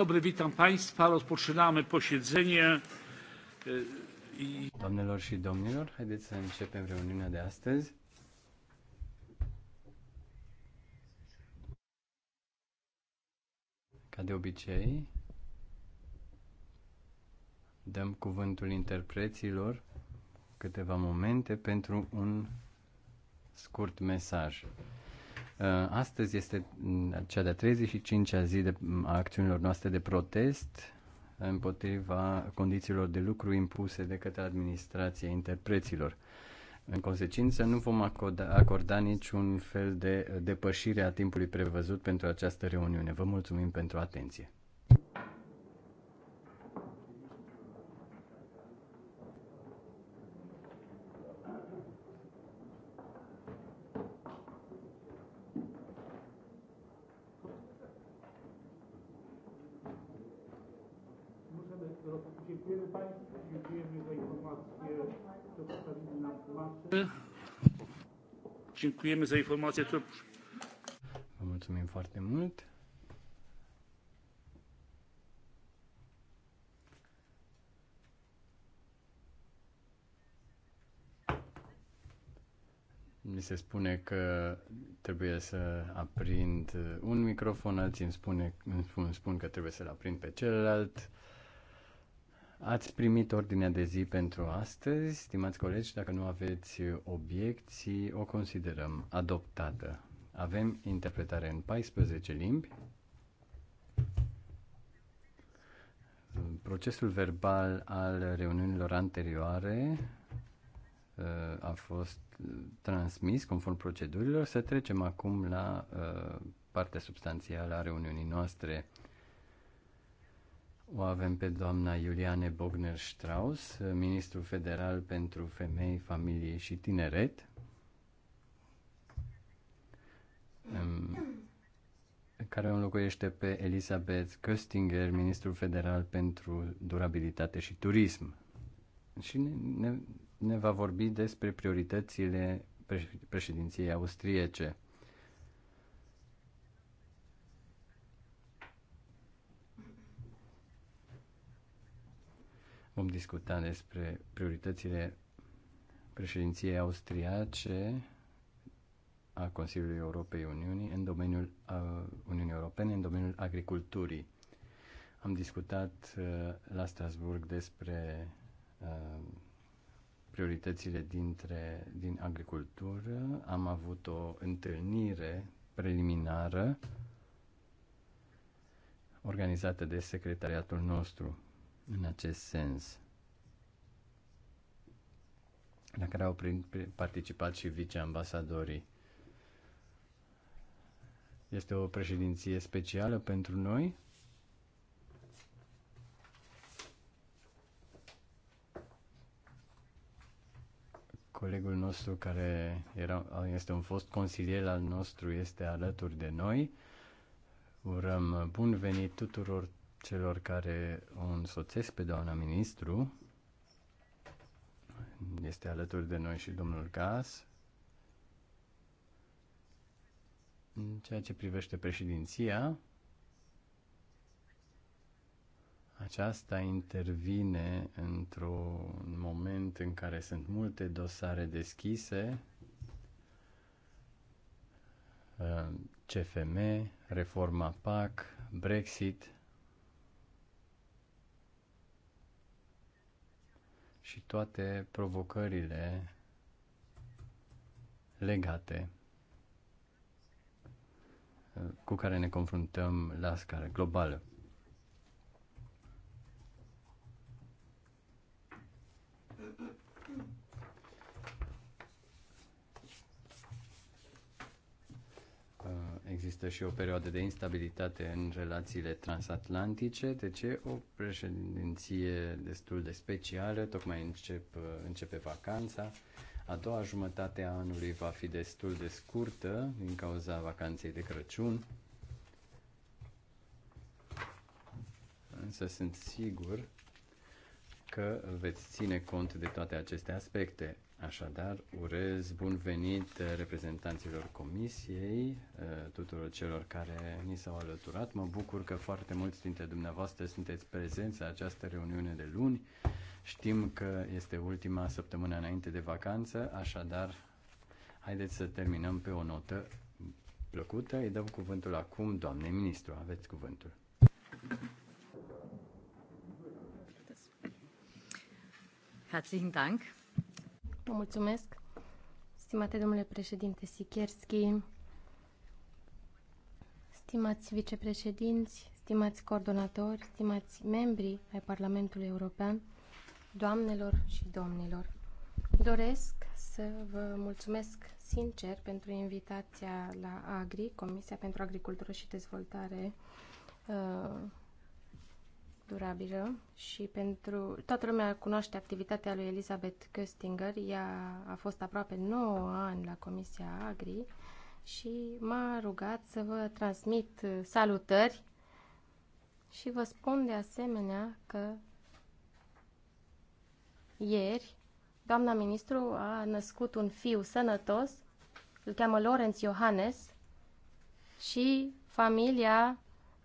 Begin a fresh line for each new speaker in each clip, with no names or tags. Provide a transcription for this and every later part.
Dobry, witam Państwa.
Rozpoczynamy posiedzenie.
Doamnelor și domnilor, haideți să începem reuniunea de astăzi. Ca de obicei, dăm cuvântul interpreților câteva momente pentru un scurt mesaj. Uh, astăzi este mm, cea de-a 35-a zi de, mm, a acțiunilor noastre de protest împotriva condițiilor de lucru impuse de către administrația interpreților. În consecință, nu vom acorda, acorda niciun fel de uh, depășire a timpului prevăzut pentru această reuniune. Vă mulțumim pentru atenție.
să informație informację.
Vă mulțumim foarte mult. Mi se spune că trebuie să aprind un microfon, alții îmi, spune, îmi spun, spun că trebuie să-l aprind pe celălalt. Ați primit ordinea de zi pentru astăzi, stimați colegi, dacă nu aveți obiecții, o considerăm adoptată. Avem interpretare în 14 limbi. Procesul verbal al reuniunilor anterioare uh, a fost transmis conform procedurilor. Să trecem acum la uh, partea substanțială a reuniunii noastre. O avem pe doamna Iuliane Bogner-Strauss, ministru federal pentru femei, familie și tineret. care o înlocuiește pe Elisabeth Köstinger, ministrul federal pentru durabilitate și turism. Și ne, ne, ne va vorbi despre prioritățile președinției austriece. Vom discuta despre prioritățile președinției austriace a Consiliului Europei Uniunii în domeniul Uniunii Europene, în domeniul agriculturii. Am discutat uh, la Strasburg despre uh, prioritățile dintre, din agricultură. Am avut o întâlnire preliminară organizată de secretariatul nostru în acest sens, la care au participat și viceambasadorii. Este o președinție specială pentru noi. Colegul nostru care era, este un fost consilier al nostru este alături de noi. Urăm bun venit tuturor celor care o însoțesc pe doamna ministru. Este alături de noi și domnul Gas. În ceea ce privește președinția, aceasta intervine într-un moment în care sunt multe dosare deschise, uh, CFM, reforma PAC, Brexit, și toate provocările legate cu care ne confruntăm la scară globală. Există și o perioadă de instabilitate în relațiile transatlantice, de ce o președinție destul de specială, tocmai încep, începe vacanța. A doua jumătate a anului va fi destul de scurtă din cauza vacanței de Crăciun. Însă sunt sigur că veți ține cont de toate aceste aspecte. Așadar, urez bun venit eh, reprezentanților comisiei, eh, tuturor celor care ni s-au alăturat. Mă bucur că foarte mulți dintre dumneavoastră sunteți prezenți la această reuniune de luni. Știm că este ultima săptămână înainte de vacanță, așadar, haideți să terminăm pe o notă plăcută. Îi dăm cuvântul acum, doamne ministru. Aveți cuvântul.
Herzlichen Dank. Vă mulțumesc, stimate domnule președinte Sikierski, stimați vicepreședinți, stimați coordonatori, stimați membri ai Parlamentului European, doamnelor și domnilor. Doresc să vă mulțumesc sincer pentru invitația la AGRI, Comisia pentru Agricultură și Dezvoltare uh, durabilă și pentru... Toată lumea cunoaște activitatea lui Elizabeth Köstinger. Ea a fost aproape 9 ani la Comisia Agri și m-a rugat să vă transmit uh, salutări și vă spun de asemenea că ieri doamna ministru a născut un fiu sănătos, îl cheamă Lorenz Johannes și familia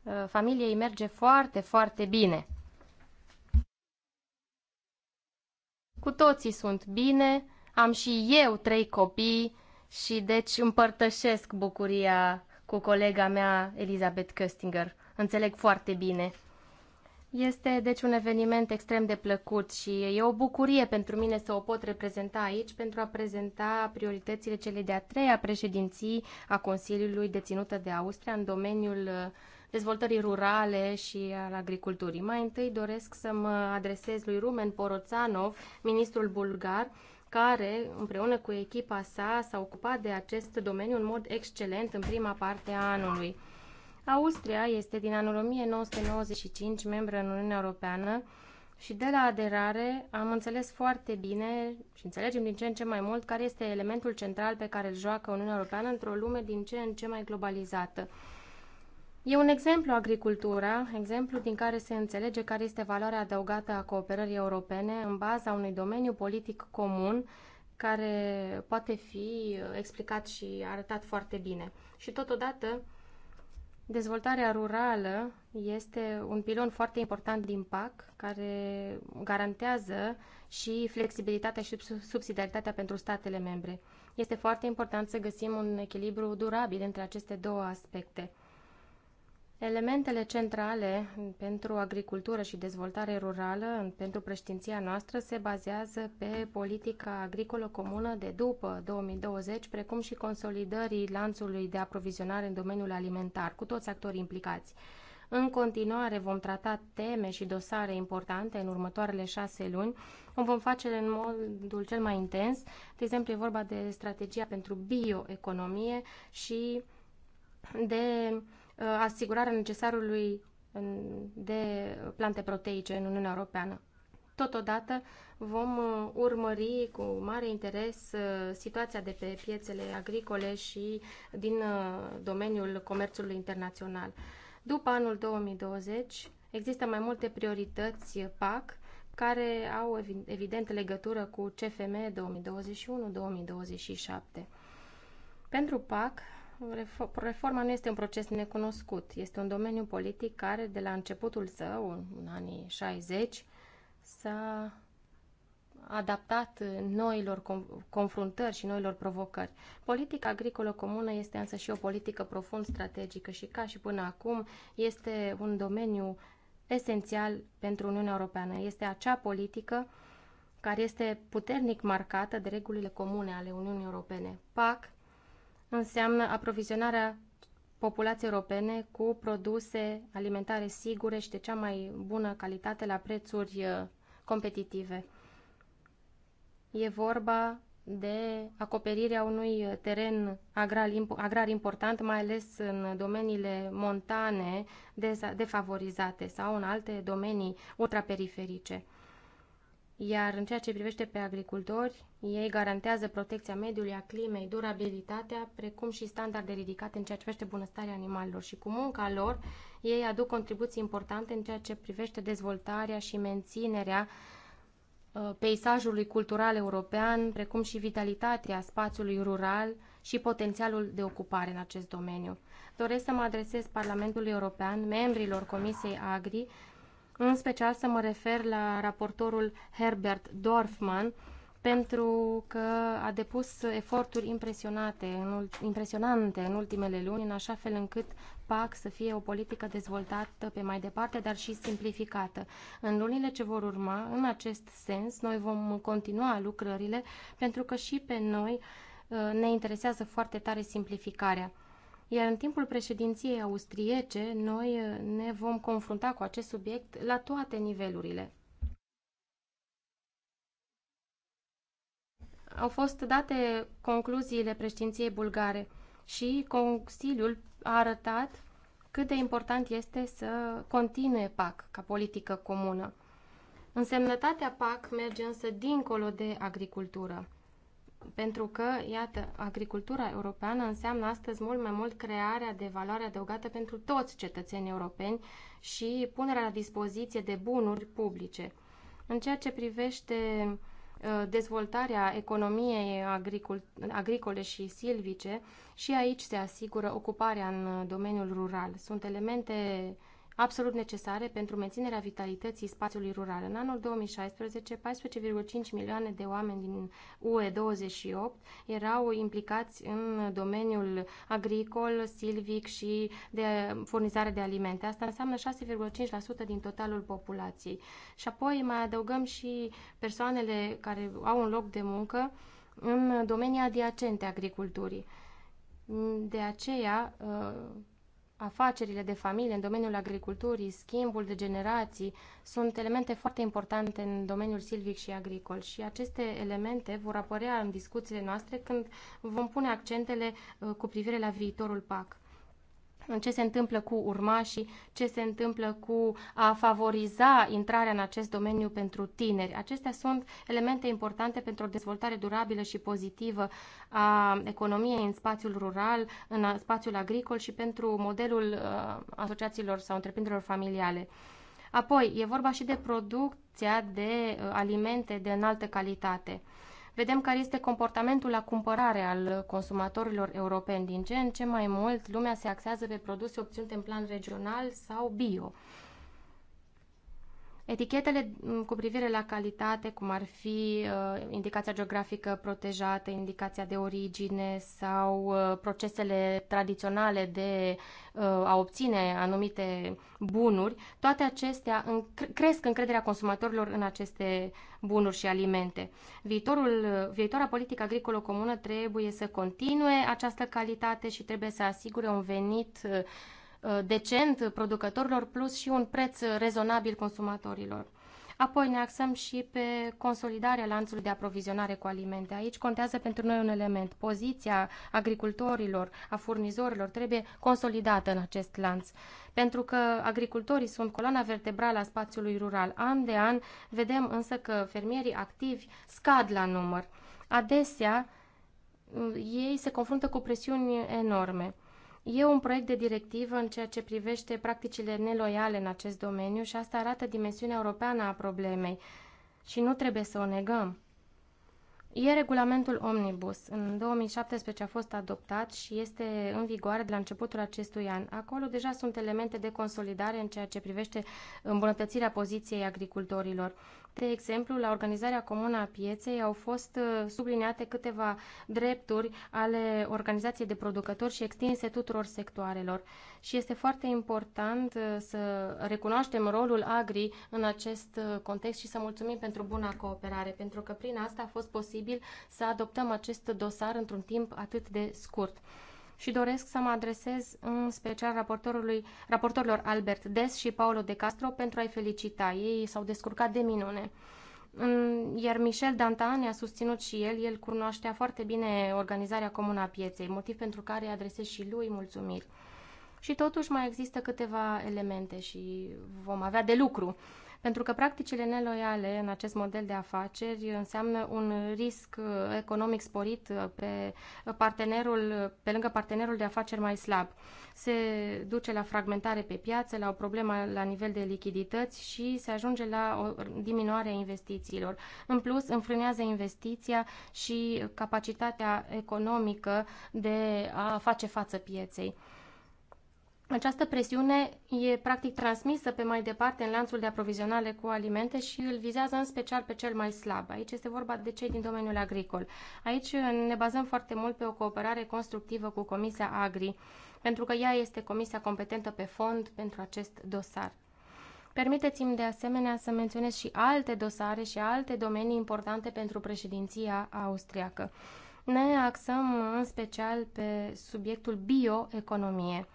Uh, familiei merge foarte, foarte bine. Cu toții sunt bine, am și eu trei copii și deci împărtășesc bucuria cu colega mea Elizabeth Köstinger. Înțeleg foarte bine. Este deci un eveniment extrem de plăcut și e o bucurie pentru mine să o pot reprezenta aici pentru a prezenta prioritățile cele de-a treia președinții a Consiliului deținută de Austria în domeniul uh, dezvoltării rurale și al agriculturii. Mai întâi doresc să mă adresez lui Rumen Poroțanov, ministrul bulgar, care, împreună cu echipa sa, s-a ocupat de acest domeniu în mod excelent în prima parte a anului. Austria este din anul 1995 membră în Uniunea Europeană și de la aderare am înțeles foarte bine și înțelegem din ce în ce mai mult care este elementul central pe care îl joacă Uniunea Europeană într-o lume din ce în ce mai globalizată. E un exemplu agricultura, exemplu din care se înțelege care este valoarea adăugată a cooperării europene în baza unui domeniu politic comun care poate fi uh, explicat și arătat foarte bine. Și totodată, dezvoltarea rurală este un pilon foarte important din PAC care garantează și flexibilitatea și subsidiaritatea pentru statele membre. Este foarte important să găsim un echilibru durabil între aceste două aspecte. Elementele centrale pentru agricultură și dezvoltare rurală, pentru preștinția noastră, se bazează pe politica agricolă comună de după 2020, precum și consolidării lanțului de aprovizionare în domeniul alimentar, cu toți actorii implicați. În continuare vom trata teme și dosare importante în următoarele șase luni. O vom face în modul cel mai intens. De exemplu, e vorba de strategia pentru bioeconomie și de Uh, asigurarea necesarului de plante proteice în Uniunea Europeană. Totodată vom uh, urmări cu mare interes uh, situația de pe piețele agricole și din domeniul comerțului internațional. După anul 2020 există mai multe priorități PAC care au evident legătură cu CFM 2021-2027. Pentru PAC reforma nu este un proces necunoscut. Este un domeniu politic care, de la începutul său, în anii 60, s-a adaptat noilor confruntări și noilor provocări. Politica agricolă comună este însă și o politică profund strategică și ca și până acum este un domeniu esențial pentru Uniunea Europeană. Este acea politică care este puternic marcată de regulile comune ale Uniunii Europene. PAC înseamnă aprovizionarea populației europene cu produse alimentare sigure și de cea mai bună calitate la prețuri uh, competitive. E vorba de acoperirea unui teren agrar, important, mai ales în domeniile montane defavorizate sau în alte domenii ultraperiferice. Iar în ceea ce privește pe agricultori, ei garantează protecția mediului, a climei, durabilitatea, precum și standarde ridicate în ceea ce privește bunăstarea animalelor. Și cu munca lor, ei aduc contribuții importante în ceea ce privește dezvoltarea și menținerea ă, peisajului cultural european, precum și vitalitatea spațiului rural și potențialul de ocupare în acest domeniu. Doresc să mă adresez Parlamentului European, membrilor Comisiei Agri, în special să mă refer la raportorul Herbert Dorfman, pentru că a depus eforturi impresionate, în, impresionante în ultimele luni, în așa fel încât PAC să fie o politică dezvoltată pe mai departe, dar și simplificată. În lunile ce vor urma, în acest sens, noi vom continua lucrările, pentru că și pe noi uh, ne interesează foarte tare simplificarea. Iar în timpul președinției austriece, noi uh, ne vom confrunta cu acest subiect la toate nivelurile. Au fost date concluziile președinției bulgare și Consiliul a arătat cât de important este să continue PAC ca politică comună. Însemnătatea PAC merge însă dincolo de agricultură pentru că, iată, agricultura europeană înseamnă astăzi mult mai mult crearea de valoare adăugată pentru toți cetățenii europeni și punerea la dispoziție de bunuri publice. În ceea ce privește ă, dezvoltarea economiei agricole și silvice, și aici se asigură ocuparea în domeniul rural. Sunt elemente absolut necesare pentru menținerea vitalității spațiului rural. În anul 2016, 14,5 milioane de oameni din UE28 erau implicați în domeniul agricol, silvic și de furnizare de alimente. Asta înseamnă 6,5% din totalul populației. Și apoi mai adăugăm și persoanele care au un loc de muncă în domenii adiacente agriculturii. De aceea, uh, afacerile de familie în domeniul agriculturii, schimbul de generații, sunt elemente foarte importante în domeniul silvic și agricol și aceste elemente vor apărea în discuțiile noastre când vom pune accentele uh, cu privire la viitorul PAC ce se întâmplă cu urmașii, ce se întâmplă cu a favoriza intrarea în acest domeniu pentru tineri. Acestea sunt elemente importante pentru o dezvoltare durabilă și pozitivă a economiei în spațiul rural, în spațiul agricol și pentru modelul uh, asociațiilor sau întreprinderilor familiale. Apoi, e vorba și de producția de uh, alimente de înaltă calitate. Vedem care este comportamentul la cumpărare al consumatorilor europeni. Din ce în ce mai mult, lumea se axează pe produse obținute în plan regional sau bio. Etichetele mm, cu privire la calitate, cum ar fi uh, indicația geografică protejată, indicația de origine sau uh, procesele tradiționale de uh, a obține anumite bunuri, toate acestea în, cresc încrederea consumatorilor în aceste bunuri și alimente. Viitorul, viitora politică agricolă comună trebuie să continue această calitate și trebuie să asigure un venit uh, Uh, decent producătorilor plus și un preț rezonabil consumatorilor. Apoi ne axăm și pe consolidarea lanțului de aprovizionare cu alimente. Aici contează pentru noi un element. Poziția agricultorilor, a furnizorilor trebuie consolidată în acest lanț. Pentru că agricultorii sunt coloana vertebrală a spațiului rural. An de an vedem însă că fermierii activi scad la număr. Adesea uh, ei se confruntă cu presiuni enorme E un proiect de directivă în ceea ce privește practicile neloiale în acest domeniu și asta arată dimensiunea europeană a problemei și nu trebuie să o negăm. E regulamentul Omnibus. În 2017 a fost adoptat și este în vigoare de la începutul acestui an. Acolo deja sunt elemente de consolidare în ceea ce privește îmbunătățirea poziției agricultorilor. De exemplu, la organizarea comună a pieței au fost uh, subliniate câteva drepturi ale organizației de producători și extinse tuturor sectoarelor. Și este foarte important uh, să recunoaștem rolul Agri în acest uh, context și să mulțumim pentru buna cooperare, pentru că prin asta a fost posibil să adoptăm acest dosar într-un timp atât de scurt și doresc să mă adresez în special raportorului, raportorilor Albert Des și Paolo De Castro pentru a-i felicita. Ei s-au descurcat de minune. Iar Michel Dantan ne-a susținut și el, el cunoaștea foarte bine organizarea comună a pieței, motiv pentru care adresez și lui mulțumiri. Și totuși mai există câteva elemente și vom avea de lucru. Pentru că practicile neloiale în acest model de afaceri înseamnă un risc economic sporit pe, partenerul, pe lângă partenerul de afaceri mai slab. Se duce la fragmentare pe piață, la o problemă la nivel de lichidități și se ajunge la o diminuare a investițiilor. În plus, înfrânează investiția și capacitatea economică de a face față pieței. Această presiune e practic transmisă pe mai departe în lanțul de aprovizionare cu alimente și îl vizează în special pe cel mai slab. Aici este vorba de cei din domeniul agricol. Aici uh, ne bazăm foarte mult pe o cooperare constructivă cu Comisia Agri, pentru că ea este comisia competentă pe fond pentru acest dosar. Permiteți-mi de asemenea să menționez și alte dosare și alte domenii importante pentru președinția austriacă. Ne axăm în special pe subiectul bioeconomie.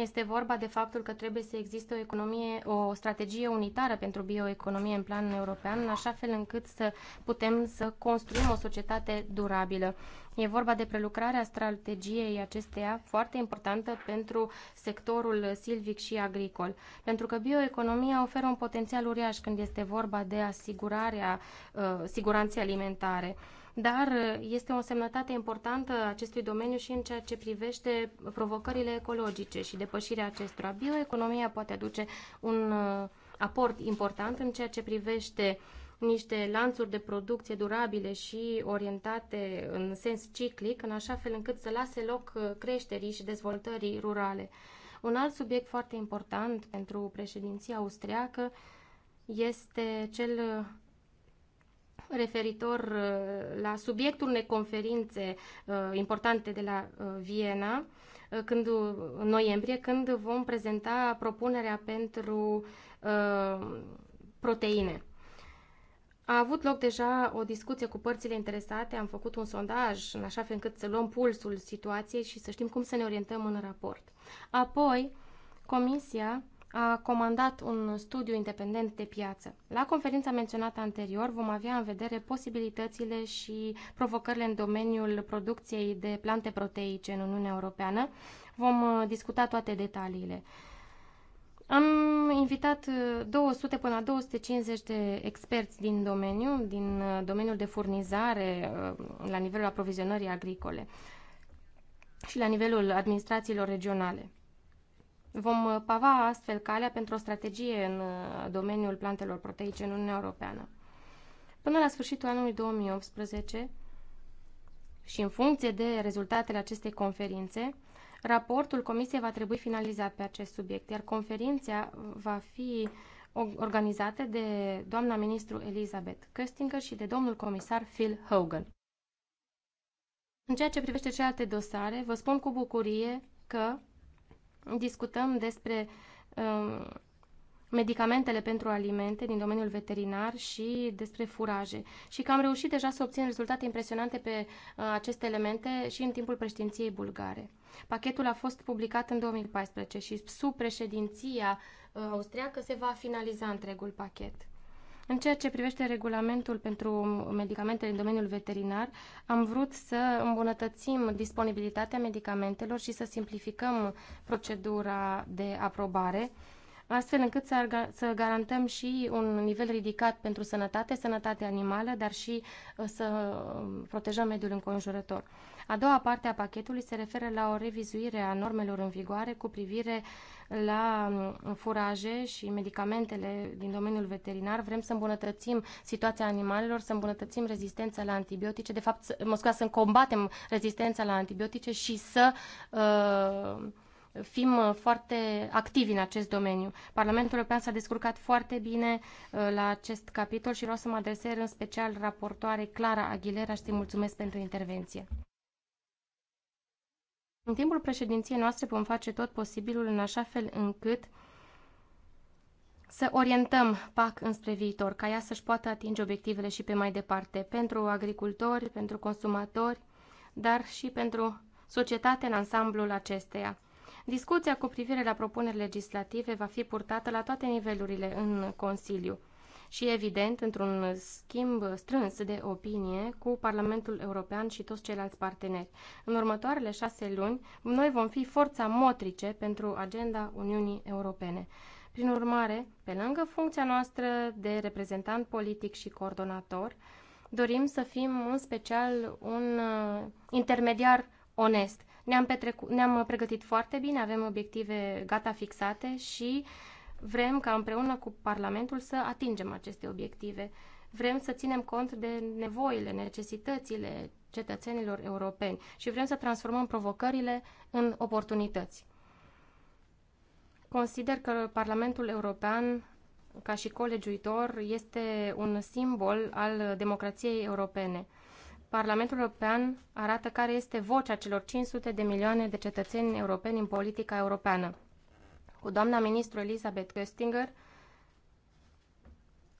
Este vorba de faptul că trebuie să existe o, economie, o strategie unitară pentru bioeconomie în plan european, în așa fel încât să putem să construim o societate durabilă. E vorba de prelucrarea strategiei acesteia foarte importantă pentru sectorul silvic și agricol, pentru că bioeconomia oferă un potențial uriaș când este vorba de asigurarea uh, siguranței alimentare dar uh, este o semnătate importantă acestui domeniu și în ceea ce privește provocările ecologice și depășirea acestora. Bioeconomia poate aduce un uh, aport important în ceea ce privește niște lanțuri de producție durabile și orientate în sens ciclic, în așa fel încât să lase loc uh, creșterii și dezvoltării rurale. Un alt subiect foarte important pentru președinția austriacă este cel referitor uh, la subiectul unei conferințe uh, importante de la uh, Viena când, în noiembrie, când vom prezenta propunerea pentru proteine. A avut loc deja o discuție cu părțile interesate, am făcut un sondaj în așa fel încât să luăm pulsul situației și să știm cum să ne orientăm în raport. Apoi, Comisia a comandat un studiu independent de piață. La conferința menționată anterior vom avea în vedere posibilitățile și provocările în domeniul producției de plante proteice în Uniunea Europeană. Vom uh, discuta toate detaliile. Am invitat 200 uh, până la 250 de experți din domeniu, din uh, domeniul de furnizare la nivelul aprovizionării agricole și la nivelul administrațiilor regionale. Vom uh, pava astfel calea pentru o strategie în uh, domeniul plantelor proteice în Uniunea Europeană. Până la sfârșitul anului 2018 și în funcție de rezultatele acestei conferințe, raportul Comisiei va trebui finalizat pe acest subiect, iar conferința va fi organizată de doamna ministru Elizabeth Köstinger și de domnul comisar Phil Hogan. În ceea ce privește celelalte dosare, vă spun cu bucurie că discutăm despre um, medicamentele pentru alimente din domeniul veterinar și despre furaje. Și că am reușit deja să obțin rezultate impresionante pe uh, aceste elemente și în timpul președinției bulgare. Pachetul a fost publicat în 2014 și sub președinția uh, austriacă se va finaliza întregul pachet. În ceea ce privește regulamentul pentru medicamentele în domeniul veterinar, am vrut să îmbunătățim disponibilitatea medicamentelor și să simplificăm procedura de aprobare, astfel încât să, să garantăm și un nivel ridicat pentru sănătate, sănătatea animală, dar și uh, să protejăm mediul înconjurător. A doua parte a pachetului se referă la o revizuire a normelor în vigoare cu privire la mm, furaje și medicamentele din domeniul veterinar. Vrem să îmbunătățim situația animalelor, să îmbunătățim rezistența la antibiotice, de fapt, mă scuza, să combatem rezistența la antibiotice și să uh, fim foarte activi în acest domeniu. Parlamentul European s-a descurcat foarte bine uh, la acest capitol și vreau să mă adresez în special raportoare Clara Aguilera și mulțumesc pentru intervenție. În timpul președinției noastre vom face tot posibilul în așa fel încât să orientăm PAC înspre viitor, ca ea să-și poată atinge obiectivele și pe mai departe, pentru agricultori, pentru consumatori, dar și pentru societate în ansamblul acesteia. Discuția cu privire la propuneri legislative va fi purtată la toate nivelurile în Consiliu și, evident, într-un schimb strâns de opinie cu Parlamentul European și toți ceilalți parteneri. În următoarele șase luni, noi vom fi forța motrice pentru agenda Uniunii Europene. Prin urmare, pe lângă funcția noastră de reprezentant politic și coordonator, dorim să fim în special un uh, intermediar onest. Ne-am, ne, ne -am pregătit foarte bine, avem obiective gata fixate și uh, Vrem ca împreună cu Parlamentul să atingem aceste obiective. Vrem să ținem cont de nevoile, necesitățile cetățenilor europeni și vrem să transformăm provocările în oportunități. Consider că Parlamentul European, ca și colegiuitor, este un simbol al democrației europene. Parlamentul European arată care este vocea celor 500 de milioane de cetățeni europeni în politica europeană cu doamna ministru Elisabeth Köstinger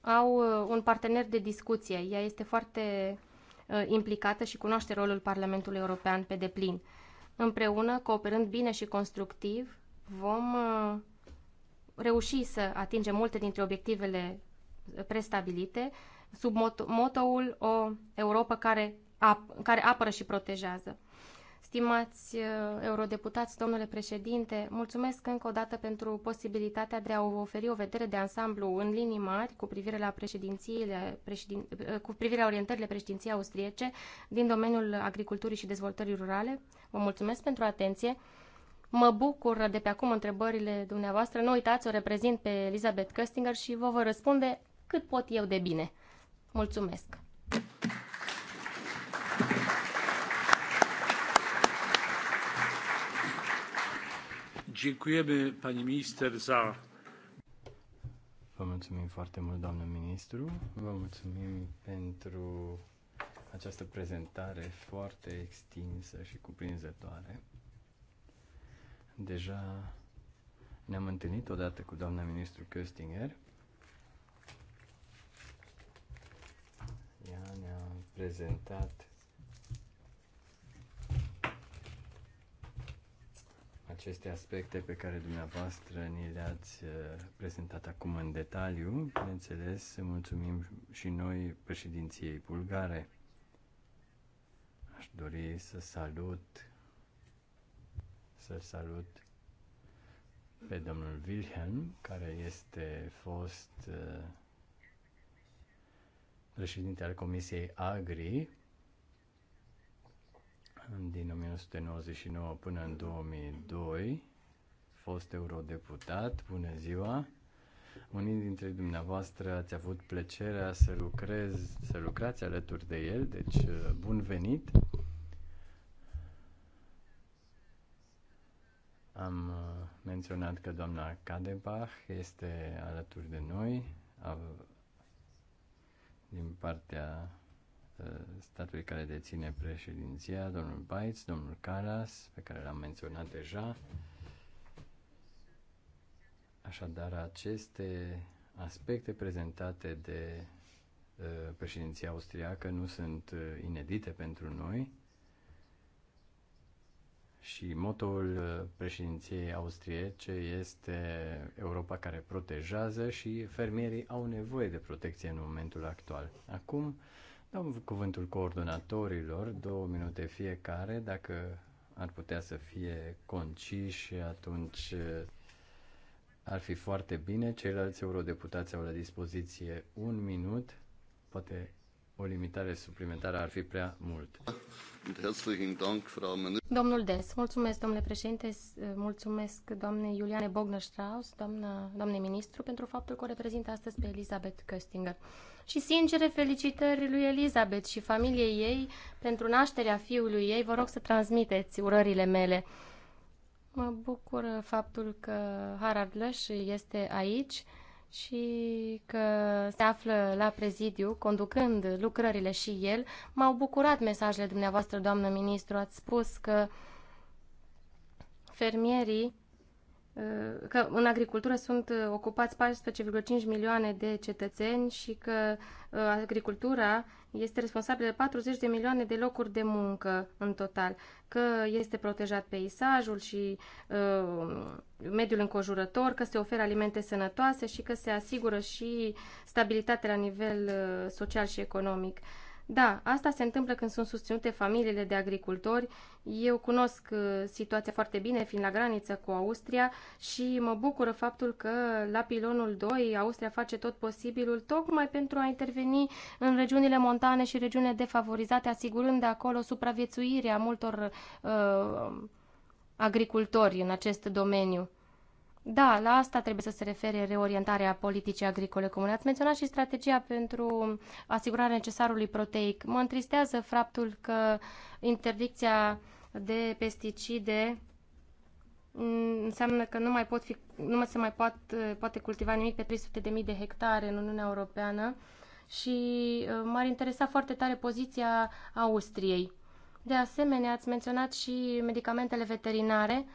au uh, un partener de discuție. Ea este foarte uh, implicată și cunoaște rolul Parlamentului European pe deplin. Împreună, cooperând bine și constructiv, vom uh, reuși să atingem multe dintre obiectivele prestabilite sub motoul o Europa care, ap- care apără și protejează. Stimați uh, eurodeputați, domnule președinte, mulțumesc încă o dată pentru posibilitatea de a vă oferi o vedere de ansamblu în linii mari cu privire la președințiile, președin, uh, cu privire la orientările președinției austriece din domeniul agriculturii și dezvoltării rurale. Vă mulțumesc pentru atenție. Mă bucur de pe acum întrebările dumneavoastră. Nu uitați, o reprezint pe Elizabeth Köstinger și vă vă răspunde cât pot eu de bine. Mulțumesc!
Dziękujemy pani minister za
Vă mulțumim foarte mult, doamnă ministru. Vă mulțumim pentru această prezentare foarte extinsă și cuprinzătoare. Deja ne-am întâlnit odată cu doamna ministru Köstinger. Ea ne-a prezentat aceste aspecte pe care dumneavoastră ni le-ați uh, prezentat acum în detaliu. Bineînțeles, mulțumim și noi președinției bulgare. Aș dori să salut să salut pe domnul Wilhelm, care este fost uh, președinte al Comisiei Agri din 1999 până în 2002, fost eurodeputat, bună ziua! Unii dintre dumneavoastră ați avut plăcerea să, lucrez, să lucrați alături de el, deci uh, bun venit! Am uh, menționat că doamna Cadebach este alături de noi din partea Uh, statului care deține președinția, domnul Baitz, domnul Caras, pe care l-am menționat deja. Așadar, aceste aspecte prezentate de uh, președinția austriacă nu sunt uh, inedite pentru noi și motoul președinției austriece este Europa care protejează și fermierii au nevoie de protecție în momentul actual. Acum, Dăm cuvântul coordonatorilor, două minute fiecare, dacă ar putea să fie conciși, atunci eh, ar fi foarte bine. Ceilalți eurodeputați au la dispoziție un minut, poate o limitare suplimentară ar fi prea mult.
Domnul Des, mulțumesc, domnule președinte, mulțumesc doamnei Iuliane Bognă-Strauss, doamne ministru, pentru faptul că o reprezintă astăzi pe Elizabeth Köstinger. Și sincere felicitări lui Elizabeth și familiei ei pentru nașterea fiului ei. Vă rog să transmiteți urările mele. Mă bucur faptul că Harald Lăș este aici și că se află la prezidiu, conducând lucrările și el. M-au bucurat mesajele dumneavoastră, doamnă ministru. Ați spus că fermierii, uh, că în agricultură sunt uh, ocupați 14,5 milioane de cetățeni și că uh, agricultura este responsabil de 40 de milioane de locuri de muncă în total, că este protejat peisajul și uh, mediul înconjurător, că se oferă alimente sănătoase și că se asigură și stabilitate la nivel uh, social și economic. Uh, da, asta se întâmplă când sunt susținute familiile de agricultori. Eu cunosc uh, situația foarte bine, fiind la graniță cu Austria și mă bucură faptul că la pilonul 2 Austria face tot posibilul tocmai pentru a interveni în regiunile montane și regiunile defavorizate, asigurând de acolo supraviețuirea multor uh, agricultori în acest domeniu. Da, la asta trebuie să se refere reorientarea politicii agricole comune. Ați menționat și strategia pentru asigurarea necesarului proteic. Mă întristează faptul că interdicția de pesticide înseamnă că nu mai, pot fi, nu se mai pot poate cultiva nimic pe 300.000 de hectare în Uniunea Europeană și uh, m-ar interesa foarte tare poziția Austriei. De asemenea, ați menționat și medicamentele veterinare.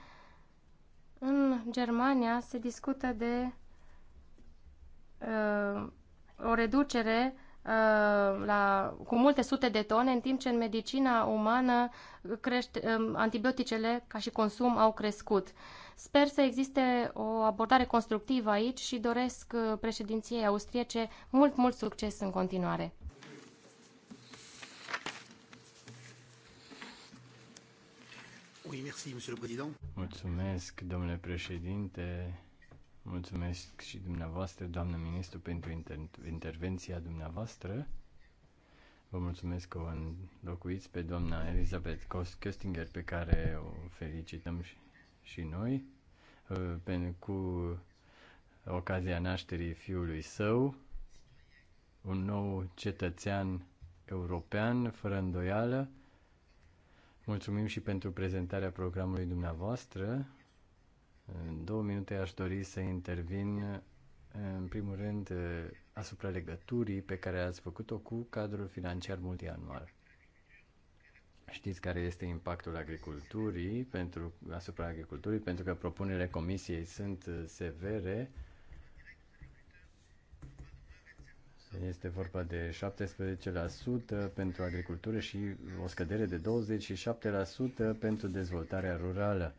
În Germania se discută de uh, o reducere uh, la, cu multe sute de tone, în timp ce în medicina umană uh, crește, uh, antibioticele ca și consum au crescut. Sper să existe o abordare constructivă aici și doresc uh, președinției austriece mult, mult succes în continuare.
Oui, merci, monsieur le président. Mulțumesc, domnule președinte. Mulțumesc și dumneavoastră, doamnă ministru, pentru inter- intervenția dumneavoastră. Vă mulțumesc că o înlocuiți pe doamna Elizabeth Köstinger, pe care o felicităm și, și noi, uh, pentru cu ocazia nașterii fiului său, un nou cetățean european, fără îndoială, Mulțumim și pentru prezentarea programului dumneavoastră. În două minute aș dori să intervin în primul rând asupra legăturii pe care ați făcut-o cu cadrul financiar multianual. Știți care este impactul agriculturii pentru, asupra agriculturii, pentru că propunerile comisiei sunt severe Este vorba de 17% pentru agricultură și o scădere de 27% pentru dezvoltarea rurală.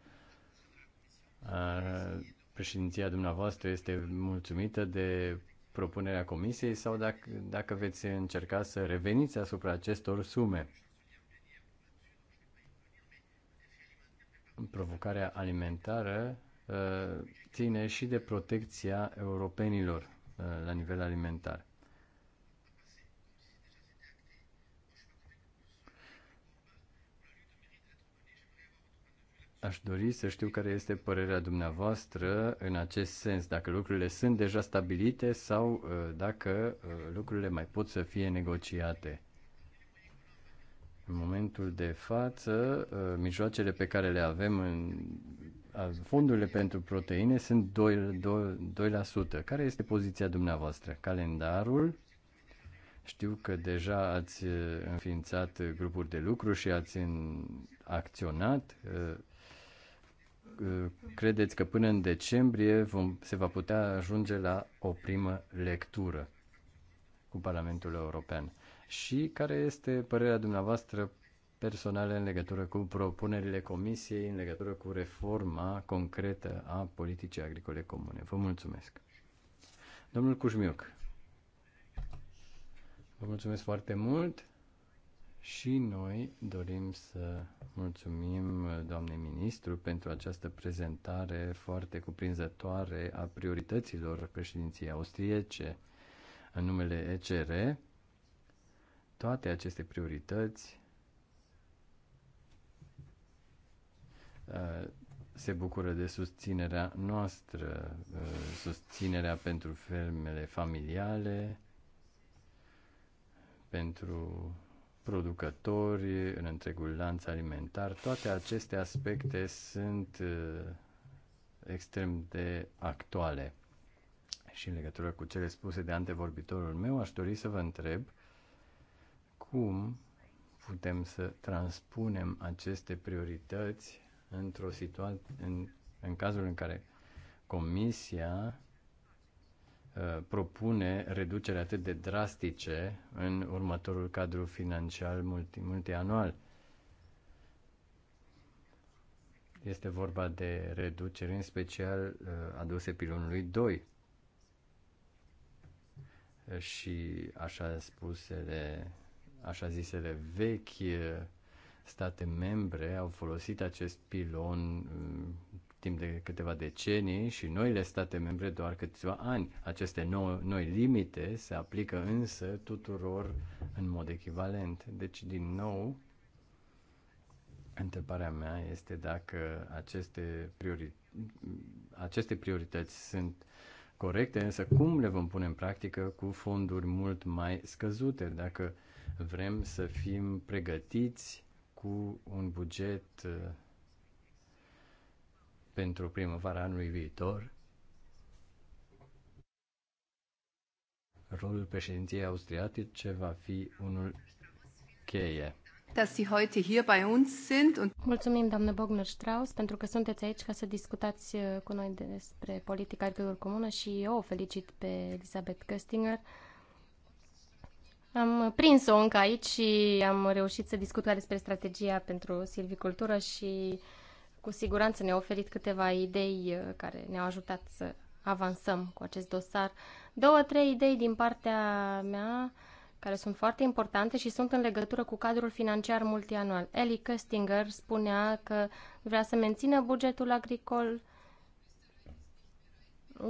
Președinția dumneavoastră este mulțumită de propunerea comisiei sau dacă, dacă veți încerca să reveniți asupra acestor sume. Provocarea alimentară ține și de protecția europenilor la nivel alimentar. Aș dori să știu care este părerea dumneavoastră în acest sens, dacă lucrurile sunt deja stabilite sau uh, dacă uh, lucrurile mai pot să fie negociate. În momentul de față, uh, mijloacele pe care le avem în fondurile pentru proteine sunt 2, 2, 2%. Care este poziția dumneavoastră? Calendarul? Știu că deja ați înființat grupuri de lucru și ați acționat credeți că până în decembrie vom, se va putea ajunge la o primă lectură cu Parlamentul European? Și care este părerea dumneavoastră personală în legătură cu propunerile Comisiei, în legătură cu reforma concretă a politicii agricole comune? Vă mulțumesc. Domnul Cușmiuc. Vă mulțumesc foarte mult. Și noi dorim să mulțumim doamnei ministru pentru această prezentare foarte cuprinzătoare a priorităților președinției austriece în numele ECR. Toate aceste priorități uh, se bucură de susținerea noastră, uh, susținerea pentru fermele familiale, pentru producători, în întregul lanț alimentar. Toate aceste aspecte sunt uh, extrem de actuale. Și în legătură cu cele spuse de antevorbitorul meu, aș dori să vă întreb cum putem să transpunem aceste priorități într-o situație, în, în cazul în care Comisia Uh, propune reduceri atât de drastice în următorul cadru financiar multi, multianual. Este vorba de reduceri în special uh, aduse pilonului 2 și așa spusele, așa zisele vechi uh, state membre au folosit acest pilon timp de câteva decenii și noile state membre doar câțiva ani. Aceste nou, noi limite se aplică însă tuturor în mod echivalent. Deci, din nou, întrebarea mea este dacă aceste, priori, aceste priorități sunt corecte, însă cum le vom pune în practică cu fonduri mult mai scăzute, dacă vrem să fim pregătiți cu un buget pentru primăvara anului viitor, rolul președinției austriatice va fi unul cheie.
Dass Sie heute hier bei uns sind und Mulțumim, doamnă Bogner Strauss, pentru că sunteți aici ca să discutați uh, cu noi despre politica agricolă comună și eu o felicit pe Elisabeth Köstinger. Am prins-o încă aici și am reușit să discut despre strategia pentru silvicultură și uh, cu siguranță ne-a oferit câteva idei uh, care ne-au ajutat să avansăm cu acest dosar. Două, trei idei din partea mea care sunt foarte importante și sunt în legătură cu cadrul financiar multianual. Eli Köstinger spunea că vrea să mențină bugetul agricol,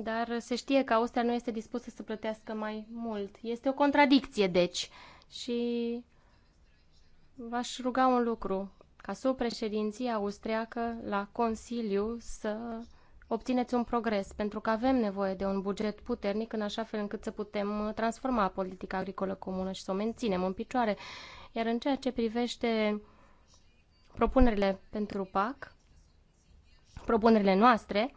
dar se știe că Austria nu este dispusă să plătească mai mult. Este o contradicție, deci. Și v-aș ruga un lucru ca sub președinția austriacă la Consiliu să obțineți un progres, pentru că avem nevoie de un buget puternic în așa fel încât să putem uh, transforma politica agricolă comună și să o menținem în picioare. Iar în ceea ce privește propunerile pentru PAC, propunerile noastre,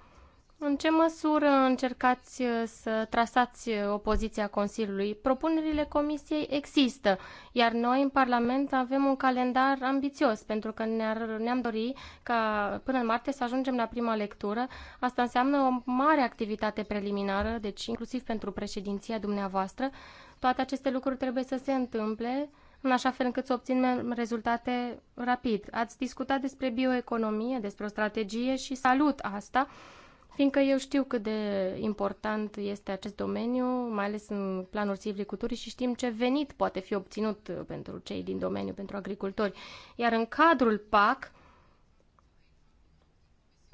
în ce măsură încercați uh, să trasați uh, opoziția Consiliului? Propunerile Comisiei există, iar noi în Parlament avem un calendar ambițios, pentru că ne-am ne dori ca până în martie să ajungem la prima lectură. Asta înseamnă o mare activitate preliminară, deci inclusiv pentru președinția dumneavoastră. Toate aceste lucruri trebuie să se întâmple în așa fel încât să obținem rezultate rapid. Ați discutat despre bioeconomie, despre o strategie și salut asta fiindcă eu știu cât de important este acest domeniu, mai ales în planul silviculturii și știm ce venit poate fi obținut pentru cei din domeniu, pentru agricultori. Iar în cadrul PAC,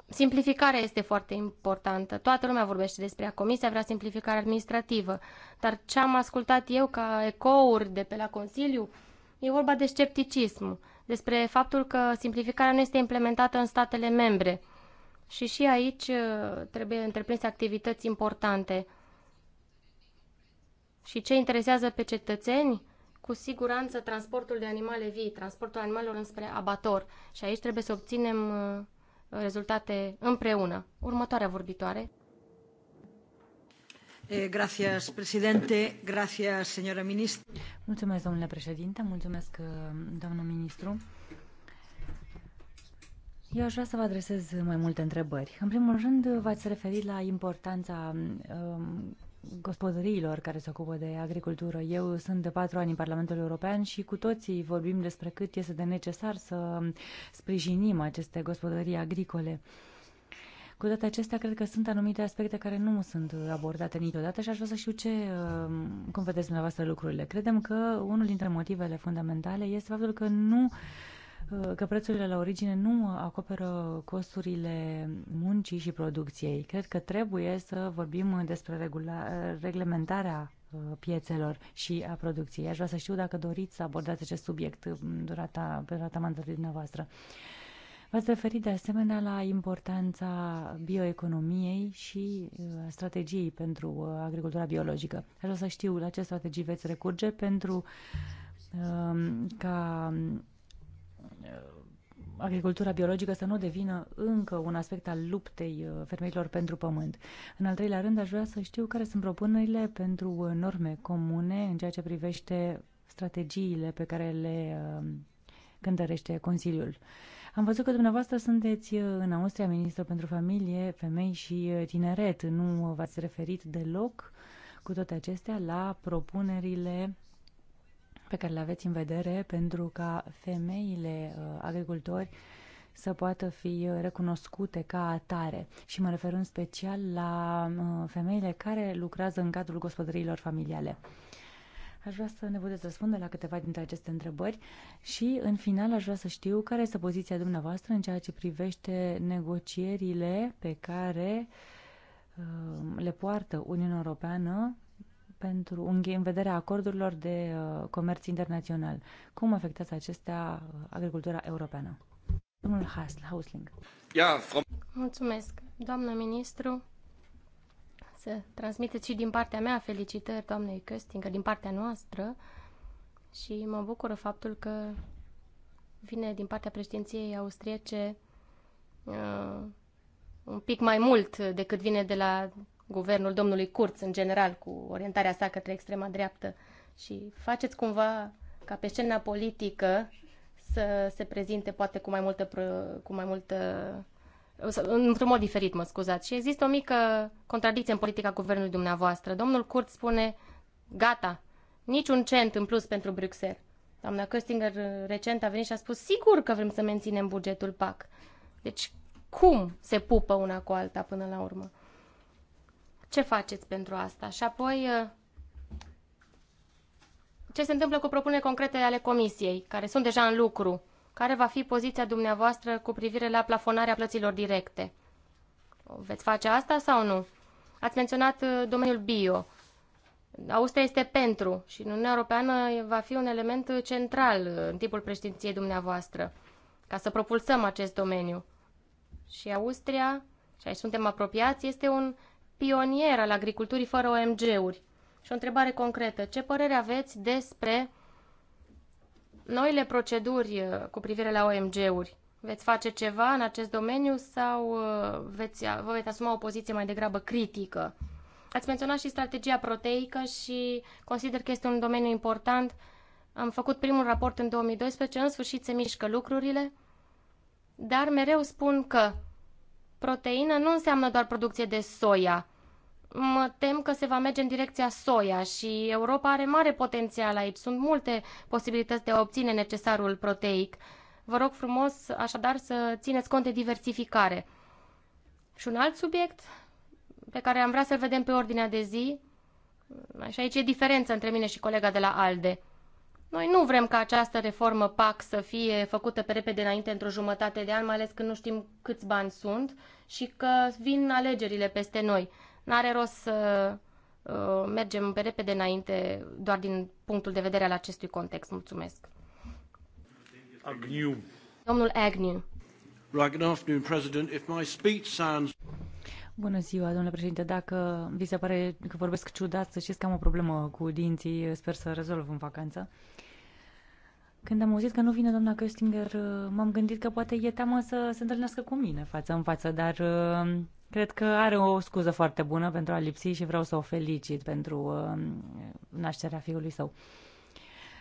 simplificarea este foarte importantă. Toată lumea vorbește despre ea. Comisia vrea simplificare administrativă, dar ce am ascultat eu ca ecouri de pe la Consiliu, e vorba de scepticism, despre faptul că simplificarea nu este implementată în statele membre – și și aici uh, trebuie întreprinse activități importante. Și ce interesează pe cetățeni? Cu siguranță transportul de animale vii, transportul animalelor înspre abator. Și aici trebuie să obținem uh, rezultate împreună. Următoarea vorbitoare.
Eh, gracias, presidente. Gracias, señora ministra. Mulțumesc, domnule președinte. Mulțumesc, uh, domnul ministru. Eu aș vrea să vă adresez mai multe întrebări. În primul rând, v-ați referit la importanța um, gospodăriilor care se ocupă de agricultură. Eu sunt de patru ani în Parlamentul European și cu toții vorbim despre cât este de necesar să sprijinim aceste gospodării agricole. Cu toate acestea, cred că sunt anumite aspecte care nu sunt abordate niciodată și aș vrea să știu ce, um, cum vedeți dumneavoastră lucrurile. Credem că unul dintre motivele fundamentale este faptul că nu uh, Uh, că prețurile la origine nu acoperă costurile muncii și producției. Cred că trebuie să vorbim despre regula, reglementarea uh, piețelor și a producției. Aș vrea să știu dacă doriți să abordați acest subiect durata, pe durata mandatului dumneavoastră. V-ați referit de asemenea la importanța bioeconomiei și uh, strategiei pentru agricultura biologică. Aș vrea să știu la ce strategii veți recurge pentru um, ca Uh, agricultura biologică să nu devină încă un aspect al luptei uh, fermierilor pentru pământ. În al treilea rând, aș vrea să știu care sunt propunerile pentru uh, norme comune în ceea ce privește strategiile pe care le cântărește Consiliul. Am văzut că dumneavoastră sunteți în Austria ministru pentru familie, femei și tineret. Nu v-ați referit deloc cu toate acestea la propunerile pe care le aveți în vedere pentru ca femeile uh, agricultori să poată fi uh, recunoscute ca atare și mă refer în special la uh, femeile care lucrează în cadrul gospodăriilor familiale. Aș vrea să ne puteți răspunde la câteva dintre aceste întrebări și, în final, aș vrea să știu care este poziția dumneavoastră în ceea ce privește negocierile pe care uh, le poartă Uniunea Europeană pentru în vederea acordurilor de uh, comerț internațional. Cum afectează acestea uh,
agricultura europeană? Domnul Hausling. Mulțumesc, doamnă ministru. Să transmiteți și din partea mea felicitări doamnei Căstingă, din partea noastră. Și mă bucură faptul că vine din partea președinției austriece uh, un pic mai mult decât vine de la guvernul domnului Curț, în general, cu orientarea sa către extrema dreaptă și faceți cumva ca pe scena politică să se prezinte poate cu mai multă, cu mai multă într-un mod diferit, mă scuzați. Și există o mică contradicție în politica guvernului dumneavoastră. Domnul Kurz spune, gata, niciun cent în plus pentru Bruxelles. Doamna Köstinger recent a venit și a spus, sigur că vrem să menținem bugetul PAC. Deci, cum se pupă una cu alta până la urmă? ce faceți pentru asta? Și apoi, uh, ce se întâmplă cu propunerile concrete ale Comisiei, care sunt deja în lucru? Care va fi poziția dumneavoastră cu privire la plafonarea plăților directe? Veți face asta sau nu? Ați menționat uh, domeniul bio. Austria este pentru și în Uniunea Europeană va fi un element uh, central în timpul președinției dumneavoastră ca să propulsăm acest domeniu. Și Austria, și aici suntem apropiați, este un pionier al agriculturii fără OMG-uri. Și o întrebare concretă. Ce părere aveți despre noile proceduri uh, cu privire la OMG-uri? Veți face ceva în acest domeniu sau uh, veți, vă veți asuma o poziție mai degrabă critică? Ați menționat și strategia proteică și consider că este un domeniu important. Am făcut primul raport în 2012, în sfârșit se mișcă lucrurile, dar mereu spun că proteină nu înseamnă doar producție de soia. Mă tem că se va merge în direcția soia și Europa are mare potențial aici. Sunt multe posibilități de a obține necesarul proteic. Vă rog frumos, așadar, să țineți cont de diversificare. Și un alt subiect pe care am vrea să-l vedem pe ordinea de zi, și aici e diferența între mine și colega de la ALDE. Noi nu vrem ca această reformă PAC să fie făcută pe repede înainte, într-o jumătate de an, mai ales când nu știm câți bani sunt și că vin alegerile peste noi. N-are rost să uh, mergem pe repede înainte doar din punctul de vedere al acestui context. Mulțumesc. Agnew. Domnul Agnew.
Bună ziua, domnule președinte. Dacă vi se pare că vorbesc ciudat, să știți că am o problemă cu dinții. Sper să rezolv în vacanță. Uh, când am auzit că nu vine doamna Köstinger, uh, m-am gândit că poate e teamă să se întâlnească cu mine față în față, dar uh, cred că are o scuză foarte bună pentru a lipsi și vreau să o felicit pentru uh, nașterea fiului său.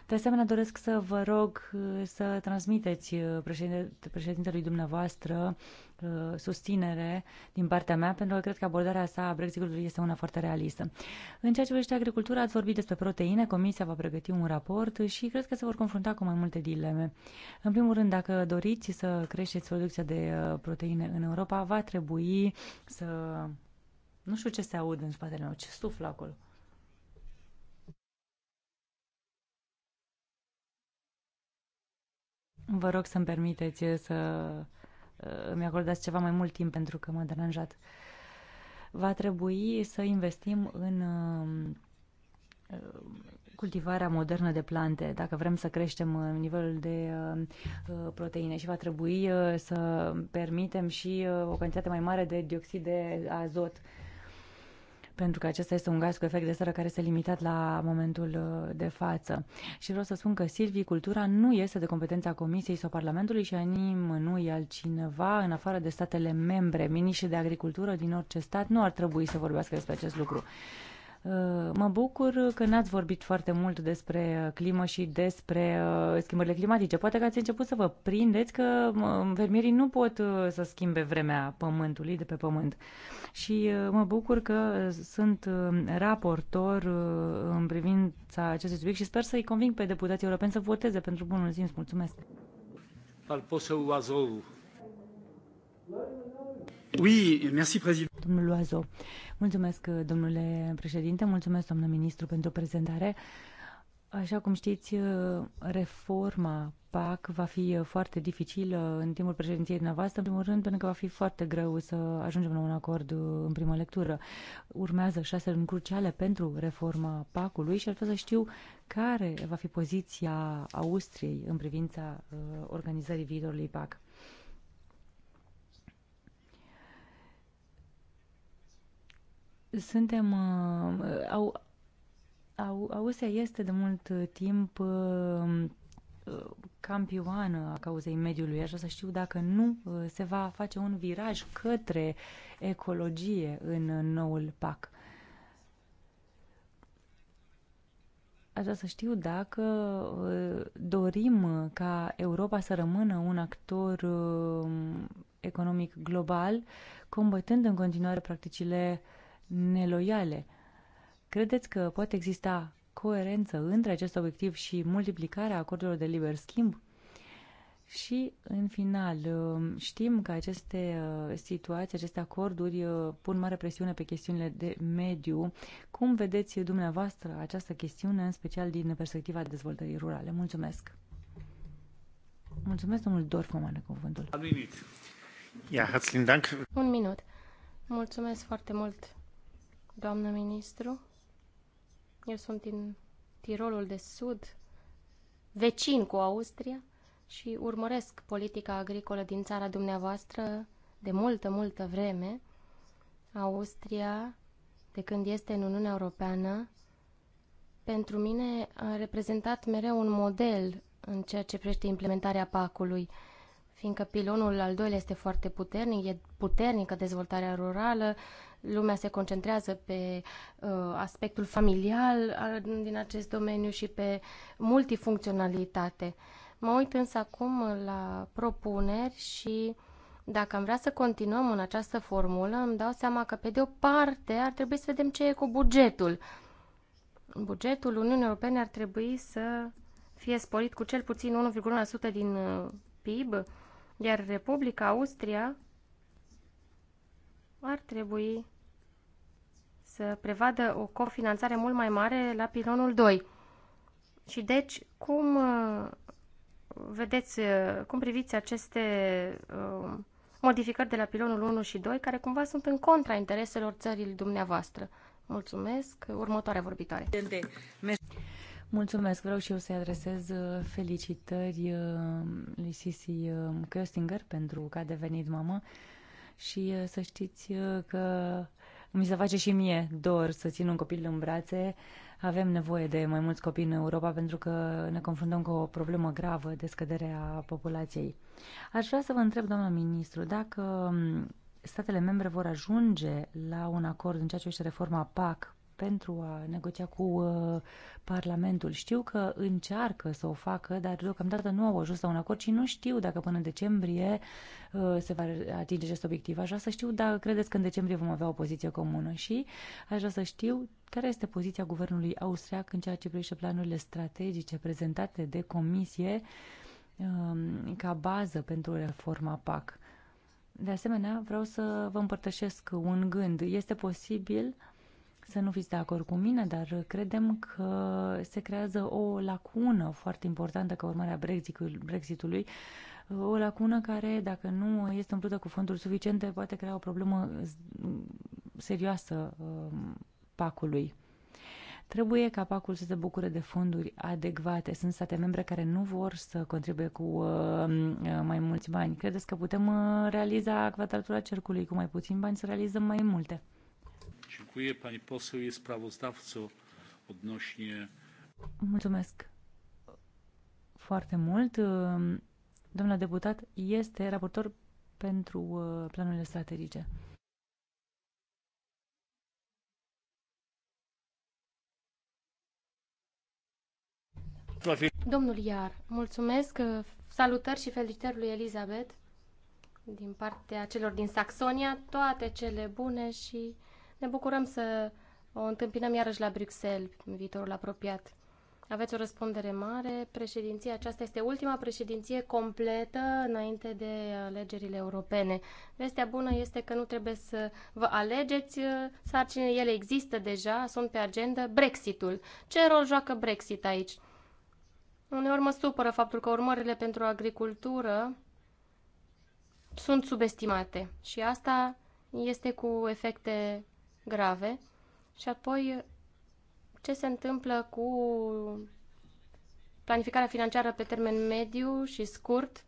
De asemenea, doresc să vă rog să transmiteți președintelui dumneavoastră Uh, susținere din partea mea, pentru că cred că abordarea sa a Brexitului este una foarte realistă. În ceea ce privește agricultura, ați vorbit despre proteine, Comisia va pregăti un raport și cred că se vor confrunta cu mai multe dileme. În primul rând, dacă doriți să creșteți producția de uh, proteine în Europa, va trebui să... Nu știu ce se aud în spatele meu, ce suflă acolo. Vă rog să-mi permiteți să îmi acordați ceva mai mult timp pentru că m-a deranjat. Va trebui să investim în uh, cultivarea modernă de plante, dacă vrem să creștem uh, nivelul de uh, proteine și va trebui să permitem și o cantitate mai mare de dioxid de azot pentru că acesta este un gaz cu efect de seră care este limitat la momentul uh, de față. Și vreau să spun că silvicultura nu este de competența Comisiei sau Parlamentului și a nimănui altcineva în afară de statele membre. Miniștrii de agricultură din orice stat nu ar trebui să vorbească despre acest lucru. Uh, mă bucur că n-ați vorbit foarte mult despre uh, climă și despre uh, schimbările climatice. Poate că ați început să vă prindeți că fermierii nu pot să schimbe vremea pământului de pe pământ. Și mă bucur că sunt raportor în privința acestui subiect și sper să-i conving pe deputații europeni să voteze pentru bunul simț. Mulțumesc!
Al poseu Azou. Oui, merci, président.
Domnul Loazo. Mulțumesc, domnule președinte, mulțumesc, domnul ministru, pentru prezentare. Așa cum știți, reforma PAC va fi foarte dificilă uh, în timpul președinției dumneavoastră, în primul rând pentru că va fi foarte greu să ajungem la un acord uh, în primă lectură. Urmează șase luni cruciale pentru reforma PAC-ului și ar trebui să știu care va fi poziția Austriei în privința uh, organizării viitorului PAC. suntem, uh, au, au, Austria este de mult uh, timp uh, campioană a cauzei mediului. Aș vrea să știu dacă nu se va face un viraj către ecologie în noul PAC. Aș vrea să știu dacă dorim ca Europa să rămână un actor economic global, combătând în continuare practicile uh, neloiale. Credeți că poate exista coerență între acest obiectiv și multiplicarea acordurilor de liber schimb? Și, în final, um, știm că aceste uh, situații, aceste acorduri uh, pun mare presiune pe chestiunile de mediu. Cum vedeți dumneavoastră această chestiune, în special din perspectiva dezvoltării rurale? Mulțumesc! Mulțumesc, domnul cuvântul. Un cuvântul.
Un minut. Mulțumesc foarte mult, doamnă ministru. Eu sunt din Tirolul de Sud, vecin cu Austria și urmăresc politica agricolă din țara dumneavoastră de multă, multă vreme. Austria, de când este în Uniunea Europeană, pentru mine a reprezentat mereu un model în ceea ce privește implementarea PAC-ului, fiindcă pilonul al doilea este foarte puternic, e puternică dezvoltarea rurală, lumea se concentrează pe uh, aspectul familial din acest domeniu și pe multifuncționalitate. Mă uit însă acum la propuneri și dacă am vrea să continuăm în această formulă, îmi dau seama că pe de o parte ar trebui să vedem ce e cu bugetul. Bugetul Uniunii Europene ar trebui să fie sporit cu cel puțin 1,1% din uh, PIB, iar Republica Austria ar trebui să prevadă o cofinanțare mult mai mare la pilonul 2. Și deci, cum uh, vedeți, uh, cum priviți aceste uh, modificări de la pilonul 1 și 2, care cumva sunt în contra intereselor țării dumneavoastră? Mulțumesc. Următoarea vorbitoare.
Mulțumesc. Vreau și eu să-i adresez felicitări lui Sisi Köstinger pentru că a devenit mamă și să știți că mi se face și mie dor să țin un copil în brațe. Avem nevoie de mai mulți copii în Europa pentru că ne confruntăm cu o problemă gravă de scădere a populației. Aș vrea să vă întreb, doamna ministru, dacă mm, statele membre vor ajunge la un acord în ceea ce este reforma PAC pentru a negocia cu uh, Parlamentul. Știu că încearcă să o facă, dar deocamdată nu au ajuns la un acord și nu știu dacă până în decembrie uh, se va atinge acest obiectiv. Aș vrea să știu dacă credeți că în decembrie vom avea o poziție comună și aș vrea să știu care este poziția guvernului austriac în ceea ce privește planurile strategice prezentate de comisie um, ca bază pentru reforma PAC. De asemenea, vreau să vă împărtășesc un gând. Este posibil uh, să nu fiți de acord cu mine, dar credem că se creează o lacună foarte importantă ca urmare a Brexitului, o lacună care, dacă nu este umplută cu fonduri suficiente, poate crea o problemă serioasă um, pacului. Trebuie ca pacul să se bucure de fonduri adecvate. Sunt state membre care nu vor să contribuie cu uh, mai mulți bani. Credeți că putem uh, realiza quadratura cercului cu mai puțini bani să realizăm mai multe?
Dziękuję. Pani poseł odnośnie...
Mulțumesc foarte mult. Doamna deputat este raportor pentru uh, planurile strategice.
Domnul Iar, mulțumesc. Salutări și felicitări lui Elizabeth din partea celor din Saxonia. Toate cele bune și ne bucurăm să o întâmpinăm iarăși la Bruxelles în viitorul apropiat. Aveți o răspundere mare. Președinția aceasta este ultima președinție completă înainte de alegerile europene. Vestea bună este că nu trebuie să vă alegeți sarcine. Ele există deja, sunt pe agenda. Brexitul. Ce rol joacă Brexit aici? Uneori mă supără faptul că urmările pentru agricultură sunt subestimate și asta este cu efecte grave și apoi ce se întâmplă cu planificarea financiară pe termen mediu și scurt.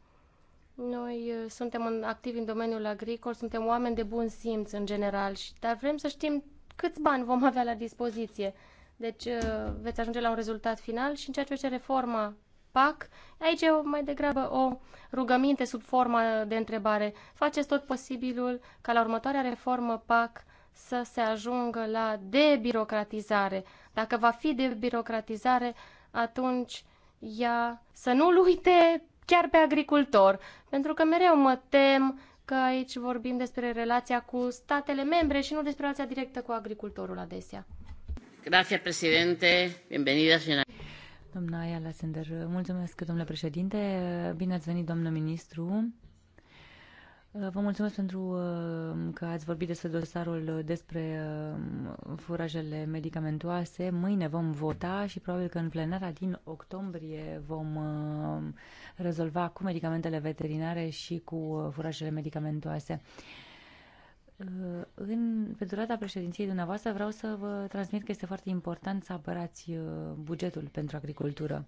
Noi uh, suntem activi în domeniul agricol, suntem oameni de bun simț în general, și, dar vrem să știm câți bani vom avea la dispoziție. Deci uh, veți ajunge la un rezultat final și în ceea ce este reforma PAC, aici e mai degrabă o rugăminte sub forma de întrebare. Faceți tot posibilul ca la următoarea reformă PAC să se ajungă la debirocratizare. Dacă va fi debirocratizare, atunci ea să nu-l uite chiar pe agricultor, pentru că mereu mă tem că aici vorbim despre relația cu statele membre și nu despre relația directă cu agricultorul adesea. Grazie, președinte. Bienvenida, señora.
Doamna Aia Sender, mulțumesc, domnule președinte. Bine ați venit, domnul ministru. Uh, vă mulțumesc pentru uh, că ați vorbit despre dosarul uh, despre furajele medicamentoase. Mâine vom vota și probabil că în plenara din octombrie vom rezolva cu medicamentele veterinare și cu furajele medicamentoase. În, pe durata președinției dumneavoastră vreau să vă transmit că este foarte important să apărați bugetul pentru agricultură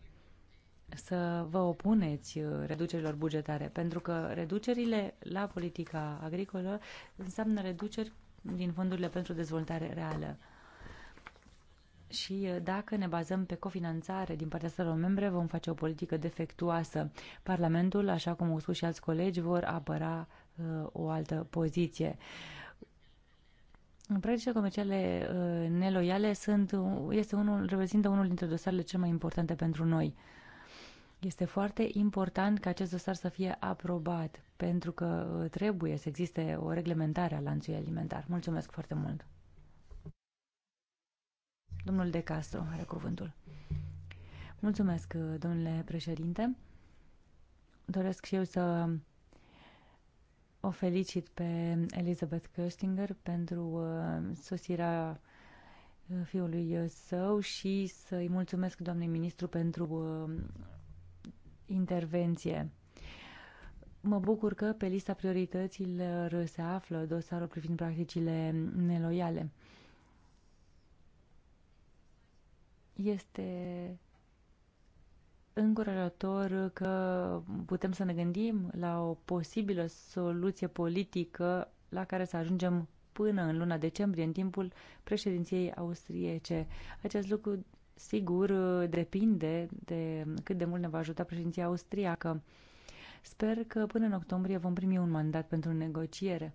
să vă opuneți uh, reducerilor bugetare, pentru că reducerile la politica agricolă înseamnă reduceri din fondurile pentru dezvoltare reală. Și uh, dacă ne bazăm pe cofinanțare din partea statelor membre, vom face o politică defectuoasă. Parlamentul, așa cum au spus și alți colegi, vor apăra uh, o altă poziție. Practicile comerciale uh, neloiale sunt, este unul, reprezintă unul dintre dosarele cel mai importante pentru noi. Uh, este foarte important ca acest dosar să fie aprobat, pentru că uh, trebuie să existe o reglementare a lanțului alimentar. Mulțumesc foarte mult! Domnul De Castro are cuvântul. Mulțumesc, uh, domnule președinte. Doresc și eu să o felicit pe Elizabeth Köstinger pentru uh, sosirea fiului său și să-i mulțumesc doamnei ministru pentru intervenție. Mă bucur că pe lista priorităților se află dosarul privind practicile neloiale. Este încurajator că putem să ne gândim la o posibilă soluție politică la care să ajungem până în luna decembrie, în timpul președinției austriece. Acest lucru sigur, uh, depinde de cât de mult ne va ajuta președinția austriacă. Sper că până în octombrie vom primi un mandat pentru negociere.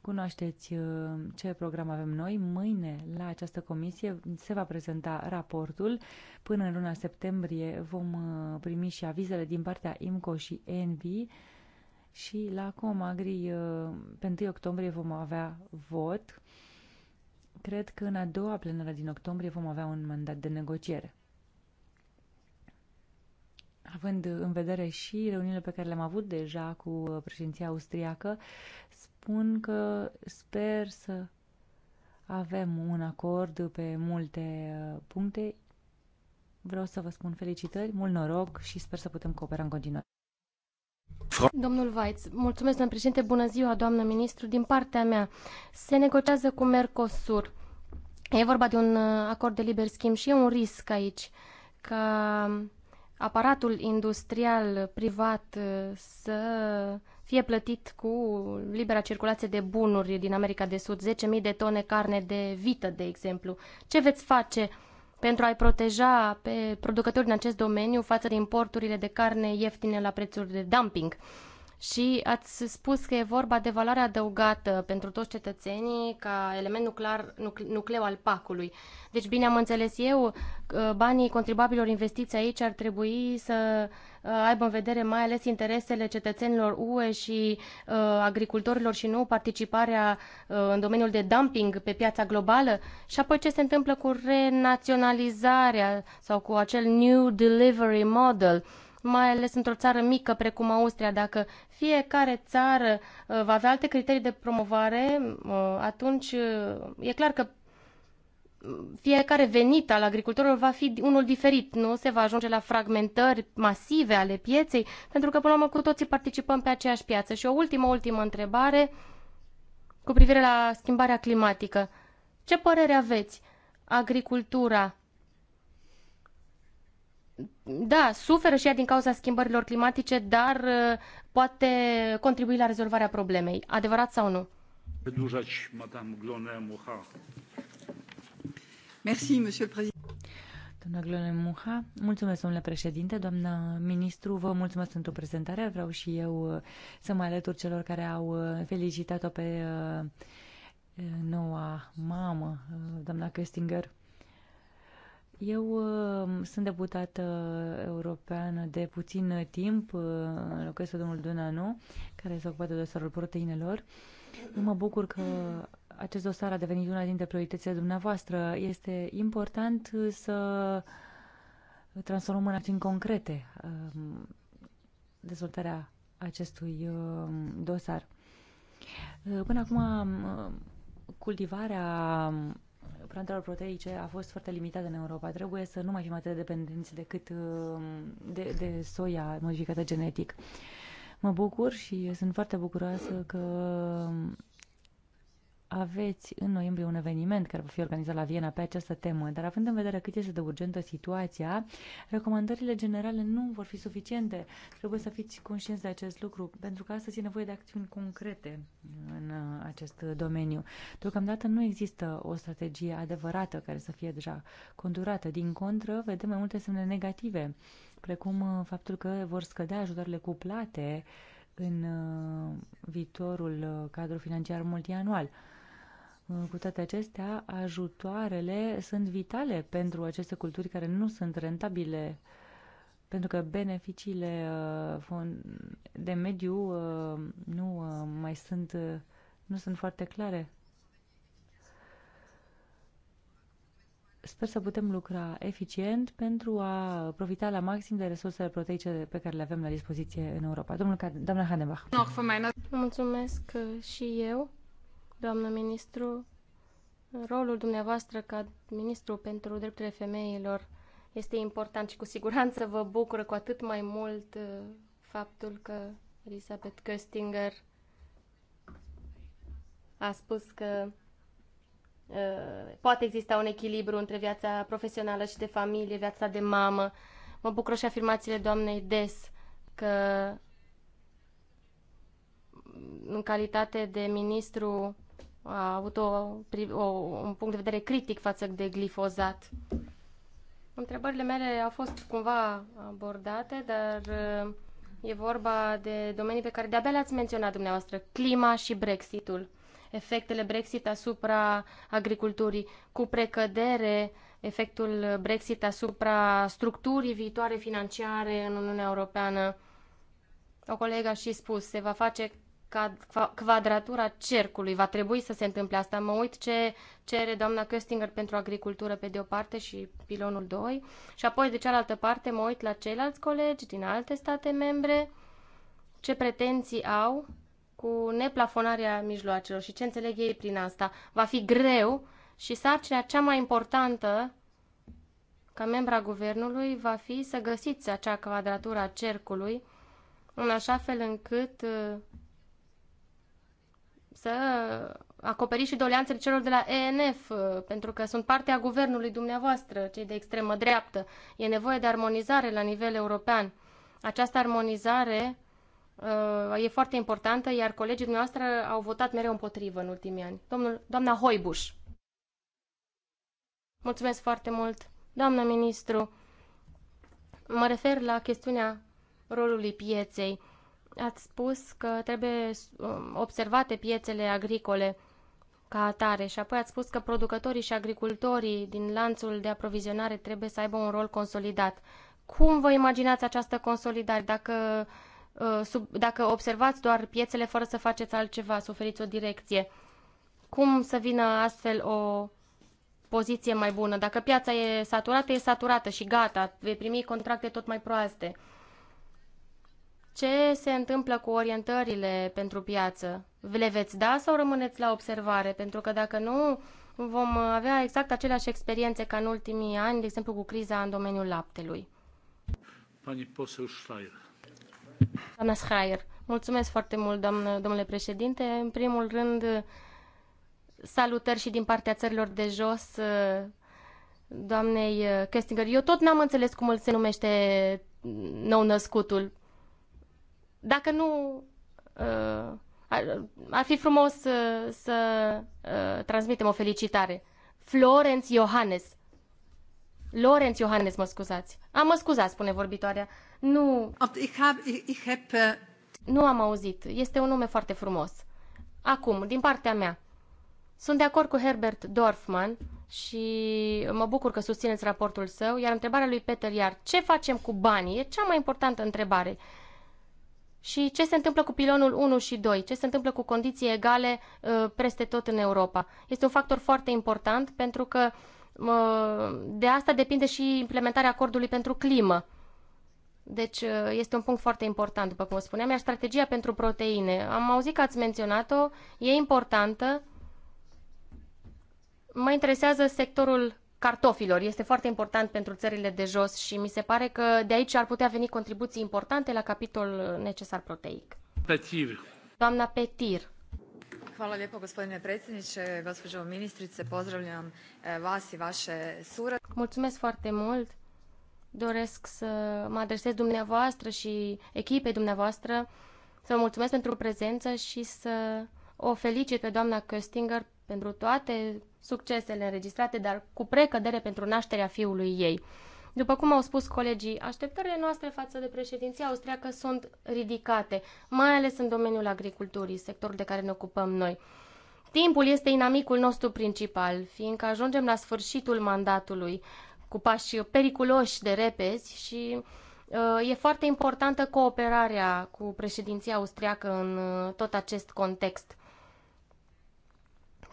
Cunoașteți uh, ce program avem noi. Mâine, la această comisie, se va prezenta raportul. Până în luna septembrie vom uh, primi și avizele din partea IMCO și ENVI și la Comagri, pe 1 octombrie, vom avea vot Cred că în a doua plenară din octombrie vom avea un mandat de negociere. Având în vedere și reuniunile pe care le-am avut deja cu președinția austriacă, spun că sper să avem un acord pe multe uh, puncte. Vreau să vă spun felicitări, mult noroc și sper să putem coopera în continuare.
Domnul Weitz, mulțumesc, domnule președinte, bună ziua, doamnă ministru. Din partea mea, se negociază cu Mercosur. E vorba de un uh, acord de liber schimb și e un risc aici ca aparatul industrial privat uh, să fie plătit cu libera circulație de bunuri din America de Sud, 10.000 de tone carne de vită, de exemplu. Ce veți face pentru a-i proteja pe producători din acest domeniu față de importurile de carne ieftine la prețuri de dumping și ați spus că e vorba de valoarea adăugată pentru toți cetățenii ca element nuclear, nucleu al pacului. Deci, bine am înțeles eu, banii contribuabilor investiți aici ar trebui să uh, aibă în vedere mai ales interesele cetățenilor UE și uh, agricultorilor și nu participarea uh, în domeniul de dumping pe piața globală? Și apoi ce se întâmplă cu renaționalizarea sau cu acel New Delivery Model? Uh, mai ales într-o țară mică precum Austria. Dacă fiecare țară uh, va avea alte criterii de promovare, uh, atunci uh, e clar că fiecare venit al agricultorilor va fi unul diferit, nu se va ajunge la fragmentări masive ale pieței, pentru că, până la urmă, cu toții participăm pe aceeași piață. Și o ultimă, ultimă întrebare cu privire la schimbarea climatică. Ce părere aveți? Agricultura da, suferă și ea din cauza schimbărilor climatice, dar uh, poate contribui la rezolvarea problemei. Adevărat sau nu? Merci, Monsieur le Président. Doamna Glone
Muha, mulțumesc, domnule președinte, doamna ministru, vă mulțumesc pentru prezentare. Vreau și eu uh, să mă alătur celor care au uh, felicitat-o pe noua mamă, doamna Köstinger. Eu uh, sunt deputată europeană de puțin timp, uh, înlocuiesc pe domnul Dunanu, care se ocupă de dosarul proteinelor. Eu mă bucur că acest dosar a devenit una dintre prioritățile dumneavoastră. Este important să transformăm în acțiuni concrete uh, dezvoltarea acestui dosar. Până acum, cultivarea plantelor proteice a fost foarte limitată în Europa. Trebuie să nu mai fim atât de dependenți decât um, de, de soia modificată genetic. Mă bucur și sunt foarte bucuroasă că um, aveți în noiembrie un eveniment care va fi organizat la Viena pe această temă, dar având în vedere cât este de urgentă situația, recomandările generale nu vor fi suficiente. Trebuie să fiți conștienți de acest lucru, pentru că astăzi e nevoie de acțiuni concrete în acest domeniu. Deocamdată nu există o strategie adevărată care să fie deja conturată. Din contră, vedem mai multe semne negative, precum faptul că vor scădea ajutoarele cuplate în viitorul cadru financiar multianual. Cu toate acestea, ajutoarele sunt vitale pentru aceste culturi care nu sunt rentabile, pentru că beneficiile uh, de mediu uh, nu uh, mai sunt, nu sunt foarte clare. Sper să putem lucra eficient pentru a profita la maxim de resursele proteice pe care le avem la dispoziție în Europa. Domnul, doamna Hanebach.
Mulțumesc și eu doamnă ministru, rolul dumneavoastră ca ministru pentru drepturile femeilor este important și cu siguranță vă bucură cu atât mai mult uh, faptul că Elisabeth Köstinger a spus că uh, poate exista un echilibru între viața profesională și de familie, viața de mamă. Mă bucură și afirmațiile doamnei Des că mm, în calitate de ministru a avut o, o, un punct de vedere critic față de glifozat. Întrebările mele au fost cumva abordate, dar uh, e vorba de domenii pe care de-abia le-ați menționat dumneavoastră, clima și Brexitul. Efectele Brexit asupra agriculturii, cu precădere efectul Brexit asupra structurii viitoare financiare în Uniunea Europeană. O colegă a și spus, se va face quadratura cercului. Va trebui să se întâmple asta. Mă uit ce cere doamna Köstinger pentru agricultură pe de o parte și pilonul 2 și apoi de cealaltă parte mă uit la ceilalți colegi din alte state membre ce pretenții au cu neplafonarea mijloacelor și ce înțeleg ei prin asta. Va fi greu și sarcina cea mai importantă ca membra guvernului va fi să găsiți acea quadratura cercului în așa fel încât uh, să acoperiți și doleanțele celor de la ENF, uh, pentru că sunt partea guvernului dumneavoastră, cei de extremă dreaptă. E nevoie de armonizare la nivel european. Această armonizare uh, e foarte importantă, iar colegii noastre au votat mereu împotrivă în ultimii ani. Domnul, doamna Hoibuș. Mulțumesc foarte mult, doamna ministru. Mă refer la chestiunea rolului pieței ați spus că trebuie um, observate piețele agricole ca atare și apoi ați spus că producătorii și agricultorii din lanțul de aprovizionare trebuie să aibă un rol consolidat. Cum vă imaginați această consolidare? Dacă, uh, sub, dacă observați doar piețele fără să faceți altceva, să oferiți o direcție, cum să vină astfel o poziție mai bună? Dacă piața e saturată, e saturată și gata, vei primi contracte tot mai proaste. Ce se întâmplă cu orientările pentru piață? Le veți da sau rămâneți la observare? Pentru că dacă nu, vom avea exact aceleași experiențe ca în ultimii ani, de exemplu cu criza în domeniul laptelui.
Pani poseu Schreier.
Doamna Schreier, mulțumesc foarte mult, doamnă, domnule președinte. În primul rând, salutări și din partea țărilor de jos, doamnei Kestinger. Eu tot n-am înțeles cum îl se numește nou născutul. Dacă nu, uh, ar fi frumos să, să uh, transmitem o felicitare. Florenț Iohannes. Lorenz Iohannes, mă scuzați. Am mă scuzat, spune vorbitoarea. Nu... Ich hab, ich hab... Nu am auzit. Este un nume foarte frumos. Acum, din partea mea. Sunt de acord cu Herbert Dorfman și mă bucur că susțineți raportul său, iar întrebarea lui Peter Iar, ce facem cu banii, e cea mai importantă întrebare. Și ce se întâmplă cu pilonul 1 și 2? Ce se întâmplă cu condiții egale uh, peste tot în Europa? Este un factor foarte important pentru că de asta depinde și implementarea acordului pentru climă. Deci uh, este un punct foarte important, după cum spuneam, iar strategia pentru proteine. Am auzit că ați menționat-o, e importantă. Mă interesează sectorul cartofilor. Este foarte important pentru țările de jos și mi se pare că de aici ar putea veni contribuții importante la capitol necesar proteic. Petir. Doamna Petir. Hvala lijepo gospodine predsjedniče, gospođo ministrice, pozdravljam vas i vaše sura. Mulțumesc foarte mult. Doresc să mă adresez dumneavoastră și echipei dumneavoastră, să vă mulțumesc pentru prezență și să o felicit pe doamna Köstinger pentru toate succesele înregistrate, dar cu precădere pentru nașterea fiului ei. După cum au spus colegii, așteptările noastre față de președinția austriacă sunt ridicate, mai ales în domeniul agriculturii, sectorul de care ne ocupăm noi. Timpul este inamicul nostru principal, fiindcă ajungem la sfârșitul mandatului cu pași periculoși de repezi și uh, e foarte importantă cooperarea cu președinția austriacă în uh, tot acest context.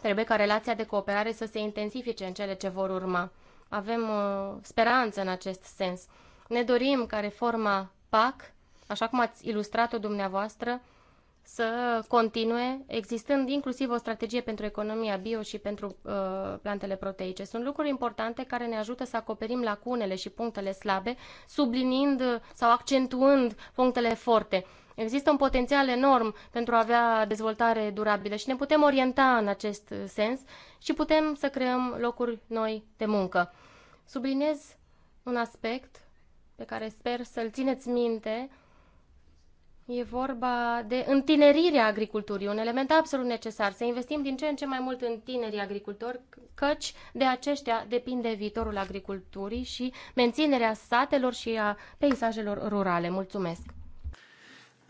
Trebuie ca relația de cooperare să se intensifice în cele ce vor urma. Avem uh, speranță în acest sens. Ne dorim ca reforma PAC, așa cum ați ilustrat-o dumneavoastră, să continue, existând inclusiv o strategie pentru economia bio și pentru uh, plantele proteice. Sunt lucruri importante care ne ajută să acoperim lacunele și punctele slabe, sublinind sau accentuând punctele forte. Există un potențial enorm pentru a avea dezvoltare durabilă și ne putem orienta în acest sens și putem să creăm locuri noi de muncă. Subliniez un aspect pe care sper să-l țineți minte. E vorba de întinerirea agriculturii, un element absolut necesar. Să investim din ce în ce mai mult în tinerii agricultori, căci de aceștia depinde viitorul agriculturii și menținerea satelor și a peisajelor rurale. Mulțumesc!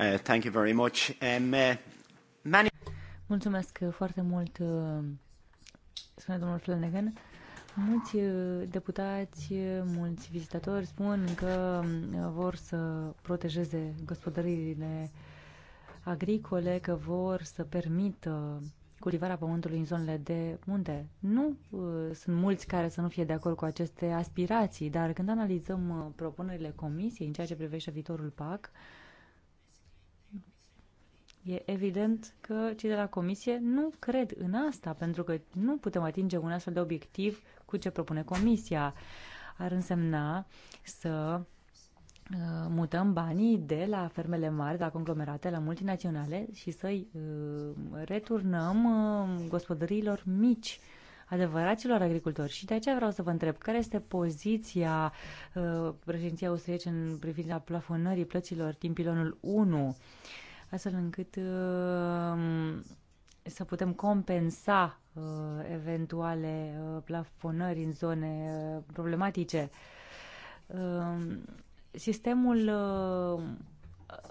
Uh,
um, uh,
Mulțumesc
foarte mult, uh,
spune domnul Flanagan. Mulți deputați, mulți vizitatori spun că vor să protejeze gospodăriile agricole, că vor să permită cultivarea pământului în zonele de munte. Nu sunt mulți care să nu fie de acord cu aceste aspirații, dar când analizăm propunerile comisiei în ceea ce privește viitorul PAC, E evident că cei de la Comisie nu cred în asta, pentru că nu putem atinge un astfel de obiectiv cu ce propune Comisia. Ar însemna să uh, mutăm banii de la fermele mari, de la conglomerate, la multinaționale și să-i uh, returnăm uh, gospodăriilor mici adevăraților agricultori. Și de aceea vreau să vă întreb, care este poziția președinției austriece în privința plafonării plăților din pilonul 1? astfel încât uh, să putem compensa uh, eventuale uh, plafonări în zone problematice. Sistemul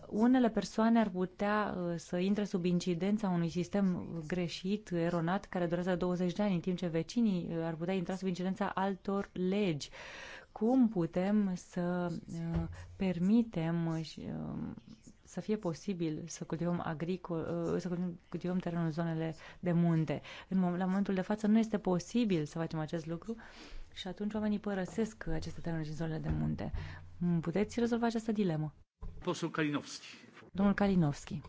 unele persoane ar putea să intre sub incidența unui sistem greșit, eronat, care durează 20 de ani, în timp ce vecinii ar putea intra sub incidența altor legi. Cum putem să permitem să fie posibil să cultivăm, agricol, uh, să cultivăm terenul în zonele de munte. În, la momentul de față nu este posibil să facem acest lucru și atunci oamenii părăsesc aceste terenuri în zonele de munte. Puteți rezolva această dilemă?
Posul Kalinowski.
Domnul Kalinowski.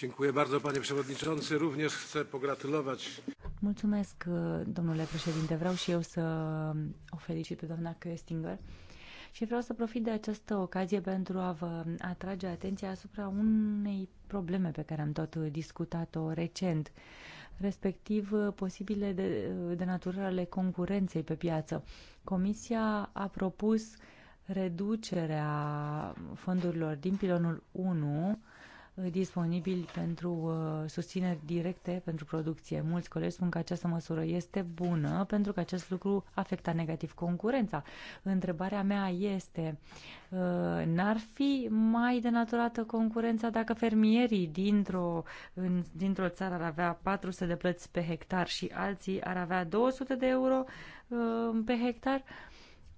Dziękuję bardzo, panie przewodniczący. Również chcę pogratulować.
Mulțumesc, domnule președinte. Vreau și eu să o felicit pe doamna Köstinger și vreau să profit de această ocazie pentru a vă atrage atenția asupra unei probleme pe care am tot discutat-o recent, respectiv uh, posibile de, uh, de natură ale concurenței pe piață. Comisia a propus reducerea fondurilor din pilonul 1 disponibili pentru uh, susțineri directe pentru producție. Mulți colegi spun că această măsură este bună pentru că acest lucru afecta negativ concurența. Întrebarea mea este, uh, n-ar fi mai denaturată concurența dacă fermierii dintr-o, dintr-o țară ar avea 400 de plăți pe hectar și alții ar avea 200 de euro uh, pe hectar?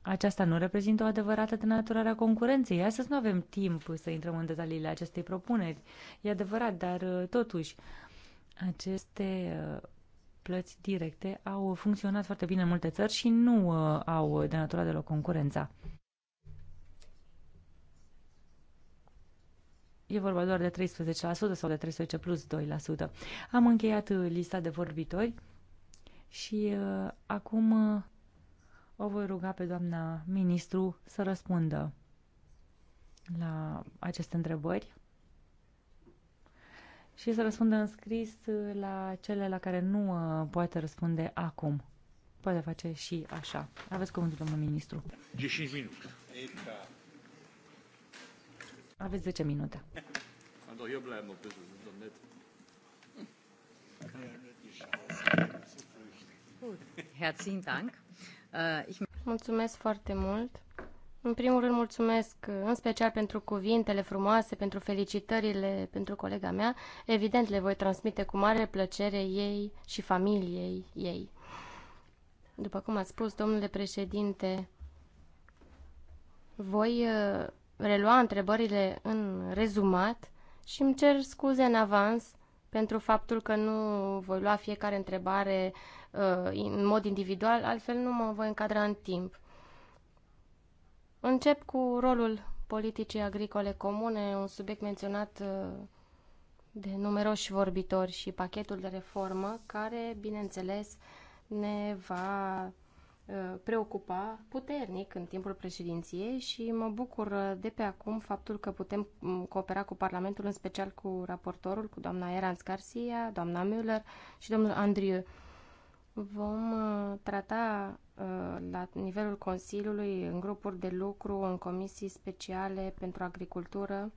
Aceasta nu reprezintă o adevărată denaturare a concurenței. Astăzi nu avem timp să intrăm în detaliile acestei propuneri. E adevărat, dar uh, totuși aceste uh, plăți directe au funcționat foarte bine în multe țări și nu uh, au denaturat deloc concurența. E vorba doar de 13% sau de 13 plus 2%. Am încheiat lista de vorbitori și acum o voi ruga pe doamna ministru să răspundă la aceste întrebări și să răspundă în scris la cele la care nu uh, poate răspunde acum. Poate face și așa. Aveți cuvântul, domnul ministru.
10 minute.
Aveți 10 minute.
Herzlichen Dank. Uh, mulțumesc foarte mult. În primul rând mulțumesc uh, în special pentru cuvintele frumoase, pentru felicitările pentru colega mea. Evident le voi transmite cu mare plăcere ei și familiei ei. După cum a spus, domnule președinte, voi uh, relua întrebările în rezumat și îmi cer scuze în avans pentru faptul că nu voi lua fiecare întrebare uh, Uh, în mod individual, altfel nu mă voi încadra în timp. Încep cu rolul politicii agricole comune, un subiect menționat uh, de numeroși vorbitori și pachetul de reformă care, bineînțeles, ne va uh, preocupa puternic în timpul președinției și mă bucur de pe acum faptul că putem mm, coopera cu Parlamentul, în special cu raportorul, cu doamna Eranz Garcia, doamna Müller și domnul Andrieu Vom uh, trata uh, la nivelul Consiliului, în grupuri de lucru, în comisii speciale pentru agricultură,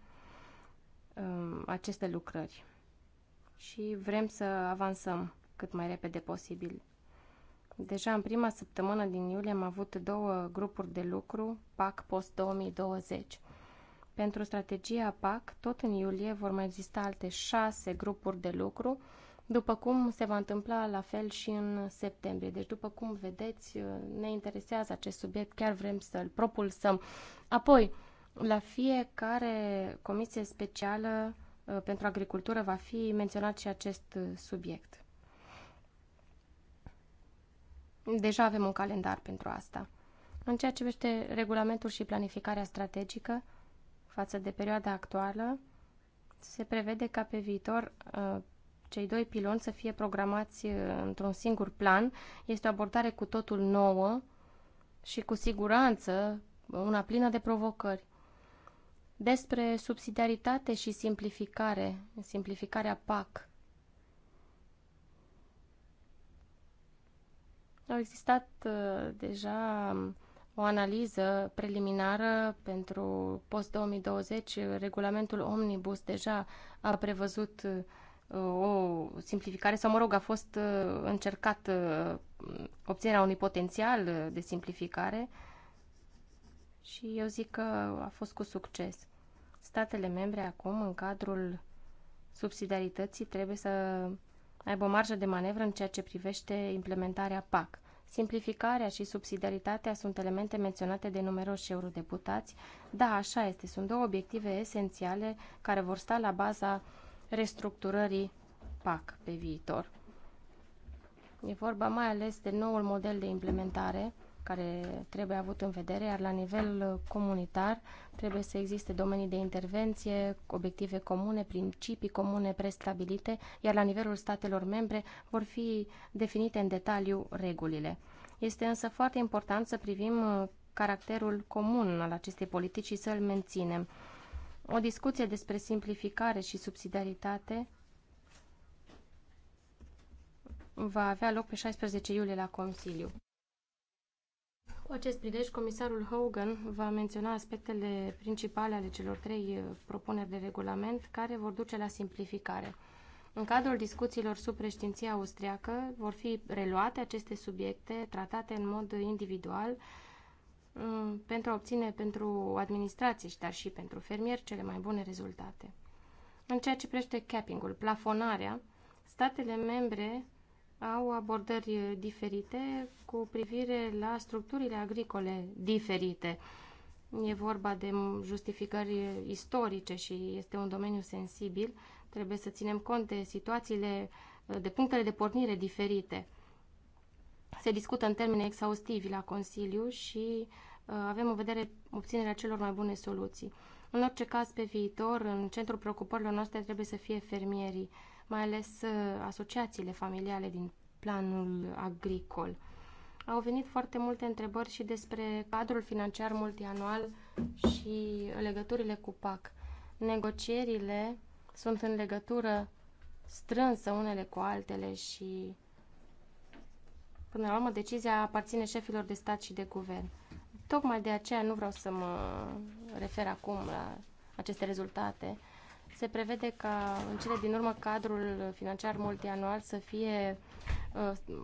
um, aceste lucrări. Și vrem să avansăm cât mai repede posibil. Deja în prima săptămână din iulie am avut două grupuri de lucru, PAC Post 2020. Pentru strategia PAC, tot în iulie vor mai exista alte șase grupuri de lucru, după cum se va întâmpla la fel și în septembrie. Deci, după cum vedeți, ne interesează acest subiect, chiar vrem să-l propulsăm. Apoi, la fiecare comisie specială uh, pentru agricultură va fi menționat și acest subiect. Deja avem un calendar pentru asta. În ceea ce privește regulamentul și planificarea strategică față de perioada actuală, se prevede ca pe viitor uh, cei doi piloni să fie programați uh, într-un singur plan. Este o abordare cu totul nouă și cu siguranță una plină de provocări. Despre subsidiaritate și simplificare, simplificarea PAC. Au existat uh, deja o analiză preliminară pentru post-2020. Regulamentul Omnibus deja a prevăzut uh, o simplificare sau, mă rog, a fost uh, încercat uh, obținerea unui potențial uh, de simplificare și eu zic că a fost cu succes. Statele membre acum, în cadrul subsidiarității, trebuie să aibă o marjă de manevră în ceea ce privește implementarea PAC. Simplificarea și subsidiaritatea sunt elemente menționate de numeroși eurodeputați. Da, așa este. Sunt două obiective esențiale care vor sta la baza uh, restructurării PAC pe viitor. E vorba mai ales de noul model de implementare care trebuie avut în vedere, iar la nivel uh, comunitar trebuie să existe domenii de intervenție, obiective comune, principii comune prestabilite, iar la nivelul statelor membre vor fi definite în detaliu regulile. Este însă foarte important să privim uh, caracterul comun al acestei politici și să-l menținem o discuție despre simplificare și subsidiaritate va avea loc pe 16 iulie la Consiliu. Cu acest prilej, comisarul Hogan va menționa aspectele principale ale celor trei uh, propuneri de regulament care vor duce la simplificare. În cadrul discuțiilor sub preștinția austriacă vor fi reluate aceste subiecte, tratate în mod individual, Uh, pentru a obține pentru administrație, dar și pentru fermieri, cele mai bune rezultate. În ceea ce privește capping-ul, plafonarea, statele membre au abordări diferite cu privire la structurile agricole diferite. E vorba de justificări istorice și este un domeniu sensibil. Trebuie să ținem cont de situațiile, de punctele de pornire diferite se discută în termeni exhaustivi la Consiliu și uh, avem în vedere obținerea celor mai bune soluții. În orice caz, pe viitor, în centrul preocupărilor noastre trebuie să fie fermierii, mai ales uh, asociațiile familiale din planul agricol. Au venit foarte multe întrebări și despre cadrul financiar multianual și legăturile cu PAC. Negocierile sunt în legătură strânsă unele cu altele și Până la urmă, decizia aparține șefilor de stat și de guvern. Tocmai de aceea nu vreau să mă refer acum la aceste rezultate. Se prevede ca în cele din urmă cadrul financiar multianual să fie uh,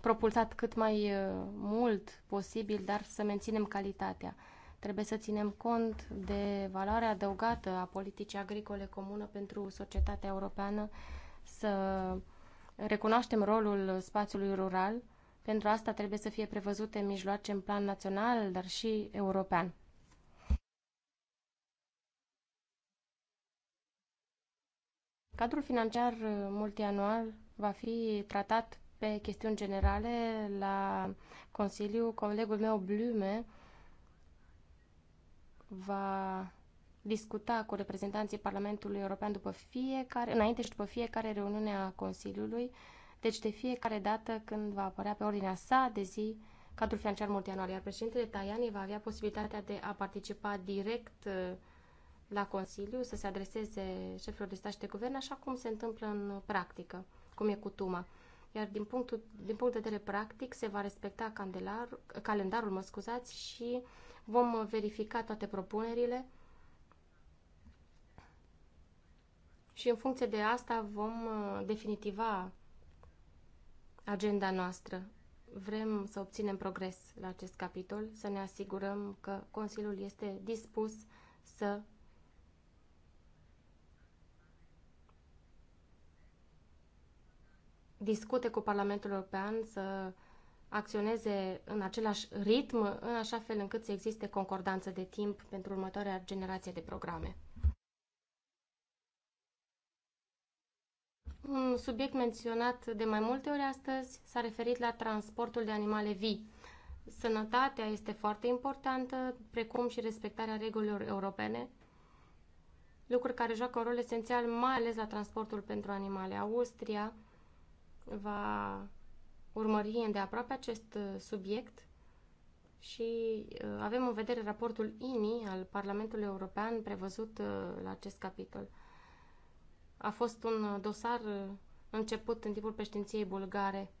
propulsat cât mai uh, mult posibil, dar să menținem calitatea. Trebuie să ținem cont de valoarea adăugată a politicii agricole comună pentru societatea europeană, să recunoaștem rolul spațiului rural, pentru asta trebuie să fie prevăzute mijloace în plan național, dar și european. Cadrul financiar multianual va fi tratat pe chestiuni generale la Consiliu. Colegul meu, Blume, va discuta cu reprezentanții Parlamentului European după fiecare, înainte și după fiecare reuniune a Consiliului, deci de fiecare dată când va apărea pe ordinea sa de zi cadrul financiar multianual, iar președintele Tajani va avea posibilitatea de a participa direct uh, la Consiliu, să se adreseze șefilor de stat și de guvern, așa cum se întâmplă în practică, cum e cu Tuma. Iar din, punctul, din punct de vedere practic se va respecta candelar, calendarul mă scuzați, și vom verifica toate propunerile și în funcție de asta vom uh, definitiva agenda noastră. Vrem să obținem progres la acest capitol, să ne asigurăm că Consiliul este dispus să discute cu Parlamentul European, să acționeze în același ritm, în așa fel încât să existe concordanță de timp pentru următoarea generație de programe. Un subiect menționat de mai multe ori astăzi s-a referit la transportul de animale vii. Sănătatea este foarte importantă, precum și respectarea regulilor europene, lucruri care joacă un rol esențial, mai ales la transportul pentru animale. Austria va urmări îndeaproape acest uh, subiect și uh, avem în vedere raportul INI al Parlamentului European prevăzut uh, la acest capitol. A fost un uh, dosar uh, început în timpul președinției bulgare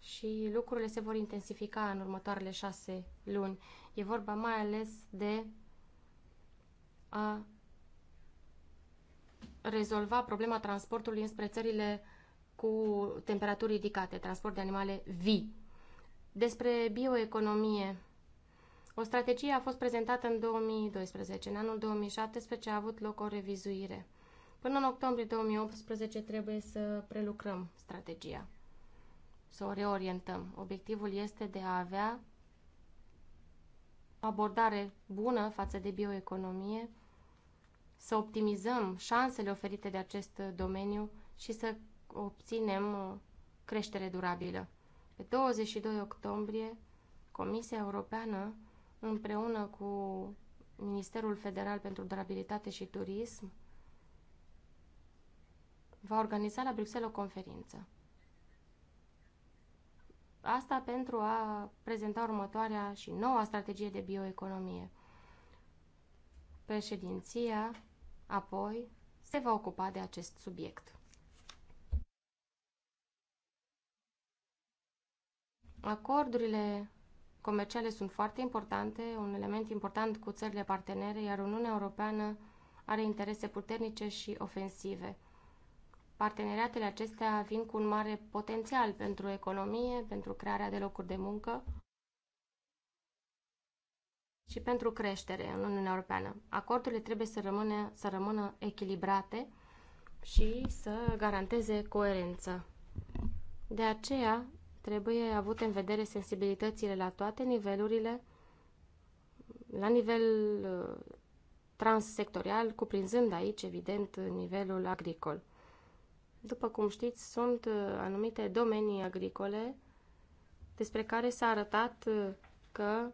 și lucrurile se vor intensifica în următoarele șase luni. E vorba mai ales de a rezolva problema transportului înspre țările cu temperaturi ridicate, transport de animale vii. Despre bioeconomie. O strategie a fost prezentată în 2012. În anul 2017 a avut loc o revizuire. Până în octombrie 2018 trebuie să prelucrăm strategia, să o reorientăm. Obiectivul este de a avea o abordare bună față de bioeconomie, să optimizăm șansele oferite de acest domeniu și să obținem creștere durabilă. Pe 22 octombrie, Comisia Europeană, împreună cu Ministerul Federal pentru Durabilitate și Turism, va organiza la Bruxelles o conferință. Asta pentru a prezenta următoarea și noua strategie de bioeconomie. Președinția, apoi, se va ocupa de acest subiect. Acordurile comerciale sunt foarte importante, un element important cu țările partenere, iar Uniunea Europeană are interese puternice și ofensive – Parteneriatele acestea vin cu un mare potențial pentru economie, pentru crearea de locuri de muncă și pentru creștere în Uniunea Europeană. Acordurile trebuie să rămână, să rămână echilibrate și să garanteze coerență. De aceea, trebuie avut în vedere sensibilitățile la toate nivelurile, la nivel uh, transsectorial, cuprinzând aici, evident, nivelul agricol. După cum știți, sunt uh, anumite domenii agricole despre care s-a arătat uh, că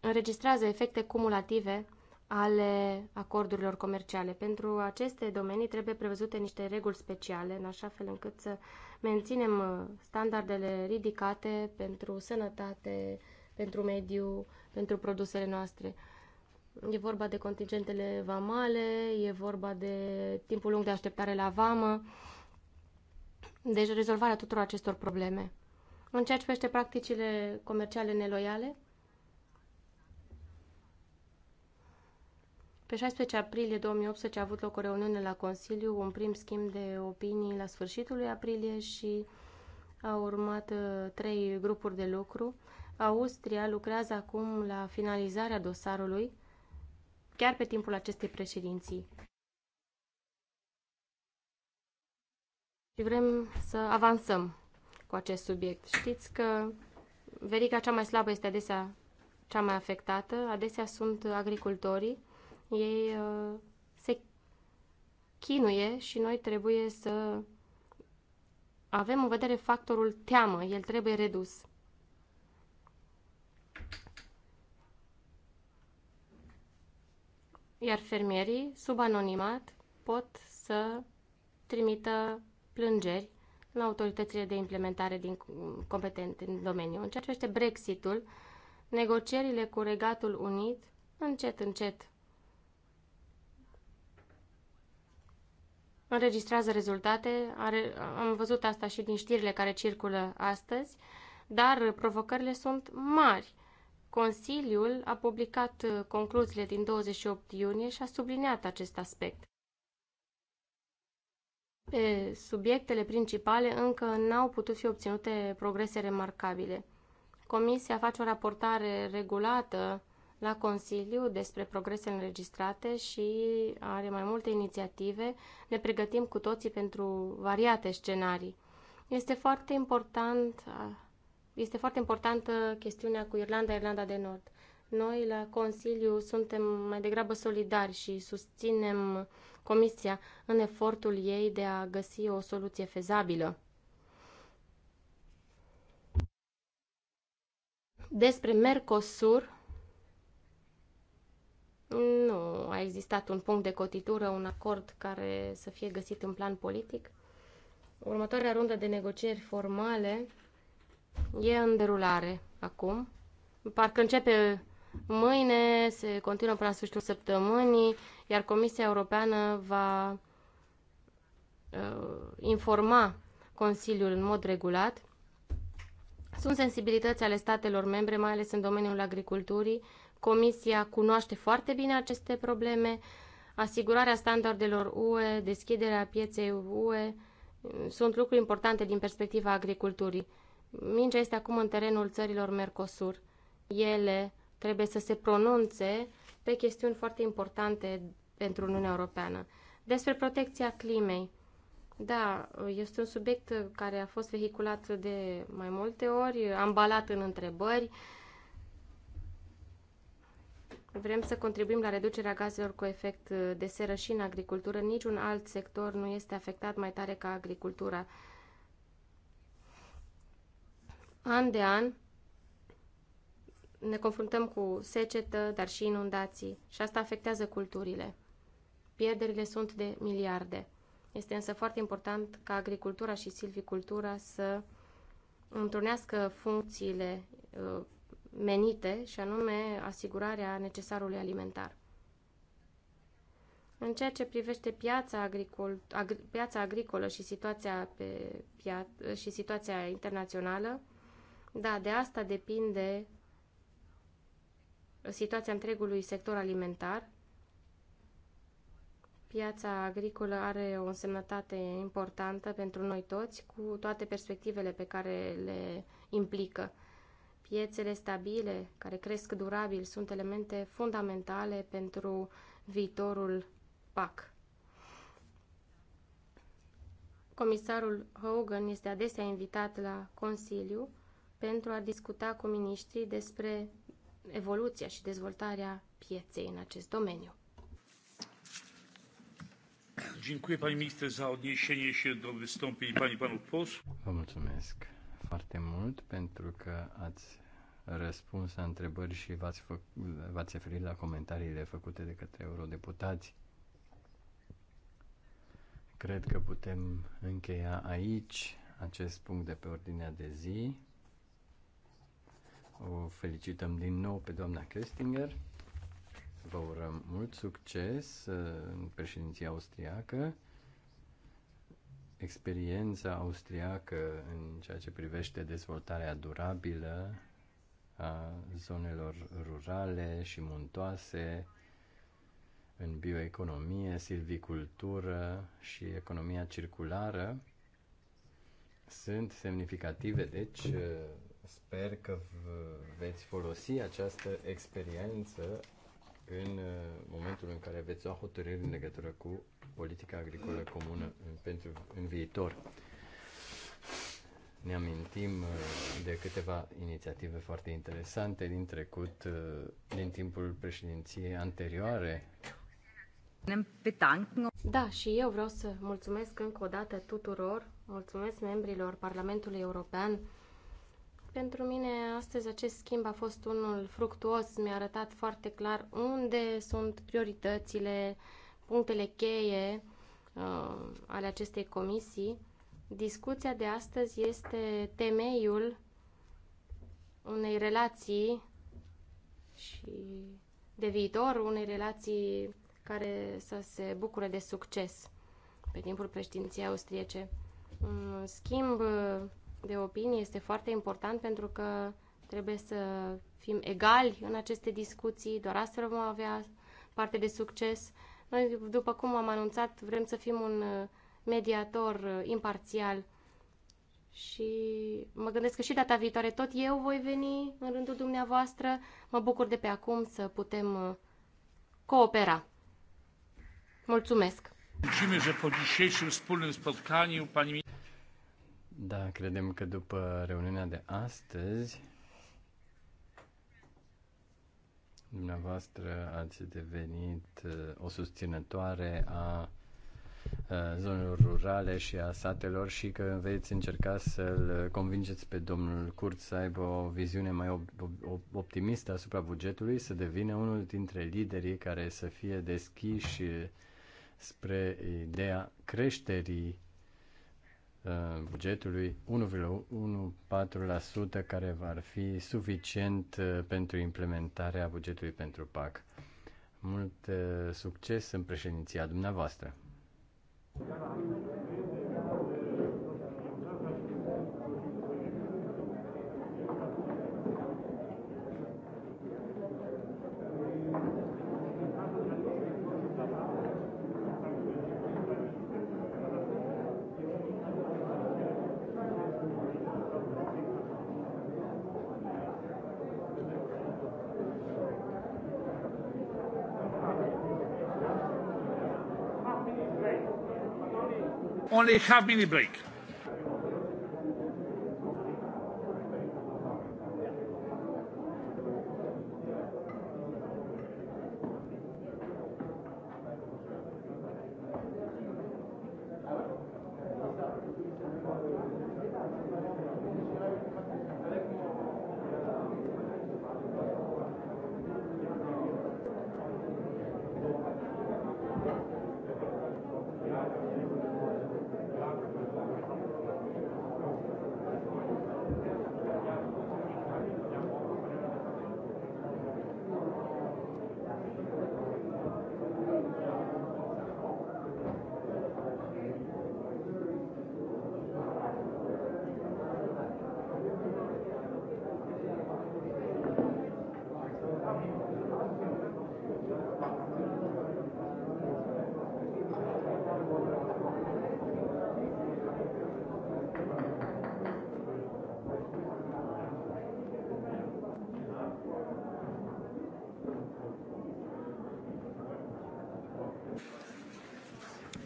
înregistrează efecte cumulative ale acordurilor comerciale. Pentru aceste domenii trebuie prevăzute niște reguli speciale, în așa fel încât să menținem uh, standardele ridicate pentru sănătate, pentru mediu, pentru produsele noastre. E vorba de contingentele vamale, e vorba de timpul lung de așteptare la vamă, deci rezolvarea tuturor acestor probleme. În ceea ce privește practicile comerciale neloiale, Pe 16 aprilie 2018 a avut loc o reuniune la Consiliu, un prim schimb de opinii la sfârșitul lui aprilie și au urmat uh, trei grupuri de lucru. Austria lucrează acum la finalizarea dosarului chiar pe timpul acestei președinții. Și vrem să avansăm cu acest subiect. Știți că verica cea mai slabă este adesea cea mai afectată. Adesea sunt agricultorii. Ei uh, se chinuie și noi trebuie să avem în vedere factorul teamă. El trebuie redus. iar fermierii, sub anonimat, pot să trimită plângeri la autoritățile de implementare din, competent în domeniu. În ceea ce este Brexitul, negocierile cu Regatul Unit încet, încet înregistrează rezultate. Are, am văzut asta și din știrile care circulă astăzi, dar provocările sunt mari. Consiliul a publicat uh, concluziile din 28 iunie și a subliniat acest aspect. Pe subiectele principale încă n-au putut fi obținute progrese remarcabile. Comisia face o raportare regulată la Consiliu despre progresele înregistrate și are mai multe inițiative. Ne pregătim cu toții pentru variate scenarii. Este foarte important este foarte importantă chestiunea cu Irlanda, Irlanda de Nord. Noi la Consiliu suntem mai degrabă solidari și susținem Comisia în efortul ei de a găsi o soluție fezabilă. Despre Mercosur, nu a existat un punct de cotitură, un acord care să fie găsit în plan politic. Următoarea rundă de negocieri formale E în derulare acum. Parcă începe mâine, se continuă până la sfârșitul săptămânii, iar Comisia Europeană va uh, informa Consiliul în mod regulat. Sunt sensibilități ale statelor membre, mai ales în domeniul agriculturii. Comisia cunoaște foarte bine aceste probleme. Asigurarea standardelor UE, deschiderea pieței UE sunt lucruri importante din perspectiva agriculturii. Mingea este acum în terenul țărilor Mercosur. Ele trebuie să se pronunțe pe chestiuni foarte importante pentru Uniunea Europeană. Despre protecția climei. Da, este un subiect care a fost vehiculat de mai multe ori, ambalat în întrebări. Vrem să contribuim la reducerea gazelor cu efect de seră și în agricultură. Niciun alt sector nu este afectat mai tare ca agricultura. An de an ne confruntăm cu secetă, dar și inundații și asta afectează culturile. Pierderile sunt de miliarde. Este însă foarte important ca agricultura și silvicultura să întrunească funcțiile uh, menite și anume asigurarea necesarului alimentar. În ceea ce privește piața, agricol, agri, piața agricolă și situația, pe pia, și situația internațională, da, de asta depinde situația întregului sector alimentar. Piața agricolă are o însemnătate importantă pentru noi toți, cu toate perspectivele pe care le implică. Piețele stabile, care cresc durabil, sunt elemente fundamentale pentru viitorul PAC. Comisarul Hogan este adesea invitat la Consiliu pentru a discuta cu miniștrii despre evoluția și dezvoltarea pieței în acest domeniu.
Dziękuję pani minister za odniesienie się do wystąpień
pani panów posłów. Vă mulțumesc foarte mult pentru că ați răspuns la întrebări și v-ați, fă, v-ați referit la comentariile făcute de către eurodeputați. Cred că putem încheia aici acest punct de pe ordinea de zi. O felicităm din nou pe doamna Kestinger. Vă urăm mult succes uh, în președinția austriacă. Experiența austriacă în ceea ce privește dezvoltarea durabilă a zonelor rurale și muntoase, în bioeconomie, silvicultură și economia circulară sunt semnificative, deci uh, Sper că veți folosi această experiență în uh, momentul în care veți lua hotărâri în legătură cu politica agricolă comună în, pentru, în viitor. Ne amintim uh, de câteva inițiative foarte interesante din trecut, uh, din timpul președinției anterioare.
Da, și eu vreau să mulțumesc încă o dată tuturor, mulțumesc membrilor Parlamentului European, pentru mine, astăzi, acest schimb a fost unul fructuos. Mi-a arătat foarte clar unde sunt prioritățile, punctele cheie uh, ale acestei comisii. Discuția de astăzi este temeiul unei relații și de viitor, unei relații care să se bucure de succes pe timpul președinției austriece. Un schimb uh, de opinie este foarte important pentru că trebuie să fim egali în aceste discuții, doar astfel vom avea parte de succes. Noi, după cum am anunțat, vrem să fim un uh, mediator uh, imparțial și mă gândesc că și data viitoare tot eu voi veni în rândul dumneavoastră. Mă bucur de pe acum să putem uh, coopera. Mulțumesc!
Mulțumim,
da, credem că după reuniunea de astăzi, dumneavoastră ați devenit uh, o susținătoare a uh, zonelor rurale și a satelor și că veți încerca să-l convingeți pe domnul Curt să aibă o viziune mai optimistă asupra bugetului, să devină unul dintre liderii care să fie deschiși spre ideea creșterii Uh, bugetului 1,14% care va fi suficient uh, pentru implementarea bugetului pentru PAC. Mult uh, succes în președinția dumneavoastră!
only half minute break.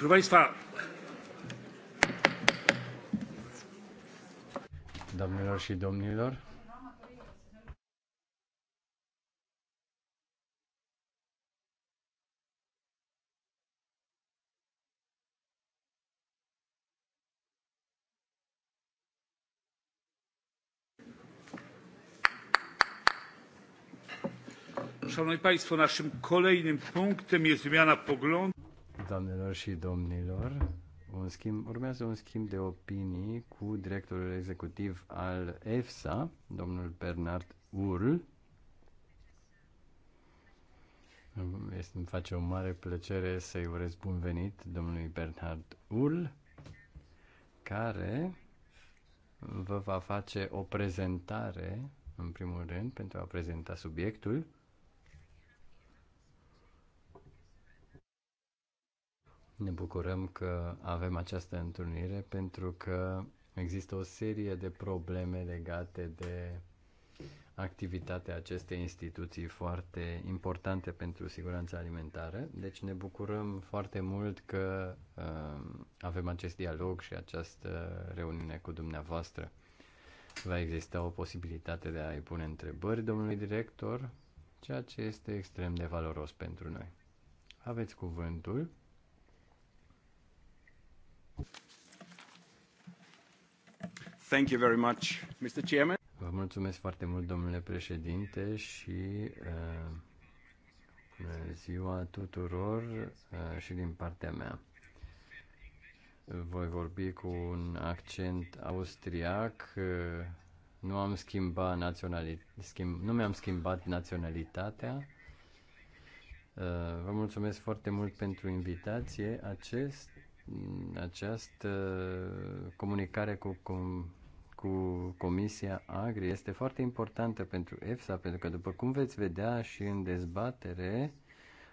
Proszę Państwa.
Doamnelor și domnilor.
Szanowni Państwo, naszym kolejnym punktem jest zmiana
poglądu doamnelor și domnilor. Un schimb, urmează un schimb de opinii cu directorul executiv al EFSA, domnul Bernard Url. Este, îmi face o mare plăcere să-i urez bun venit domnului Bernard Url, care vă va face o prezentare, în primul rând, pentru a prezenta subiectul Ne bucurăm că avem această întâlnire pentru că există o serie de probleme legate de activitatea acestei instituții foarte importante pentru siguranța alimentară. Deci ne bucurăm foarte mult că uh, avem acest dialog și această reuniune cu dumneavoastră. Va exista o posibilitate de a-i pune întrebări domnului director, ceea ce este extrem de valoros pentru noi. Aveți cuvântul Thank you very much, Mr. Chairman. Vă mulțumesc foarte mult, domnule președinte, și uh, ziua tuturor uh, și din partea mea. Voi vorbi cu un accent austriac. Uh, nu am schimbat naționalitatea, schimb, nu mi-am schimbat naționalitatea. Uh, vă mulțumesc foarte mult pentru invitație. Acest, această comunicare cu, cu cu Comisia Agri este foarte importantă pentru EFSA, pentru că, după cum veți vedea și în dezbatere,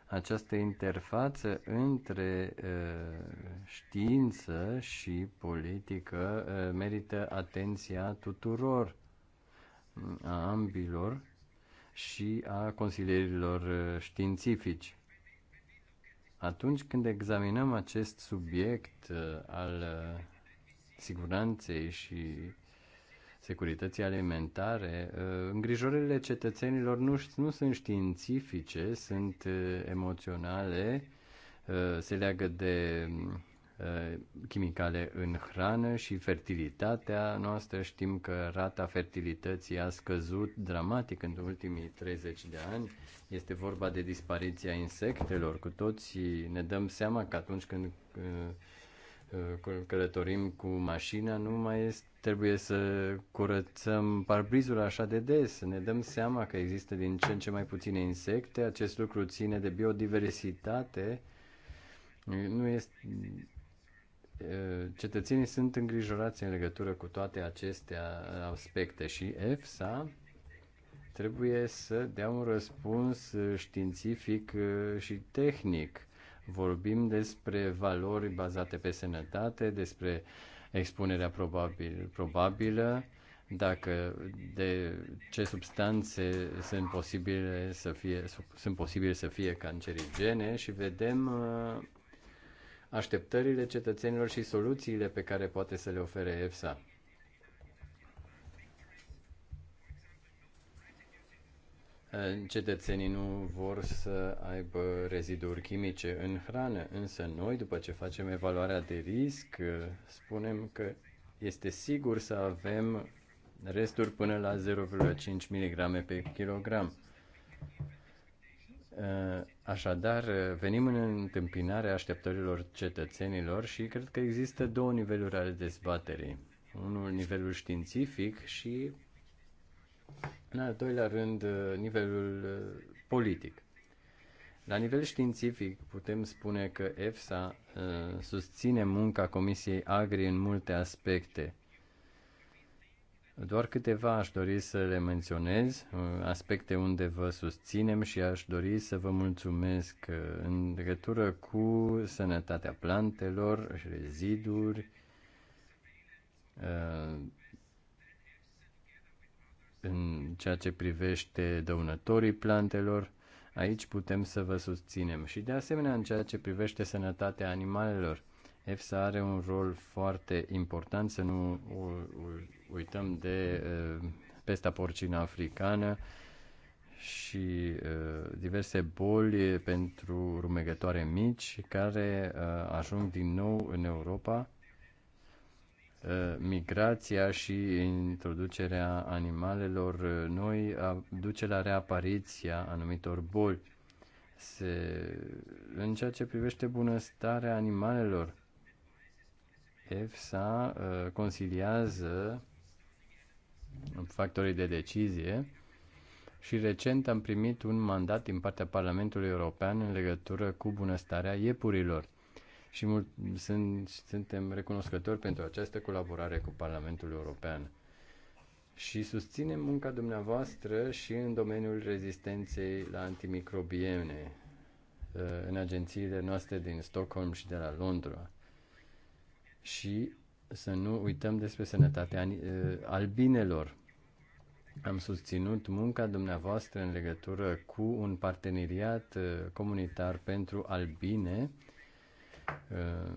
această interfață între uh, știință și politică uh, merită atenția tuturor, mm, a ambilor și a consilierilor uh, științifici. Atunci când examinăm acest subiect al siguranței și securității alimentare, uh, îngrijorările cetățenilor nu, nu sunt științifice, sunt uh, emoționale, uh, se leagă de chimicale în hrană și fertilitatea noastră. Știm că rata fertilității a scăzut dramatic în ultimii 30 de ani. Este vorba de dispariția insectelor. Cu toții ne dăm seama că atunci când Eh, călătorim cu mașina, nu mai este, trebuie să curățăm parbrizul așa de des. Ne dăm seama că există din ce în ce mai puține insecte. Acest lucru ține de biodiversitate. Nu este, eh, cetățenii sunt îngrijorați în legătură cu toate aceste aspecte și EFSA trebuie să dea un răspuns eh, științific și tehnic Vorbim despre valori bazate pe sănătate, despre expunerea probabil, probabilă, dacă de ce substanțe sunt posibile să fie, sunt posibile să fie cancerigene și vedem uh, așteptările cetățenilor și soluțiile pe care poate să le ofere EFSA. cetățenii nu vor să aibă reziduri chimice în hrană, însă noi, după ce facem evaluarea de risc, spunem că este sigur să avem resturi până la 0,5 mg pe kilogram. Uh, așadar, venim în întâmpinarea așteptărilor cetățenilor și cred că există două niveluri ale dezbaterii. Unul nivelul științific și în al doilea rând, uh, nivelul uh, politic. La nivel științific, putem spune că EFSA uh, susține munca Comisiei Agri în multe aspecte. Doar câteva aș dori să le menționez, aspecte unde vă susținem și aș dori să vă mulțumesc în legătură cu sănătatea plantelor, reziduri, în ceea ce privește dăunătorii plantelor, aici putem să vă susținem. Și de asemenea în ceea ce privește sănătatea animalelor, EFSA are un rol foarte important, să nu uităm de uh, pesta porcină africană și uh, diverse boli pentru rumegătoare mici care uh, ajung din nou în Europa Uh, migrația și introducerea animalelor uh, noi duce la reapariția anumitor boli. Se, în ceea ce privește bunăstarea animalelor, EFSA uh, consiliază factorii de decizie și recent am primit un mandat din partea Parlamentului European în legătură cu bunăstarea iepurilor și mult, sunt, suntem recunoscători pentru această colaborare cu Parlamentul European. Și susținem munca dumneavoastră și în domeniul rezistenței la antimicrobiene, uh, în agențiile noastre din Stockholm și de la Londra. Și să nu uităm despre sănătatea uh, albinelor. Am susținut munca dumneavoastră în legătură cu un parteneriat uh, comunitar pentru albine Uh,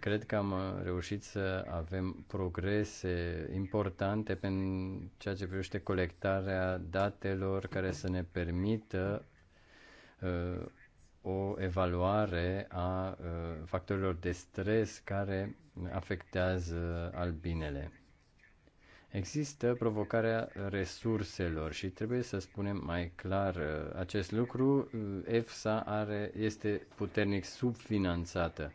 cred că am uh, reușit să avem progrese importante pentru ceea ce privește colectarea datelor care să ne permită uh, o evaluare a factorilor de stres care afectează albinele. Există provocarea resurselor și trebuie să spunem mai clar uh, acest lucru. Uh, EFSA are, este puternic subfinanțată.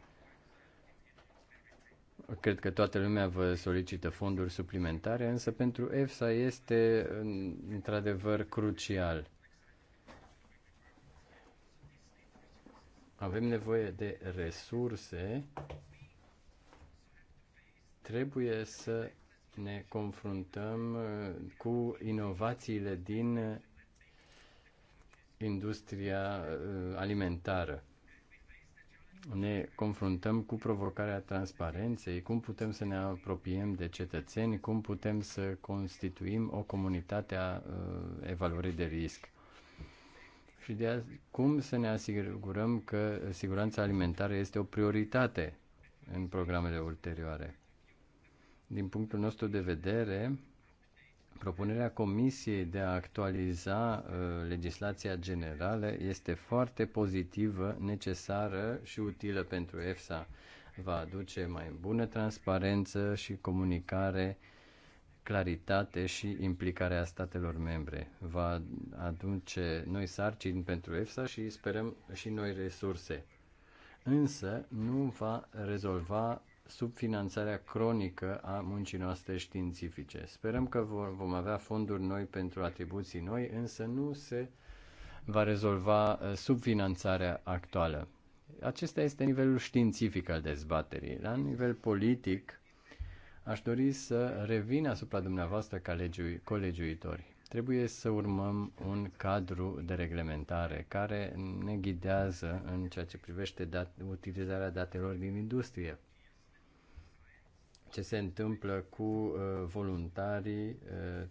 Cred că toată lumea vă solicită fonduri suplimentare, însă pentru EFSA este uh, într-adevăr crucial. Avem nevoie de resurse. Trebuie să ne confruntăm uh, cu inovațiile din uh, industria uh, alimentară. Ne confruntăm cu provocarea transparenței, cum putem să ne apropiem de cetățeni, cum putem să constituim o comunitate a evaluării de risc și de a, cum să ne asigurăm că siguranța alimentară este o prioritate în programele ulterioare. Din punctul nostru de vedere, propunerea Comisiei de a actualiza uh, legislația generală este foarte pozitivă, necesară și utilă pentru EFSA. Va aduce mai bună transparență și comunicare, claritate și implicarea statelor membre. Va aduce noi sarcini pentru EFSA și sperăm și noi resurse. Însă nu va rezolva subfinanțarea cronică a muncii noastre științifice. Sperăm că vom avea fonduri noi pentru atribuții noi, însă nu se va rezolva uh, subfinanțarea actuală. Acesta este nivelul științific al dezbaterii. La nivel politic, aș dori să revin asupra dumneavoastră ca legiui, colegiuitori. Trebuie să urmăm un cadru de reglementare care ne ghidează în ceea ce privește dat, utilizarea datelor din industrie ce se întâmplă cu uh, voluntarii uh,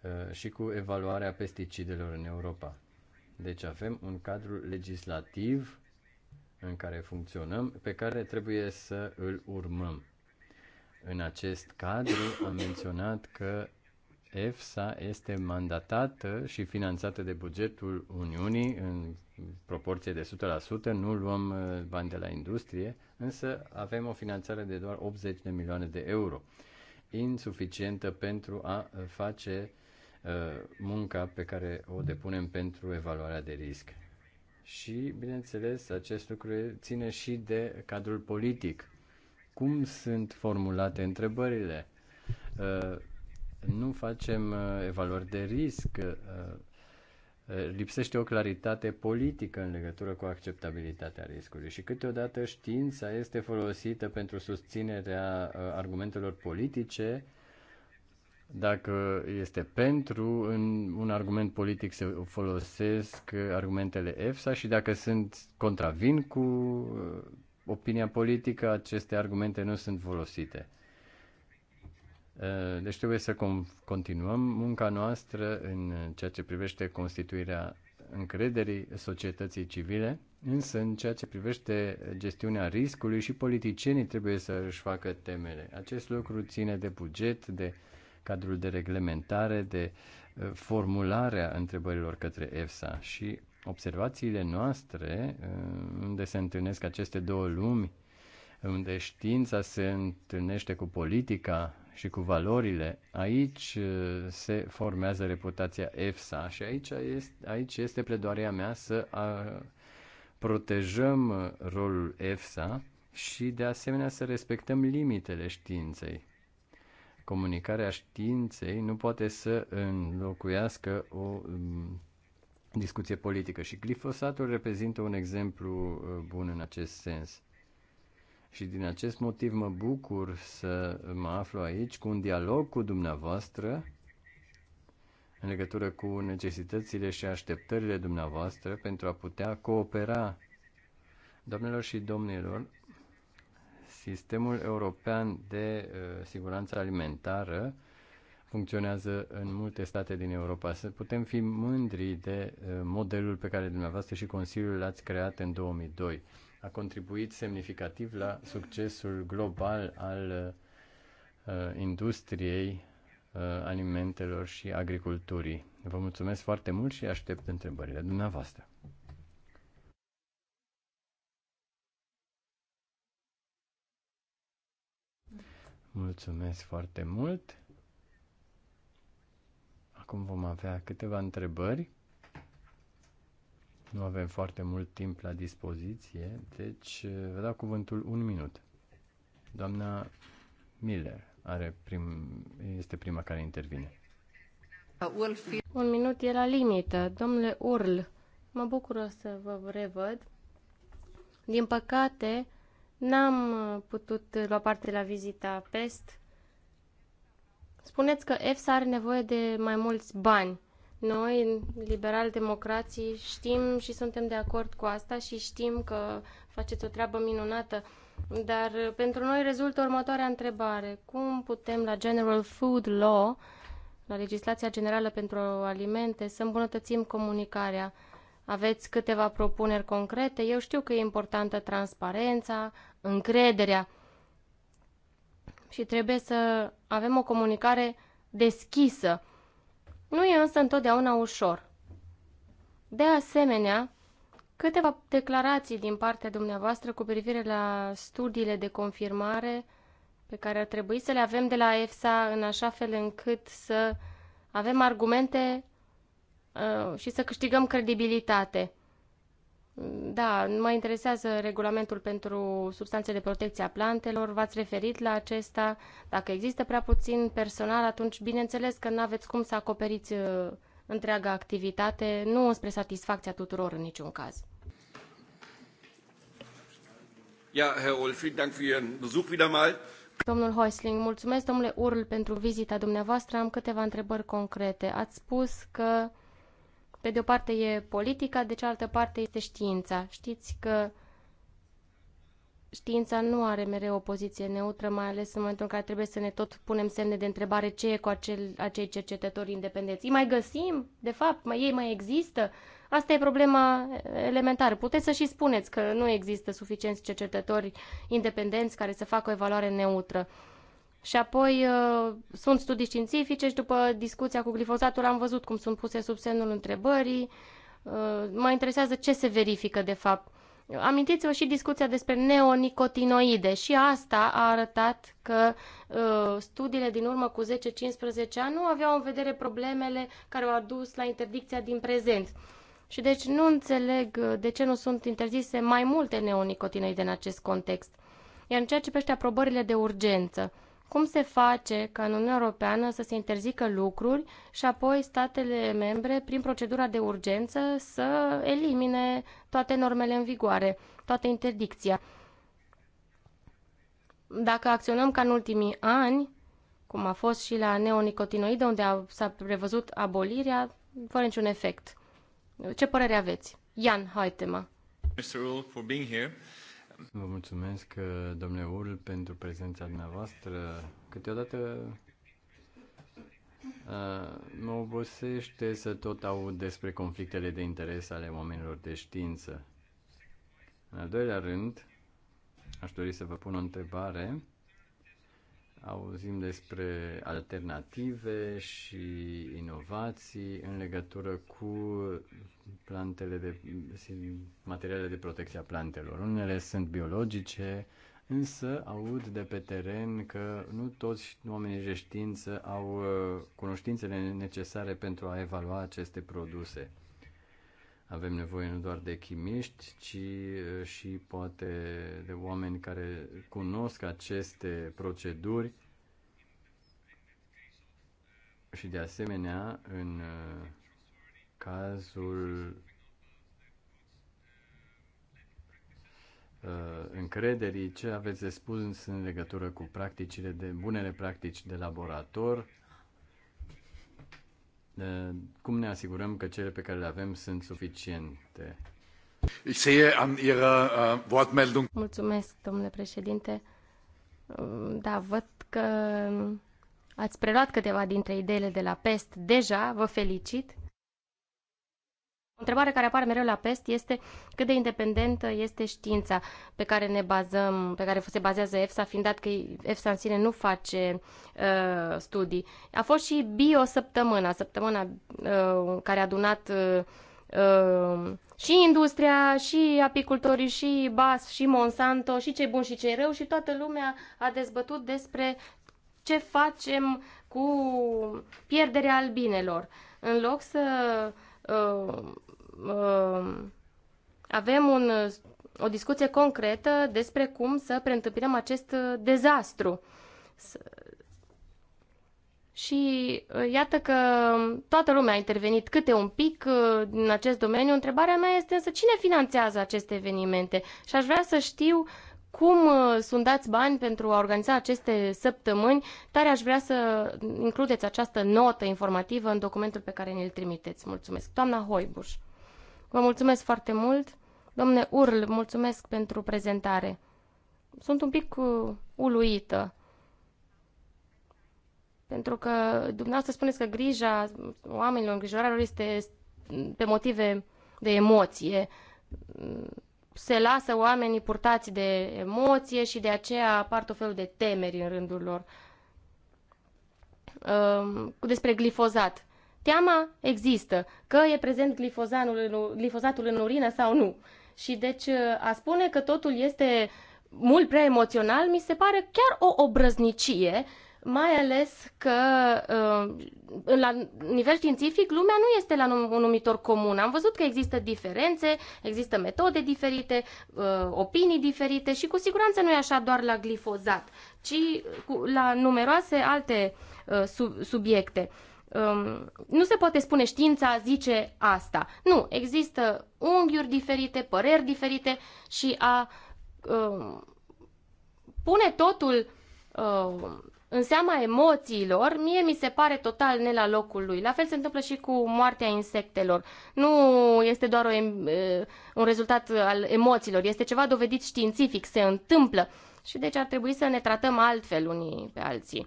uh, și cu evaluarea pesticidelor în Europa. Deci avem un cadru legislativ în care funcționăm, pe care trebuie să îl urmăm. În acest cadru am menționat că EFSA este mandatată și finanțată de bugetul Uniunii în proporție de 100%, nu luăm uh, bani de la industrie, însă avem o finanțare de doar 80 de milioane de euro, insuficientă pentru a uh, face uh, munca pe care o depunem pentru evaluarea de risc. Și, bineînțeles, acest lucru ține și de cadrul politic. Cum sunt formulate întrebările? nu facem uh, evaluări de risc, uh, uh, lipsește o claritate politică în legătură cu acceptabilitatea riscului și câteodată știința este folosită pentru susținerea argumentelor politice. Dacă este pentru în un argument politic se folosesc argumentele EFSA și dacă sunt contravin cu opinia politică, aceste argumente nu sunt folosite. Eh, deci trebuie să continuăm munca noastră în ceea ce privește constituirea încrederii societății civile, însă în ceea ce privește gestiunea riscului și politicienii trebuie să își facă temele. Acest lucru ține de buget, de cadrul de reglementare, de eh, formularea întrebărilor către EFSA și observațiile noastre, eh, unde se întâlnesc aceste două lumi, unde știința se întâlnește cu politica, și cu valorile, aici uh, se formează reputația EFSA și aici este, aici este pledoarea mea să a, protejăm uh, rolul EFSA și de asemenea să respectăm limitele științei. Comunicarea științei nu poate să înlocuiască o um, discuție politică și glifosatul reprezintă un exemplu uh, bun în acest sens. Și din acest motiv mă bucur să mă aflu aici cu un dialog cu dumneavoastră în legătură cu necesitățile și așteptările dumneavoastră pentru a putea coopera. domnilor și domnilor, sistemul european de uh, siguranță alimentară funcționează în multe state din Europa. Să putem fi mândri de uh, modelul pe care dumneavoastră și Consiliul l-ați creat în 2002 a contribuit semnificativ la succesul global al uh, industriei uh, alimentelor și agriculturii. Vă mulțumesc foarte mult și aștept întrebările dumneavoastră. Mulțumesc foarte mult. Acum vom avea câteva întrebări nu avem foarte mult timp la dispoziție, deci eh, vă dau cuvântul un minut. Doamna Miller are prim, este prima care intervine.
Un minut e la limită. Domnule Url, mă bucură să vă revăd. Din păcate, n-am putut lua parte la vizita PEST. Spuneți că EFSA are nevoie de mai mulți bani. Noi, liberal-democrații, știm și suntem de acord cu asta și știm că faceți o treabă minunată. Dar pentru noi rezultă următoarea întrebare. Cum putem la General Food Law, la legislația generală pentru alimente, să îmbunătățim comunicarea? Aveți câteva propuneri concrete? Eu știu că e importantă transparența, încrederea și trebuie să avem o comunicare deschisă nu e însă întotdeauna ușor. De asemenea, câteva declarații din partea dumneavoastră cu privire la studiile de confirmare pe care ar trebui să le avem de la EFSA în așa fel încât să avem argumente uh, și să câștigăm credibilitate. Da, mă interesează regulamentul pentru substanțe de protecție a plantelor. V-ați referit la acesta. Dacă există prea puțin personal, atunci bineînțeles că nu aveți cum să acoperiți uh, întreaga activitate, nu spre satisfacția tuturor în niciun caz.
Ja, Herr Ulf, vielen Dank für Ihren Besuch wieder mal.
Domnul Hoisling, mulțumesc, domnule Url, pentru vizita dumneavoastră. Am câteva întrebări concrete. Ați spus că pe de o parte e politica, de cealaltă parte este știința. Știți că știința nu are mereu o poziție neutră, mai ales în momentul în care trebuie să ne tot punem semne de întrebare ce e cu acel, acei cercetători independenți. Îi mai găsim? De fapt, mai, ei mai există? Asta e problema elementară. Puteți să și spuneți că nu există suficienți cercetători independenți care să facă o evaluare neutră. Și apoi uh, sunt studii științifice și după discuția cu glifosatul am văzut cum sunt puse sub semnul întrebării. Uh, mă interesează ce se verifică de fapt. Amintiți-vă și discuția despre neonicotinoide și asta a arătat că uh, studiile din urmă cu 10-15 ani nu aveau în vedere problemele care au adus la interdicția din prezent. Și deci nu înțeleg uh, de ce nu sunt interzise mai multe neonicotinoide în acest context. Iar în ceea ce privește aprobările de urgență, uh, cum se face ca în Uniunea Europeană să se interzică lucruri și apoi statele membre, prin procedura de urgență, să elimine toate normele în vigoare, toată interdicția? Dacă acționăm ca în ultimii ani, cum a fost și la neonicotinoide, unde s-a prevăzut abolirea, fără niciun efect. Ce părere aveți? Jan Haitema.
Mr. for being here. Vă mulțumesc, uh, domnule Ul, pentru prezența dumneavoastră. Câteodată uh, mă obosește să tot aud despre conflictele de interes ale oamenilor de știință. În al doilea rând, aș dori să vă pun o întrebare auzim despre alternative și inovații în legătură cu plantele de, materiale de protecție a plantelor. Unele sunt biologice, însă aud de pe teren că nu toți oamenii de știință au uh, cunoștințele necesare pentru a evalua aceste produse. Avem nevoie nu doar de chimiști, ci și poate de oameni care cunosc aceste proceduri și de asemenea în cazul încrederii, ce aveți de spus în legătură cu practicile de bunele practici de laborator Eh, cum ne asigurăm că cele pe care le avem sunt suficiente? Ich sehe an Ihrer uh, Wortmeldung.
Mulțumesc, domnule președinte. Mm, da, văd că ați preluat câteva dintre ideile de la PEST deja, vă felicit. O întrebare care apare mereu la PEST este cât de independentă este știința pe care ne bazăm, pe care se bazează EFSA, fiind dat că EFSA în sine nu face uh, studii. A fost și bio săptămâna, săptămâna uh, care a adunat uh, și industria, și apicultorii, și BAS, și Monsanto, și ce bun, și ce rău și toată lumea a dezbătut despre ce facem cu pierderea albinelor. În loc să uh, uh, avem un, o discuție concretă despre cum să preîntâmpinăm acest dezastru. S și uh, iată că toată lumea a intervenit câte un pic în uh, acest domeniu. Întrebarea mea este însă cine finanțează aceste evenimente? Și aș vrea să știu cum uh, sunt dați bani pentru a organiza aceste săptămâni. Tare aș vrea să includeți această notă informativă în documentul pe care ne-l trimiteți. Mulțumesc. Doamna Hoibuș. Vă mulțumesc foarte mult. Domne Url, mulțumesc pentru prezentare. Sunt un pic uh, uluită. Pentru că dumneavoastră spuneți că grija oamenilor, îngrijorarea lor este pe motive de emoție. Se lasă oamenii purtați de emoție și de aceea apar tot felul de temeri în rândul lor. Uh, despre glifozat. Teama există că e prezent glifozanul, glifozatul în urină sau nu. Și deci a spune că totul este mult prea emoțional mi se pare chiar o obrăznicie, mai ales că uh, la nivel științific lumea nu este la un numitor comun. Am văzut că există diferențe, există metode diferite, uh, opinii diferite și cu siguranță nu e așa doar la glifozat, ci la numeroase alte uh, subiecte. Um, nu se poate spune știința zice asta. Nu, există unghiuri diferite, păreri diferite și a um, pune totul um, în seama emoțiilor, mie mi se pare total ne la locul lui. La fel se întâmplă și cu moartea insectelor. Nu este doar o, uh, un rezultat al emoțiilor, este ceva dovedit științific, se întâmplă și deci ar trebui să ne tratăm altfel unii pe alții.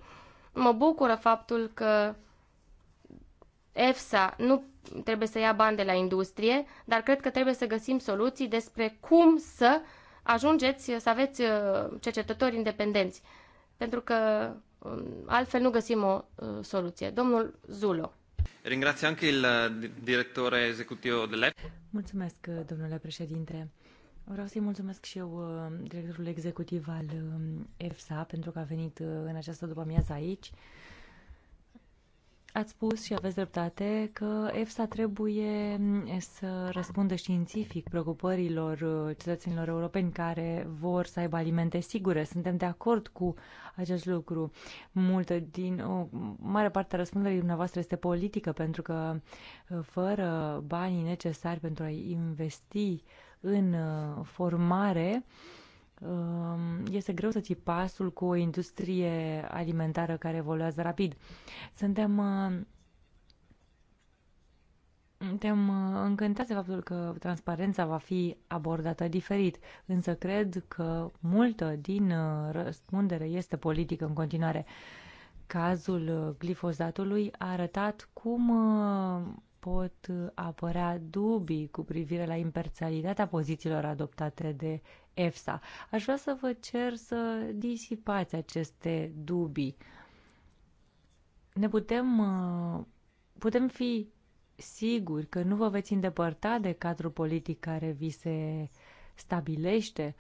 Mă bucură faptul că EFSA nu trebuie să ia bani de la industrie, dar cred că trebuie să găsim soluții despre cum să ajungeți să aveți uh, cercetători independenți. Pentru că um, altfel nu găsim o uh, soluție. Domnul Zulo.
Ringrazio anche il uh, direttore esecutivo dell'EFSA.
Mulțumesc, domnule președinte. Vreau să-i mulțumesc și eu directorul executiv al um, EFSA pentru că a venit în această după amiază aici Ați spus și aveți dreptate că EFSA trebuie mm, să răspundă științific preocupărilor uh, cetățenilor europeni care vor să aibă alimente sigure. Suntem de acord cu acest lucru. Multă din o mare parte a răspunderii dumneavoastră este politică pentru că uh, fără banii necesari pentru a investi în uh, formare, uh, Um, este greu să ții pasul cu o industrie alimentară care evoluează rapid. Suntem uh, suntem uh, încântați de faptul că transparența va fi abordată diferit, însă cred că multă din uh, răspundere este politică în continuare. Cazul glifozatului a arătat cum pot apărea dubii cu privire la imparțialitatea pozițiilor adoptate de EFSA. Aș vrea să vă cer să disipați aceste dubii. Ne putem, uh, putem fi siguri că nu vă veți îndepărta de cadrul politic care vi se stabilește.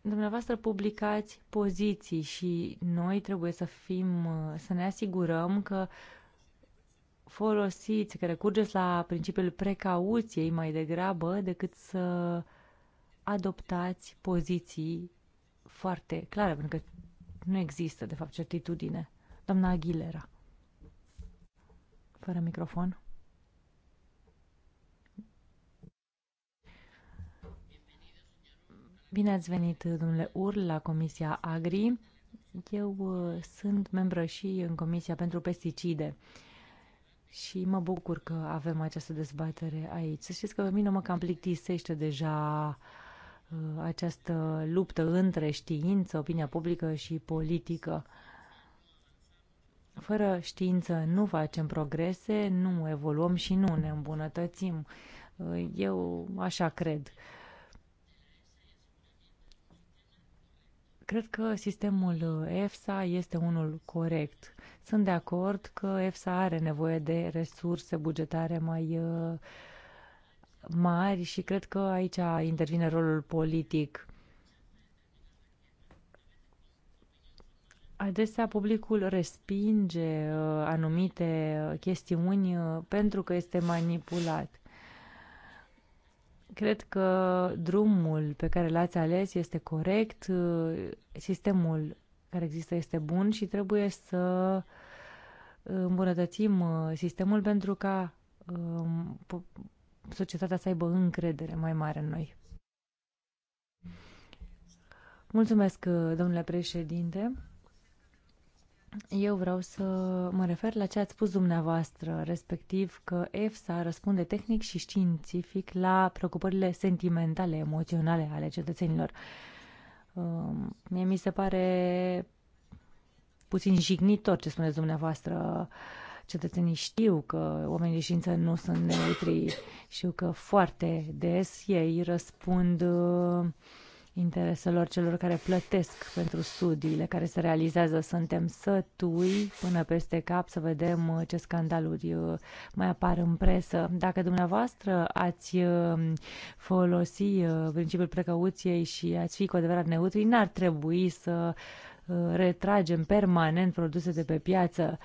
Dumneavoastră publicați poziții și noi trebuie să fim, uh, să ne asigurăm că folosiți, că recurgeți la principiul precauției mai degrabă decât să adoptați poziții foarte clare, pentru că nu există, de fapt, certitudine. Doamna Aguilera. Fără microfon. Bine ați venit, domnule Ur, la Comisia Agri. Eu uh, sunt membră și în Comisia pentru Pesticide și mă bucur că avem această dezbatere aici. Să știți că pe mine mă cam plictisește deja uh, această luptă între știință, opinia publică și politică. Fără știință nu facem progrese, nu evoluăm și nu ne îmbunătățim. Uh, eu așa cred. Cred că sistemul uh, EFSA este unul corect. Sunt de acord că EFSA are nevoie de resurse bugetare mai uh, mari și cred că aici intervine rolul politic. Adesea publicul respinge uh, anumite chestiuni pentru că este manipulat. Cred că drumul pe care l-ați ales este corect, uh, sistemul care există este bun și trebuie să uh, îmbunătățim uh, sistemul pentru ca um, societatea să aibă încredere mai mare în noi. Mulțumesc, domnule președinte. Eu vreau să mă refer la ce ați spus dumneavoastră, respectiv că EFSA răspunde tehnic și științific la preocupările sentimentale, emoționale ale cetățenilor. Um, mie mi se pare puțin jignitor ce spuneți dumneavoastră. Cetățenii știu că oamenii de știință nu sunt neutri, știu că foarte des ei răspund uh, intereselor celor care plătesc pentru studiile care se realizează. Suntem sătui până peste cap să vedem uh, ce scandaluri uh, mai apar în presă. Dacă dumneavoastră ați uh, folosi principiul precauției și ați fi cu adevărat neutri, n-ar trebui să retragem permanent produse de pe piață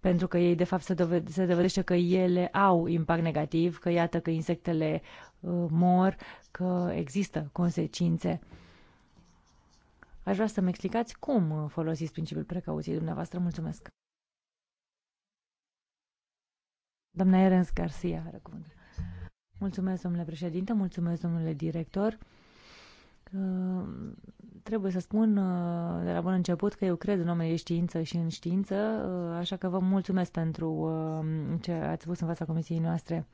pentru că ei de fapt se, dovede- se dovedește că ele au impact negativ, că iată că insectele uh, mor, că există consecințe. Aș vrea să-mi explicați cum folosiți principiul precauției dumneavoastră. Mulțumesc! Doamna Erens Garcia are cuvântul. Mulțumesc, domnule președinte, mulțumesc, domnule director. Uh, trebuie să spun uh, de la bun început că eu cred în oamenii de știință și în știință, uh, așa că vă mulțumesc pentru uh, ce ați spus în fața comisiei noastre.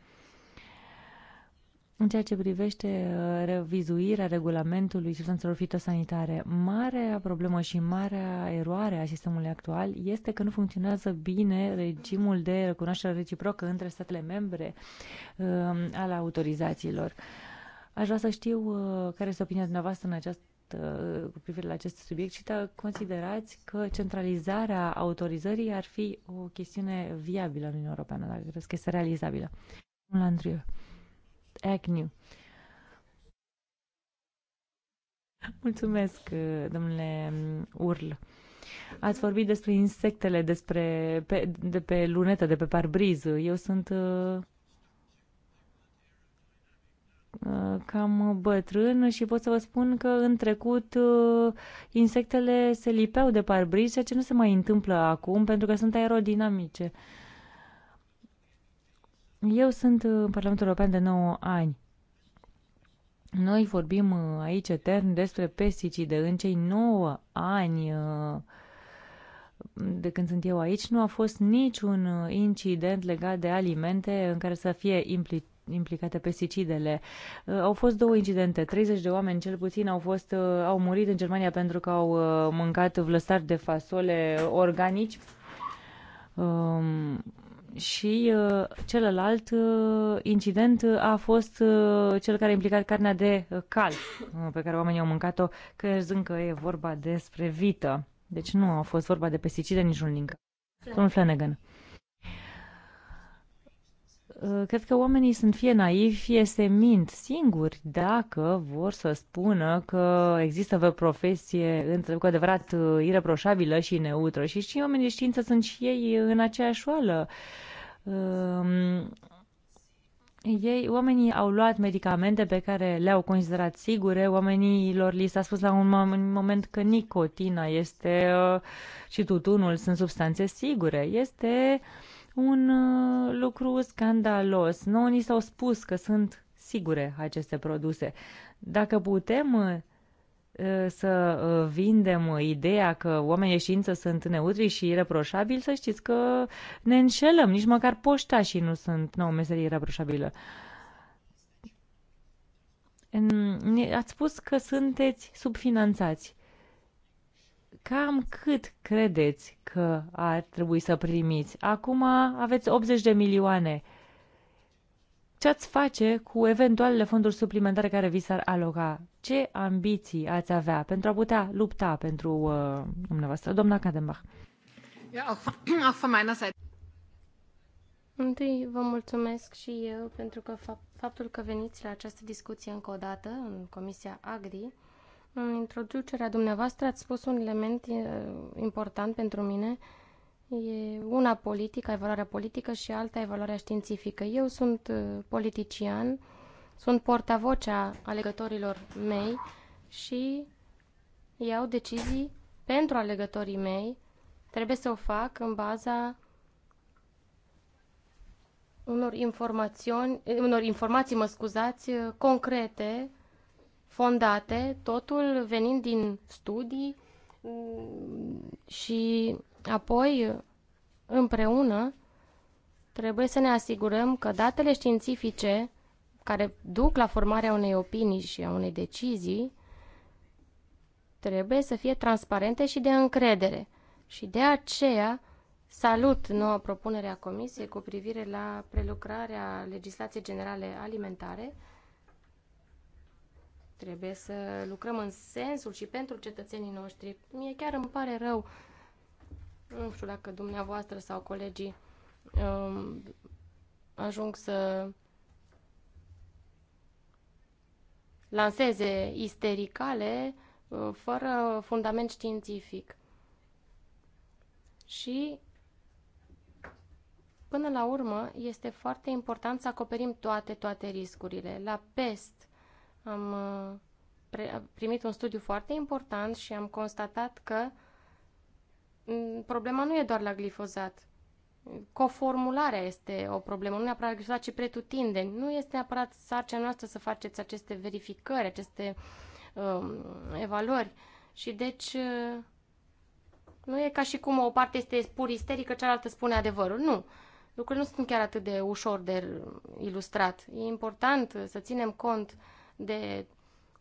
În ceea ce privește uh, revizuirea regulamentului substanțelor fitosanitare, marea problemă și marea eroare a sistemului actual este că nu funcționează bine regimul de recunoaștere reciprocă între statele membre uh, al autorizațiilor. Aș vrea să știu uh, care este opinia dumneavoastră în această uh, cu privire la acest subiect și dacă considerați că centralizarea autorizării ar fi o chestiune viabilă în Uniunea Europeană, dacă crezi că este realizabilă. Domnul Andriu. Agnew. Mulțumesc, uh, domnule um, Url. Ați vorbit despre insectele despre, pe, de pe lunetă, de pe parbriz. Eu sunt uh, uh, cam bătrân și pot să vă spun că în trecut insectele se lipeau de parbriz, ceea ce nu se mai întâmplă acum pentru că sunt aerodinamice. Uh, eu sunt uh, în Parlamentul European de 9 ani. Noi vorbim uh, aici etern despre pesticide. În cei 9 ani uh, de când sunt eu aici, nu a fost niciun incident legat de alimente în care să fie implicat implicate pesticidele. Au fost două incidente, 30 de oameni cel puțin au, fost, au murit în Germania pentru că au mâncat vlăstari de fasole organici. Um, și uh, celălalt uh, incident uh, a fost uh, cel care a implicat carnea de uh, cal uh, pe care oamenii au mâncat-o, crezând că e vorba despre vită. Deci nu a fost vorba de pesticide niciun link. Domnul Flanagan. Uh, cred că oamenii sunt fie naivi, fie se mint singuri dacă vor să spună că există vreo profesie cu adevărat uh, ireproșabilă și neutră. Și și oamenii de știință sunt și ei în aceeași oală. Um, ei, oamenii au luat medicamente pe care le-au considerat sigure, oamenilor li s-a spus la un moment că nicotina este uh, și tutunul sunt substanțe sigure. Este uh, un uh, lucru scandalos. Noi ni s-au spus că sunt sigure aceste produse. Dacă putem uh, să uh, vindem ideea că oamenii de știință sunt neutri și reproșabili, să știți că ne înșelăm. Nici măcar poștașii nu sunt nouă meserie reproșabilă. Ați spus că sunteți subfinanțați cam cât credeți că ar trebui să primiți? Acum aveți 80 de milioane. Ce ați face cu eventualele fonduri suplimentare care vi s-ar aloca? Ce ambiții ați avea pentru a putea lupta pentru uh, dumneavoastră? Doamna Kadenbach.
Întâi vă mulțumesc și eu pentru că faptul că veniți la această discuție încă o dată în Comisia Agri în introducerea dumneavoastră ați spus un element important pentru mine. E una politică, evaluarea politică și alta evaluarea științifică. Eu sunt politician, sunt portavocea alegătorilor mei și iau decizii pentru alegătorii mei. Trebuie să o fac în baza unor informații, unor informații, mă scuzați, concrete fondate, totul venind din studii mm, și apoi împreună trebuie să ne asigurăm că datele științifice care duc la formarea unei opinii și a unei decizii trebuie să fie transparente și de încredere. Și de aceea salut noua propunere a Comisiei cu privire la prelucrarea legislației generale alimentare Trebuie să lucrăm în sensul și pentru cetățenii noștri. Mie chiar îmi pare rău, nu știu dacă dumneavoastră sau colegii um, ajung să lanseze istericale uh, fără fundament științific. Și Până la urmă, este foarte important să acoperim toate, toate riscurile. La pest, Uh, am primit un studiu foarte important și am constatat că mm, problema nu e doar la glifozat. Coformularea este o problemă, nu neapărat glifozat, ci pretutindeni. Nu este neapărat sarcea noastră să faceți aceste verificări, aceste um, evaluări. Și deci uh, nu e ca și cum o parte este pur isterică, cealaltă spune adevărul. Nu. Lucrurile nu sunt chiar atât de ușor de uh, ilustrat. E important să ținem cont uh, de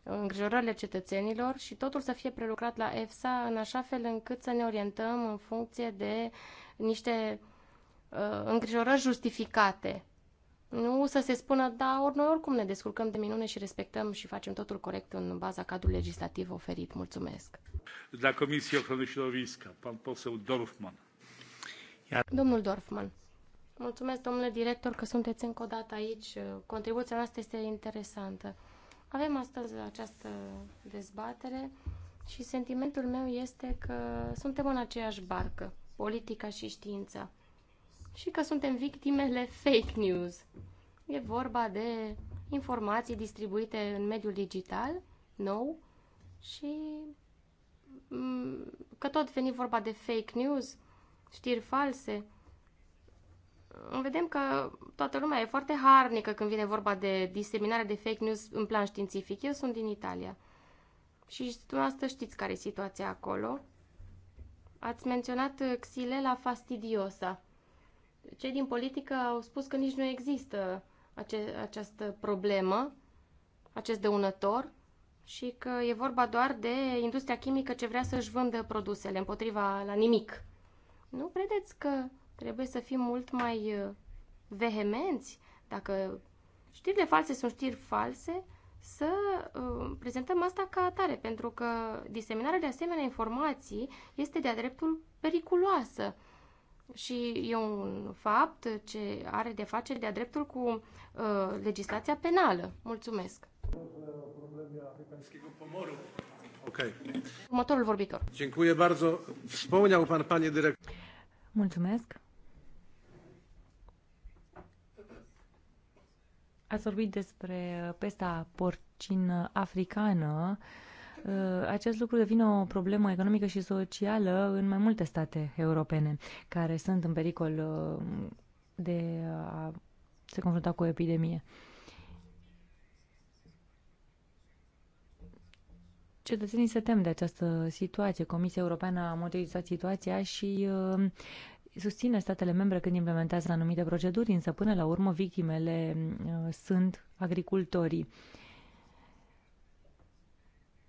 îngrijorările cetățenilor și totul să fie prelucrat la EFSA în așa fel încât să ne orientăm în funcție de niște uh, îngrijorări justificate. Nu să se spună, da, ori noi oricum ne descurcăm de minune și respectăm și facem totul corect în baza cadrului legislativ oferit. Mulțumesc.
La Comisie Ochrony Środowiska, pan Poseu Dorfman. Iar...
Domnul Dorfman. Mulțumesc, domnule director, că sunteți încă o dată aici. Contribuția noastră este interesantă. Avem astăzi această dezbatere și sentimentul meu este că suntem în aceeași barcă, politica și știința, și că suntem victimele fake news. E vorba de informații distribuite în mediul digital, nou, și mm, că tot veni vorba de fake news, știri false, vedem că toată lumea e foarte harnică când vine vorba de diseminare de fake news în plan științific. Eu sunt din Italia și dumneavoastră știți care e situația acolo. Ați menționat uh, xilela fastidiosa. Cei din politică au spus că nici nu există ace- această problemă, acest dăunător, și că e vorba doar de industria chimică ce vrea să-și vândă produsele împotriva la nimic. Nu credeți că Trebuie să fim mult mai uh, vehemenți. Dacă știrile false sunt știri false, să uh, prezentăm asta ca atare, pentru că diseminarea de asemenea informații este de-a dreptul periculoasă. Și e un fapt ce are de face de-a dreptul cu uh, legislația penală. Mulțumesc! Okay. Următorul vorbitor.
Dziękuję bardzo. Wspomniał pan, panie dyrektor.
Mulțumesc. Ați vorbit despre uh, pesta porcină africană. Uh, acest lucru devine o problemă economică și socială în mai multe state europene care sunt în pericol uh, de a se confrunta cu o epidemie. Cetățenii se tem de această situație. Comisia Europeană a monitorizat situația și uh, susține statele membre când implementează anumite proceduri, însă până la urmă victimele uh, sunt agricultorii.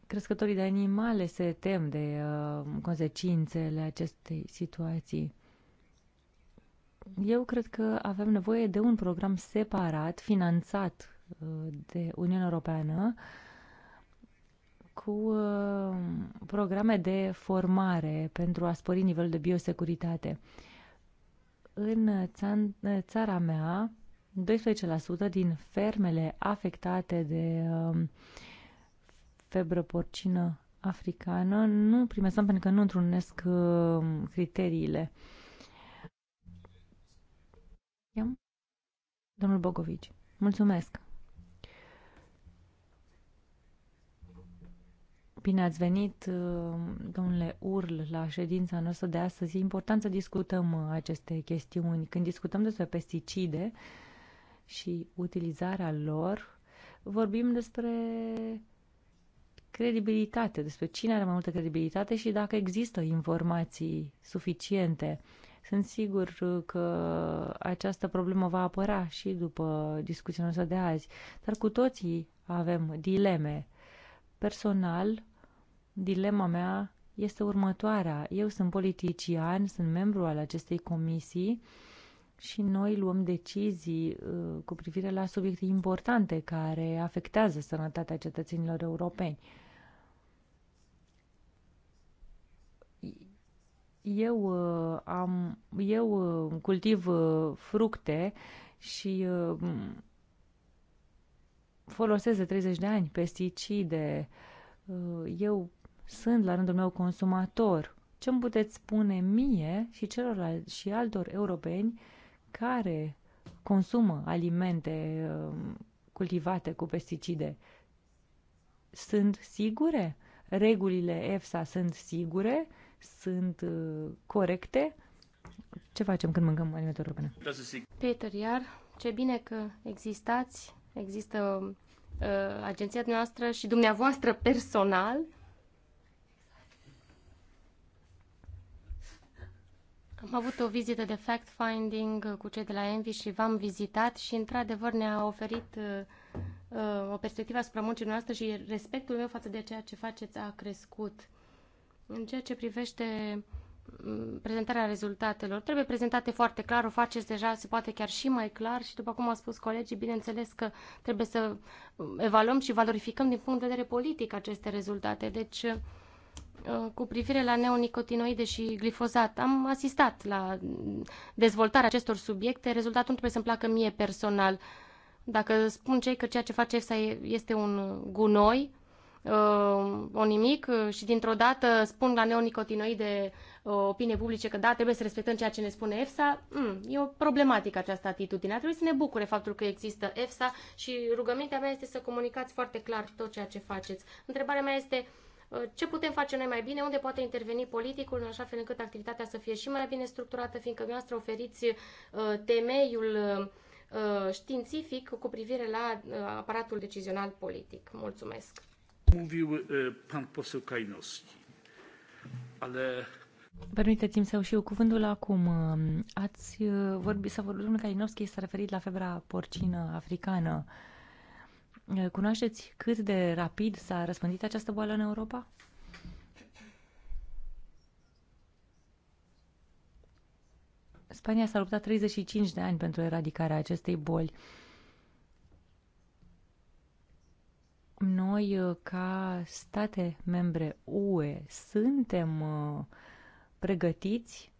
Crescătorii de animale se tem de uh, consecințele acestei situații. Eu cred că avem nevoie de un program separat, finanțat uh, de Uniunea Europeană, cu uh, programe de formare pentru a spori nivelul de biosecuritate. Uh, în țara mea, 12% din fermele afectate de um, febră porcină africană nu primesc pentru că nu întrunesc um, criteriile. Domnul Bogovici, mulțumesc! Bine ați venit, uh, domnule Url, la ședința noastră de astăzi. E important să discutăm uh, aceste chestiuni. Când discutăm despre pesticide și utilizarea lor, vorbim despre credibilitate, despre cine are mai multă credibilitate și dacă există informații suficiente. Sunt sigur uh, că această problemă va apăra și după discuția noastră de azi, dar cu toții avem dileme Personal, dilema mea este următoarea. Eu sunt politician, sunt membru al acestei comisii și noi luăm decizii uh, cu privire la subiecte importante care afectează sănătatea cetățenilor europeni. Eu uh, am eu uh, cultiv fructe și folosesc de 30 de ani pesticide, uh, eu sunt la rândul meu consumator. Ce îmi puteți spune mie și celorlalți și altor europeni care consumă alimente uh, cultivate cu pesticide? Sunt sigure? Regulile EFSA sunt sigure? Sunt uh, corecte? Ce facem când mâncăm alimente europene?
Peter, iar ce bine că existați Există uh, agenția noastră și dumneavoastră personal. Am avut o vizită de fact-finding cu cei de la Envi și v-am vizitat și, într-adevăr, ne-a oferit uh, uh o perspectivă asupra muncii noastre și respectul meu față de ceea ce faceți a crescut. În ceea ce privește uh, prezentarea rezultatelor trebuie prezentate foarte clar, o faceți deja, se poate chiar și mai clar și după cum au spus colegii, bineînțeles că trebuie să evaluăm și valorificăm din punct de vedere politic aceste rezultate. Deci, uh, cu privire la neonicotinoide și glifozat, am asistat la dezvoltarea acestor subiecte. Rezultatul nu trebuie să-mi placă mie personal. Dacă spun cei că ceea ce face EFSA este un gunoi, uh, o nimic uh, și dintr-o dată spun la neonicotinoide opinie publice că da, trebuie să respectăm ceea ce ne spune EFSA, mm, e o problematică această atitudine. A trebuit să ne bucure faptul că există EFSA și rugămintea mea este să comunicați foarte clar tot ceea ce faceți. Întrebarea mea este uh, ce putem face noi mai bine, unde poate interveni politicul în așa fel încât activitatea să fie și mai bine structurată, fiindcă dumneavoastră oferiți uh, temeiul uh, științific cu privire la aparatul decizional politic. Mulțumesc.
Mówił pan poseł Kajnowski, ale
Permiteți-mi să și eu cuvântul acum. Um, ați uh, vorbit, să vorbim, domnul Kalinowski s-a referit la febra porcină africană. Uh, cunoașteți cât de rapid s-a răspândit această boală în Europa? Spania s-a luptat 35 de ani pentru eradicarea acestei boli. Noi, uh, ca state membre UE, suntem uh, pregătiți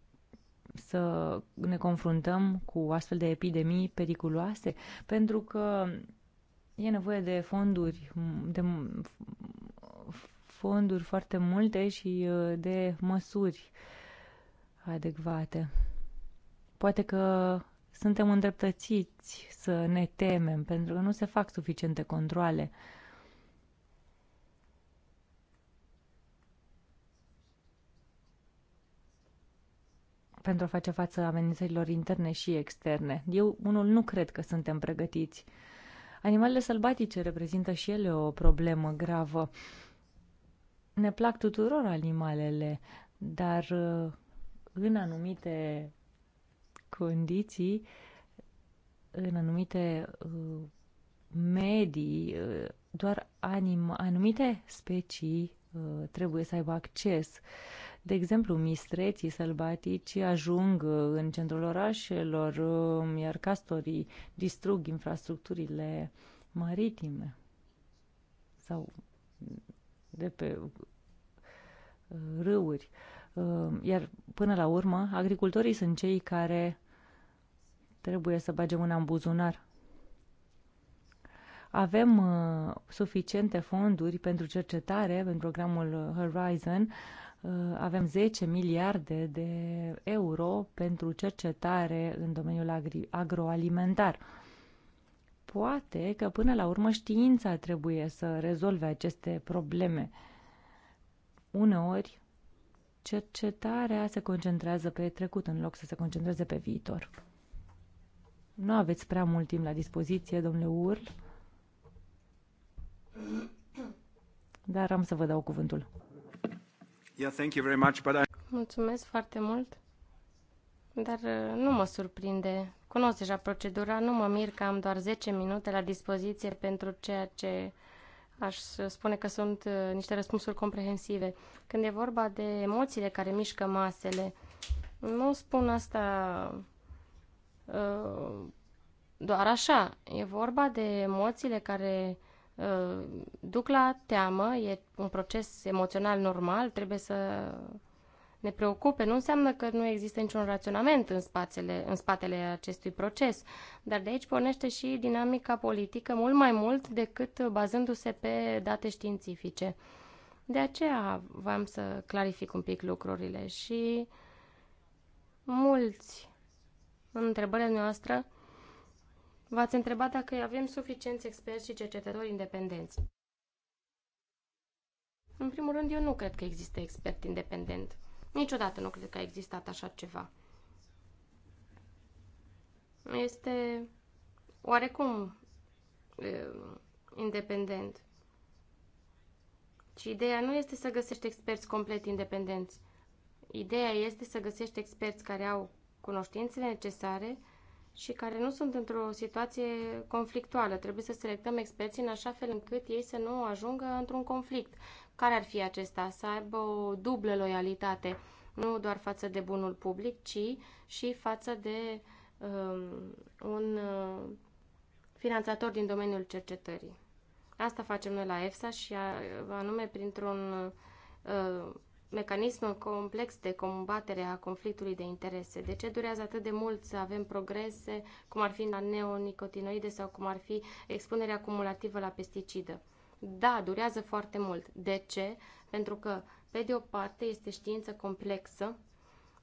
să ne confruntăm cu astfel de epidemii periculoase, pentru că e nevoie de fonduri, de fonduri foarte multe și uh, de măsuri adecvate. Poate că suntem îndreptățiți să ne temem, pentru că nu se fac suficiente controle. Uh, pentru a face față amenințărilor interne și externe. Eu, unul, nu cred că suntem pregătiți. Animalele sălbatice reprezintă și ele o problemă gravă. Ne plac tuturor animalele, dar uh, în anumite condiții, în anumite uh, medii, uh, doar anim- anumite specii trebuie să aibă acces uh, de exemplu, mistreții sălbatici ajung uh, în centrul orașelor, um, iar castorii distrug infrastructurile maritime sau de pe uh, râuri. Um, iar până la urmă, agricultorii sunt cei care trebuie să bage mâna în buzunar. Avem uh, suficiente fonduri pentru cercetare, pentru programul Horizon, Uh, avem 10 miliarde de euro pentru cercetare în domeniul agroalimentar. Poate că până la urmă știința trebuie să rezolve aceste probleme. Uneori, cercetarea se concentrează pe trecut în loc să se concentreze pe viitor. Nu aveți prea mult timp la dispoziție, domnule Url,
dar am să vă dau cuvântul.
Yeah, thank you very much, but I...
Mulțumesc foarte mult, dar uh, nu mă surprinde. Cunosc deja procedura, nu mă mir că am doar 10 minute la dispoziție pentru ceea ce aș spune că sunt uh, niște răspunsuri comprehensive. Când e vorba de emoțiile care mișcă masele, nu spun asta uh, doar așa. E vorba de emoțiile care Uh, duc la teamă, e un proces emoțional normal, trebuie să ne preocupe. Nu înseamnă că nu există niciun raționament în, spațele, în spatele acestui proces, dar de aici pornește și dinamica politică mult mai mult decât bazându-se pe date științifice. De aceea v-am să clarific un pic lucrurile și mulți în întrebările noastre V-ați întrebat dacă avem suficienți experți și cercetători independenți. În primul rând, eu nu cred că există expert independent. Niciodată nu cred că a existat așa ceva. Este oarecum independent. Și ideea nu este să găsești experți complet independenți. Ideea este să găsești experți care au cunoștințele necesare și care nu sunt într-o situație conflictuală. Trebuie să selectăm experții în așa fel încât ei să nu ajungă într-un conflict. Care ar fi acesta? Să aibă o dublă loialitate, nu doar față de bunul public, ci și față de um, un uh, finanțator din domeniul cercetării. Asta facem noi la EFSA și a, uh, anume printr-un uh, mecanismul complex de combatere a conflictului de interese. De ce durează atât de mult să avem progrese, cum ar fi la neonicotinoide sau cum ar fi expunerea cumulativă la pesticidă? Da, durează foarte mult. De ce? Pentru că, pe de o parte, este știință complexă,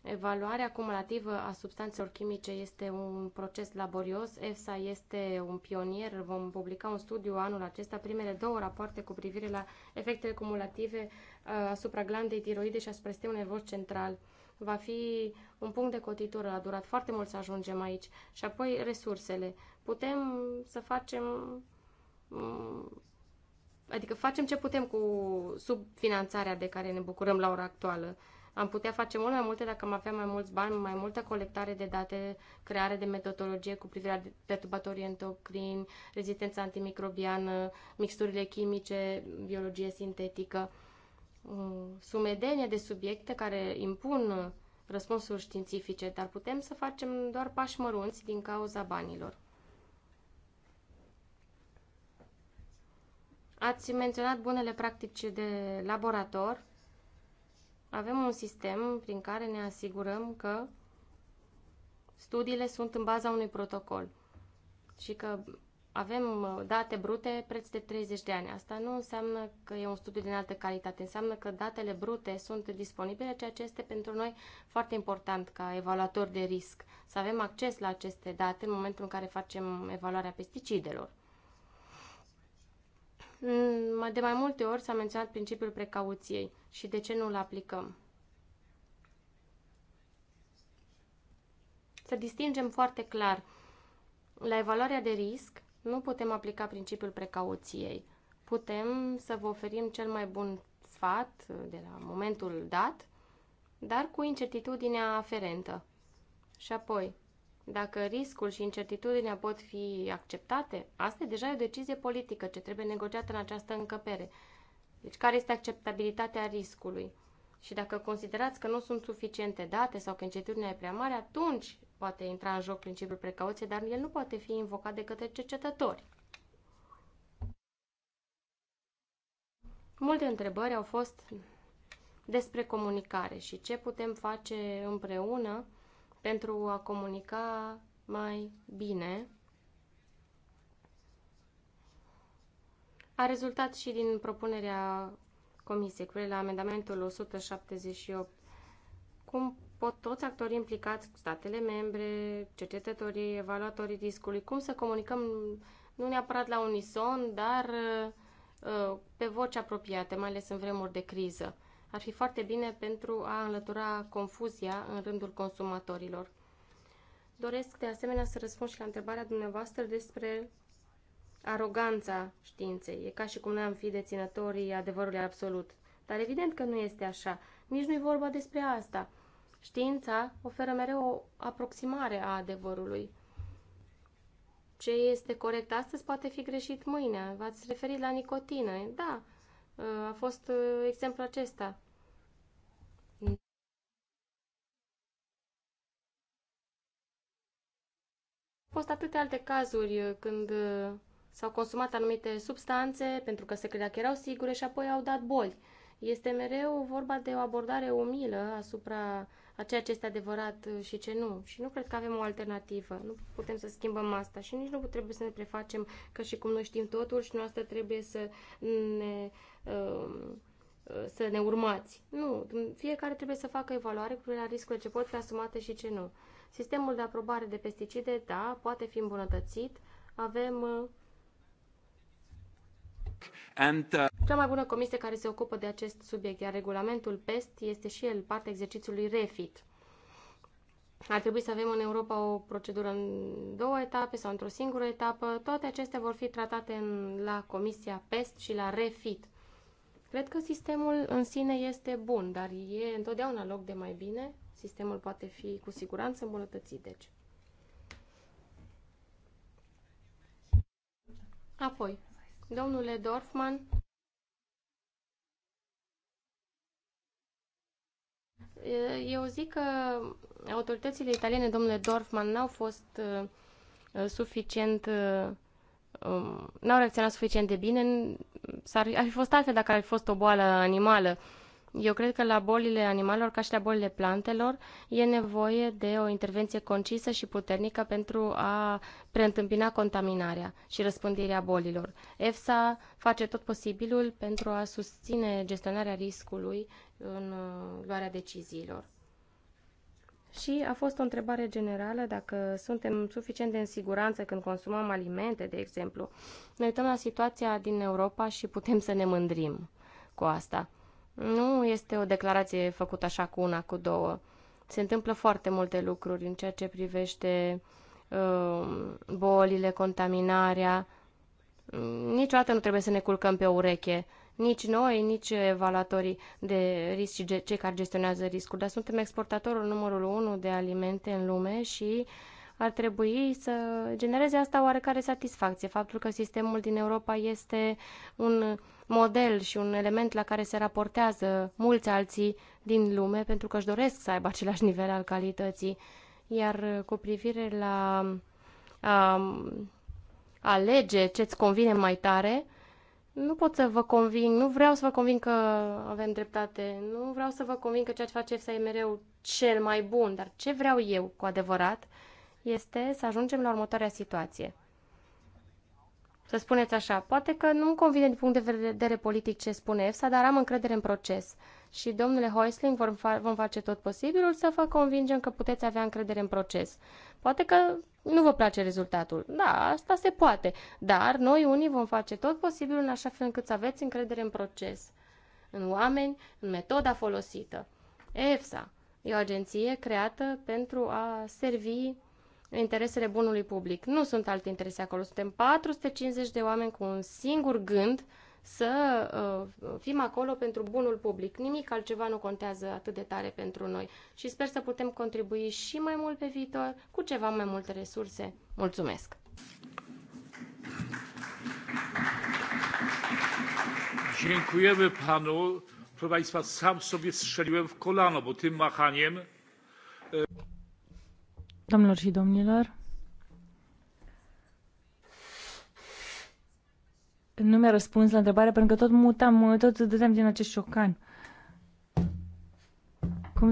Evaluarea cumulativă a substanțelor chimice este un proces laborios. EFSA este un pionier. Vom publica un studiu anul acesta, primele două rapoarte cu privire la efectele cumulative Uh, asupra glandei tiroide și asupra sistemului nervos central. Va fi un punct de cotitură, a durat foarte mult să ajungem aici. Și apoi resursele. Putem să facem mm, adică facem ce putem cu subfinanțarea de care ne bucurăm la ora actuală. Am putea face mult mai multe dacă am avea mai mulți bani, mai multă colectare de date, creare de metodologie cu privire la perturbatorii endocrini, rezistența antimicrobiană, mixturile chimice, biologie sintetică. Uh, sumedenie de subiecte care impun răspunsuri științifice, dar putem să facem doar pași mărunți din cauza banilor. Ați menționat bunele practici de laborator. Avem un sistem prin care ne asigurăm că studiile sunt în baza unui protocol și că avem uh, date brute preț de 30 de ani. Asta nu înseamnă că e un studiu din altă calitate, înseamnă că datele brute sunt disponibile, ceea ce este pentru noi foarte important ca evaluator de risc, să avem acces la aceste date în momentul în care facem evaluarea pesticidelor. De mai multe ori s-a menționat principiul precauției și de ce nu îl aplicăm. Să distingem foarte clar la evaluarea de risc nu putem aplica principiul precauției. Putem să vă oferim cel mai bun sfat de la momentul dat, dar cu incertitudinea aferentă. Și apoi, dacă riscul și incertitudinea pot fi acceptate, asta e deja o decizie politică ce trebuie negociată în această încăpere. Deci care este acceptabilitatea riscului? Și dacă considerați că nu sunt suficiente date sau că incertitudinea e prea mare, atunci poate intra în joc principiul precauției, dar el nu poate fi invocat de către cercetători. Multe întrebări au fost despre comunicare și ce putem face împreună pentru a comunica mai bine. A rezultat și din propunerea comisiei cu la amendamentul 178. Cum pot toți actorii implicați, statele membre, cercetătorii, evaluatorii discului, cum să comunicăm nu neapărat la unison, dar uh, uh, pe voci apropiate, mai ales în vremuri de criză. Ar fi foarte bine pentru a înlătura confuzia în rândul consumatorilor. Doresc de asemenea să răspund și la întrebarea dumneavoastră despre aroganța științei. E ca și cum ne am fi deținătorii adevărului absolut. Dar evident că nu este așa. Nici nu e vorba despre asta. Știința oferă mereu o aproximare a adevărului. Ce este corect astăzi poate fi greșit mâine. V-ați referit la nicotină. Da, a fost uh, exemplu acesta. Au fost atâtea alte cazuri uh, când uh, s-au consumat anumite substanțe pentru că se credea că erau sigure și apoi au dat boli. Este mereu vorba de o abordare umilă asupra a ceea ce este adevărat uh, și ce nu. Și nu cred că avem o alternativă. Nu putem să schimbăm asta și nici nu trebuie să ne prefacem că și cum noi știm totul și noastră trebuie să ne, um, uh, să ne urmați. Nu, fiecare trebuie să facă evaluare cu la riscurile ce pot fi asumate și ce nu. Sistemul de aprobare de pesticide, da, poate fi îmbunătățit. Avem uh, And, uh... Cea mai bună comisie care se ocupă de acest subiect, iar regulamentul PEST este și el parte exercițiului REFIT. Ar trebui să avem în Europa o procedură în două etape sau într-o singură etapă. Toate acestea vor fi tratate în, la Comisia PEST și la REFIT. Cred că sistemul în sine este bun, dar e întotdeauna loc de mai bine. Sistemul poate fi cu siguranță îmbunătățit, deci. Apoi, Domnule Dorfman, eu zic că autoritățile italiene, domnule Dorfman, n-au fost uh, suficient uh, um, n-au reacționat suficient de bine. S-ar, ar fi fost altfel dacă ar fi fost o boală animală. Eu cred că la bolile animalelor, ca și la bolile plantelor, e nevoie de o intervenție concisă și puternică pentru a preîntâmpina contaminarea și răspândirea bolilor. EFSA face tot posibilul pentru a susține gestionarea riscului în uh, luarea deciziilor. Și a fost o întrebare generală dacă suntem suficient de în siguranță când consumăm alimente, de exemplu. Ne uităm la situația din Europa și putem să ne mândrim cu asta. Nu este o declarație făcută așa cu una, cu două. Se întâmplă foarte multe lucruri în ceea ce privește uh, bolile, contaminarea. Niciodată nu trebuie să ne culcăm pe ureche. Nici noi, nici evaluatorii de risc și cei care gestionează riscul, dar suntem exportatorul numărul unu de alimente în lume și uh, ar trebui să genereze asta oarecare satisfacție, faptul că sistemul din Europa este un model și un element la care se raportează mulți alții din lume pentru că își doresc să aibă același nivel al calității. Iar uh, cu privire la a alege ce-ți convine mai tare, nu pot să vă convin, nu vreau să vă convin că avem dreptate, nu vreau să vă convin că ceea ce face să e mereu cel mai bun, dar ce vreau eu cu adevărat este să ajungem la următoarea situație. Să spuneți așa, poate că nu-mi convine din punct de vedere politic ce spune EFSA, dar am încredere în proces. Și, domnule Hoisling, vom, fa- vom face tot posibilul să vă convingem că puteți avea încredere în proces. Poate că nu vă place rezultatul. Da, asta se poate. Dar noi unii vom face tot posibilul în așa fel încât să aveți încredere în proces, în oameni, în metoda folosită. EFSA e o agenție creată pentru a servi interesele bunului public. Nu sunt alte interese acolo. Suntem 450 de oameni cu un singur gând să uh, fim acolo pentru bunul public. Nimic altceva nu contează atât de tare pentru noi și sper să putem contribui și mai mult pe viitor cu ceva mai multe resurse. Mulțumesc! Dziękujemy
panu. Proszę państwa, sam sobie strzeliłem w kolano, bo tym machaniem
Domnilor și domnilor, nu mi-a răspuns la întrebare pentru că tot mutam, tot dădeam din acest șocan. Cum...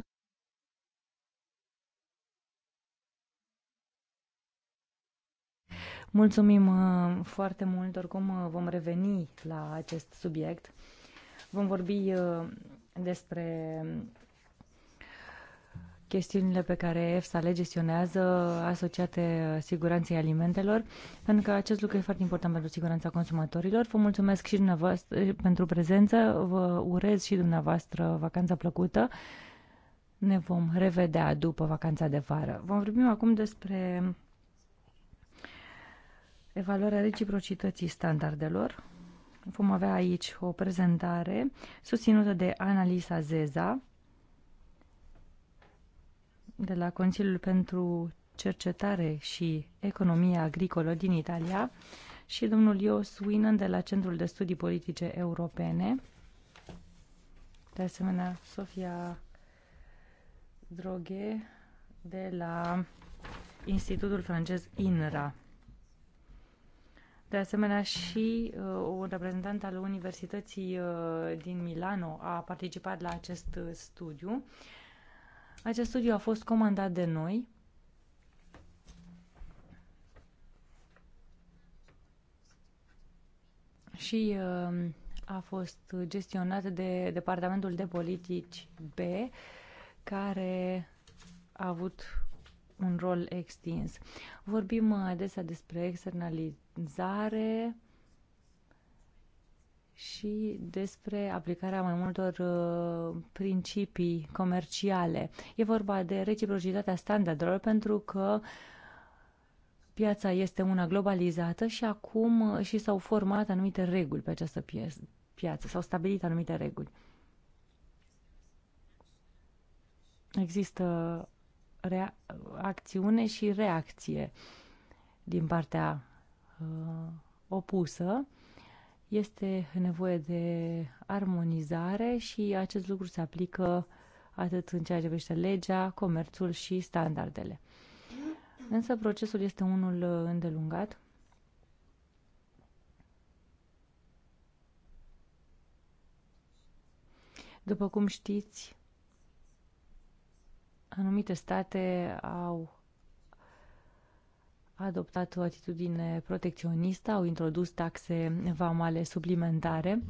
Mulțumim uh, foarte mult, oricum uh, vom reveni la acest subiect. Vom vorbi uh, despre chestiunile pe care EFSA le gestionează asociate siguranței alimentelor, pentru că acest lucru e foarte important pentru siguranța consumatorilor. Vă mulțumesc și dumneavoastră eh, pentru prezență, vă urez și dumneavoastră vacanța plăcută. Ne vom revedea după vacanța de vară. Vom vorbi acum despre evaluarea reciprocității standardelor. Vom avea aici o prezentare susținută de Analisa Zeza, de la Consiliul pentru Cercetare și Economia Agricolă din Italia și domnul Ios Winan de la Centrul de Studii Politice Europene. De asemenea, Sofia Droghe de la Institutul francez INRA. De asemenea, și uh, un reprezentant al Universității uh, din Milano a participat la acest uh, studiu. Uh, acest studiu a fost comandat de noi. Și um, a fost gestionat de Departamentul de Politici B, care a avut un rol extins. Vorbim uh, adesea despre externalizare, și despre aplicarea mai multor uh, principii comerciale. E vorba de reciprocitatea standardelor pentru că piața este una globalizată și acum uh, și s-au format anumite reguli pe această piață, s-au stabilit anumite reguli. Există acțiune și reacție din partea uh, opusă. Este nevoie de armonizare și acest lucru se aplică atât în ceea ce privește legea, comerțul și standardele. Însă procesul este unul îndelungat. După cum știți, anumite state au adoptat o atitudine protecționistă, au introdus taxe vamale suplimentare.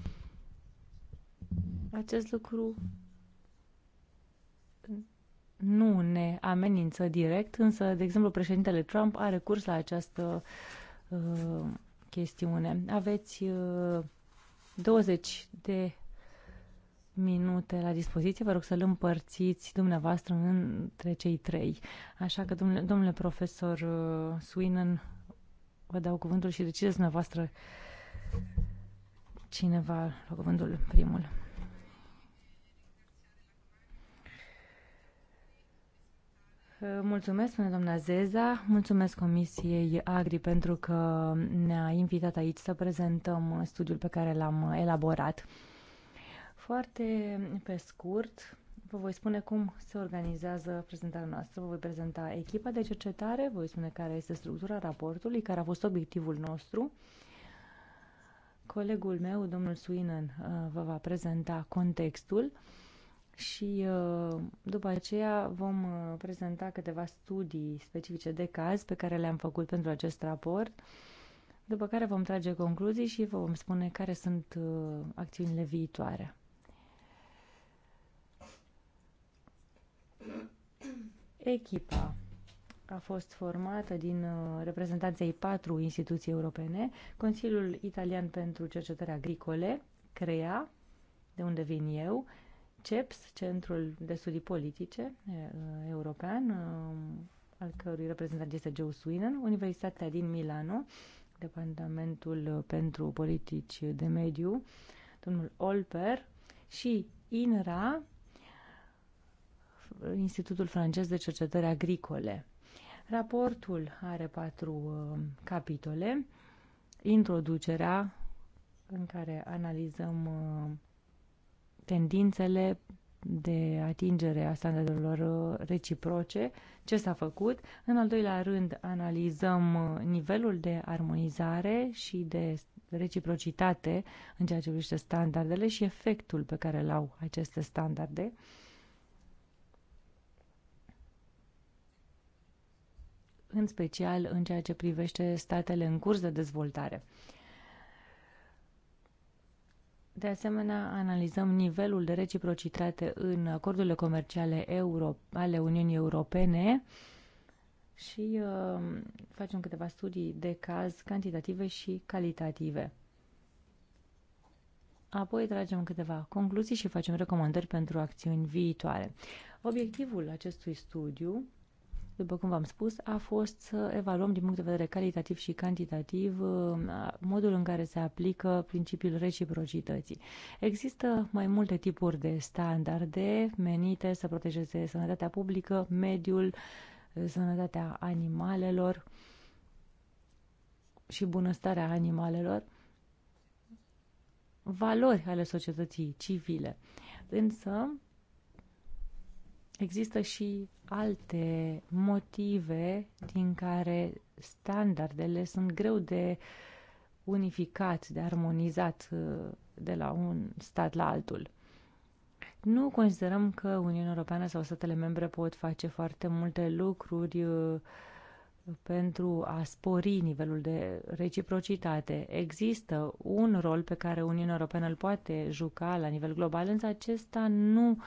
Acest lucru nu ne amenință direct, însă, de exemplu, președintele Trump a recurs la această uh, chestiune. Aveți uh, 20 de minute la dispoziție. Vă rog să-l împărțiți dumneavoastră între cei trei. Așa că, domnule, domnule profesor uh, Swinen, vă dau cuvântul și decideți dumneavoastră cine va lua cuvântul primul. Uh, mulțumesc, spune doamna Zeza, mulțumesc Comisiei Agri pentru că ne-a invitat aici să prezentăm studiul pe care l-am elaborat. Foarte pe scurt, vă voi spune cum se organizează prezentarea noastră. Vă voi prezenta echipa de cercetare, voi spune care este structura raportului, care a fost obiectivul nostru. Colegul meu, domnul Suinen, uh, vă va prezenta contextul și uh, după aceea vom uh, prezenta câteva studii specifice de caz pe care le-am făcut pentru acest raport, după care vom trage concluzii și vă vom spune care sunt acțiunile viitoare. Echipa a fost formată din uh, reprezentanței patru instituții europene, Consiliul Italian pentru Cercetări Agricole, CREA, de unde vin eu, CEPS, Centrul de Studii Politice uh, European, uh, al cărui reprezentant este Joe Swinen, Universitatea din Milano, Departamentul pentru Politici de Mediu, domnul Olper și INRA, Institutul francez de cercetări agricole. Raportul are patru uh, capitole. Introducerea, în care analizăm uh, tendințele de atingere a standardelor uh, reciproce, ce s-a făcut. În al doilea rând, analizăm nivelul de armonizare și de reciprocitate în ceea ce privește standardele și efectul pe care îl au aceste standarde. în special în ceea ce privește statele în curs de dezvoltare. De asemenea, analizăm nivelul de reciprocitate în acordurile comerciale euro, ale Uniunii Europene și uh, facem câteva studii de caz cantitative și calitative. Apoi tragem câteva concluzii și facem recomandări pentru acțiuni viitoare. Obiectivul acestui studiu după cum v-am spus, a fost să evaluăm din punct de vedere calitativ și cantitativ uh, modul în care se aplică principiul reciprocității. Există mai multe tipuri de standarde menite să protejeze sănătatea publică, mediul, uh, sănătatea animalelor și bunăstarea animalelor, valori ale societății civile. Însă, Există și alte motive din care standardele sunt greu de unificat, de armonizat uh, de la un stat la altul. Nu considerăm că Uniunea Europeană sau statele membre pot face foarte multe lucruri uh, pentru a spori nivelul de reciprocitate. Există un rol pe care Uniunea Europeană îl poate juca la nivel global, însă acesta nu uh,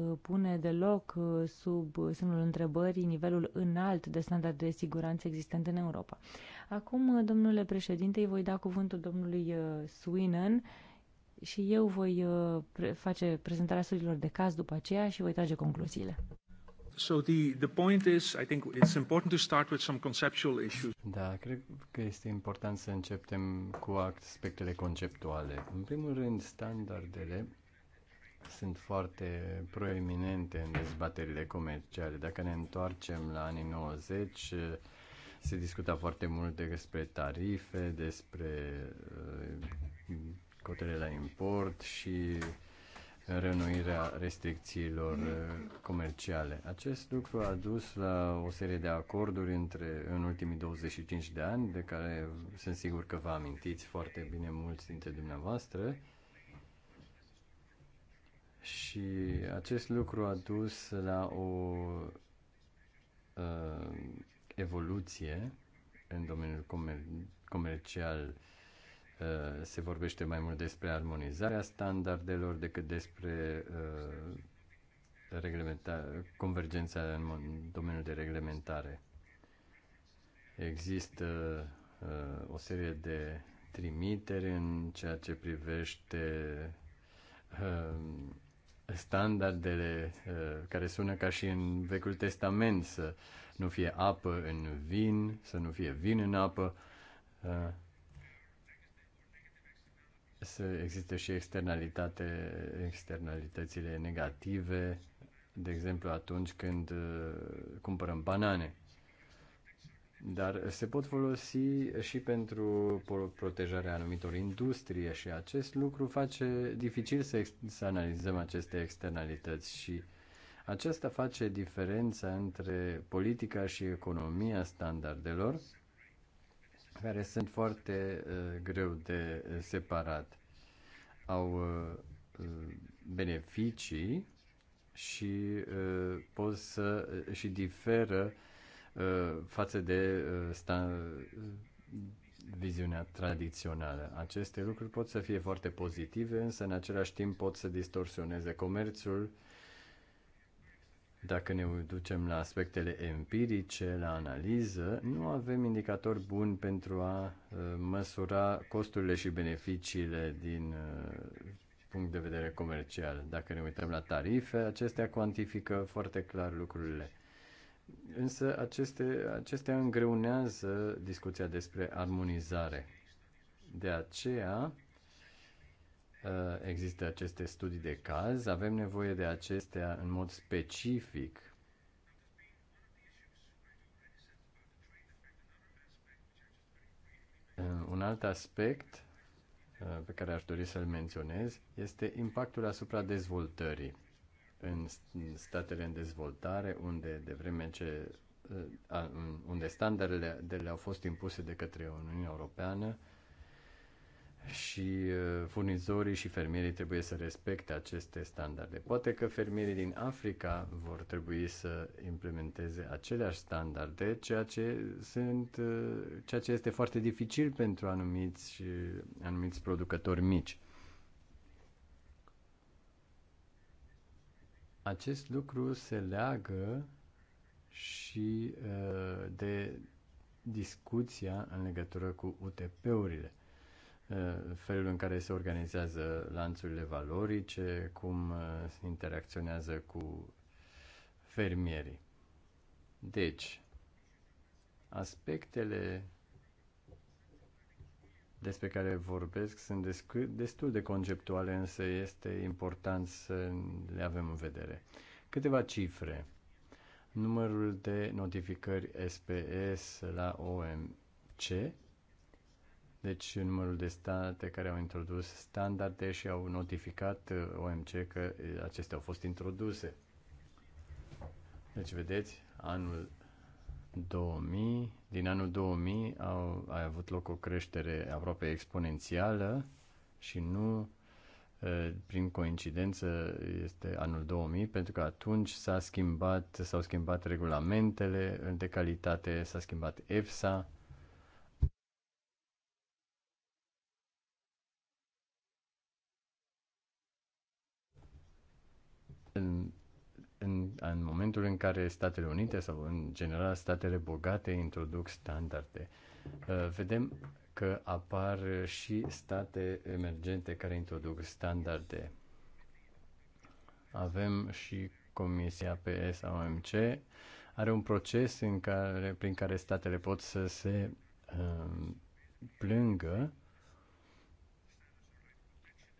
Uh, pune deloc uh, sub semnul întrebării nivelul înalt de standarde de siguranță existente în Europa. Acum, uh, domnule președinte, îi voi da cuvântul domnului Swinen și eu voi face prezentarea studiilor de caz după aceea și voi trage concluziile.
So the, the point is, I think it's
important to start with some conceptual issues. Da, cred că este important să începem cu aspectele conceptuale. În primul rând, standardele sunt foarte proeminente în dezbaterile comerciale. Dacă ne întoarcem la anii 90, se discuta foarte mult despre tarife, despre uh, cotele la import și renuirea restricțiilor uh, comerciale. Acest lucru a dus la o serie de acorduri între, în ultimii 25 de ani, de care sunt sigur că vă amintiți foarte bine mulți dintre dumneavoastră, și acest lucru a dus la o uh, evoluție în domeniul comer- comercial. Uh, se vorbește mai mult despre armonizarea standardelor decât despre uh, reglementa- convergența în domeniul de reglementare. Există uh, o serie de trimiteri în ceea ce privește uh, standardele uh, care sună ca și în Vechiul Testament, să nu fie apă în vin, să nu fie vin în apă, uh, să existe și externalitate, externalitățile negative, de exemplu atunci când uh, cumpărăm banane dar se pot folosi și pentru protejarea anumitor industrie și acest lucru face dificil să, să analizăm aceste externalități și aceasta face diferența între politica și economia standardelor, care sunt foarte uh, greu de uh, separat. Au uh, uh, beneficii și uh, pot să uh, și diferă uh, Uh, față de uh, sta, uh, viziunea tradițională. Aceste lucruri pot să fie foarte pozitive, însă în același timp pot să distorsioneze comerțul. Dacă ne ducem la aspectele empirice, la analiză, nu avem indicatori buni pentru a măsura costurile și beneficiile din punct de vedere comercial. Dacă ne uităm la tarife, acestea cuantifică foarte clar lucrurile Însă aceste, acestea îngreunează discuția despre armonizare. De aceea ă, există aceste studii de caz, avem nevoie de acestea în mod specific. Ă, un alt aspect ă, pe care aș dori să-l menționez este impactul asupra dezvoltării în statele în dezvoltare, unde de vreme ce ă, unde standardele de le-au fost impuse de către Uniunea Europeană și ă, furnizorii și fermierii trebuie să respecte aceste standarde. Poate că fermierii din Africa vor trebui să implementeze aceleași standarde, ceea ce, sunt, ă, ceea ce este foarte dificil pentru anumiți, anumiți producători mici. Acest lucru se leagă și uh, de discuția în legătură cu UTP-urile, uh, felul în care se organizează lanțurile valorice, cum uh, se interacționează cu fermierii. Deci, aspectele despre care vorbesc sunt destul de conceptuale, însă este important să le avem în vedere. Câteva cifre. Numărul de notificări SPS la OMC, deci numărul de state care au introdus standarde și au notificat OMC că acestea au fost introduse. Deci, vedeți, anul 2000, din anul 2000 au, a avut loc o creștere aproape exponențială și nu prin coincidență este anul 2000, pentru că atunci s-a schimbat, s-au schimbat regulamentele de calitate, s-a schimbat EFSA, în, în momentul în care Statele Unite sau în general statele bogate introduc standarde. Uh, vedem că apar și state emergente care introduc standarde. Avem și Comisia PSOMC, are un proces în care, prin care statele pot să se um, plângă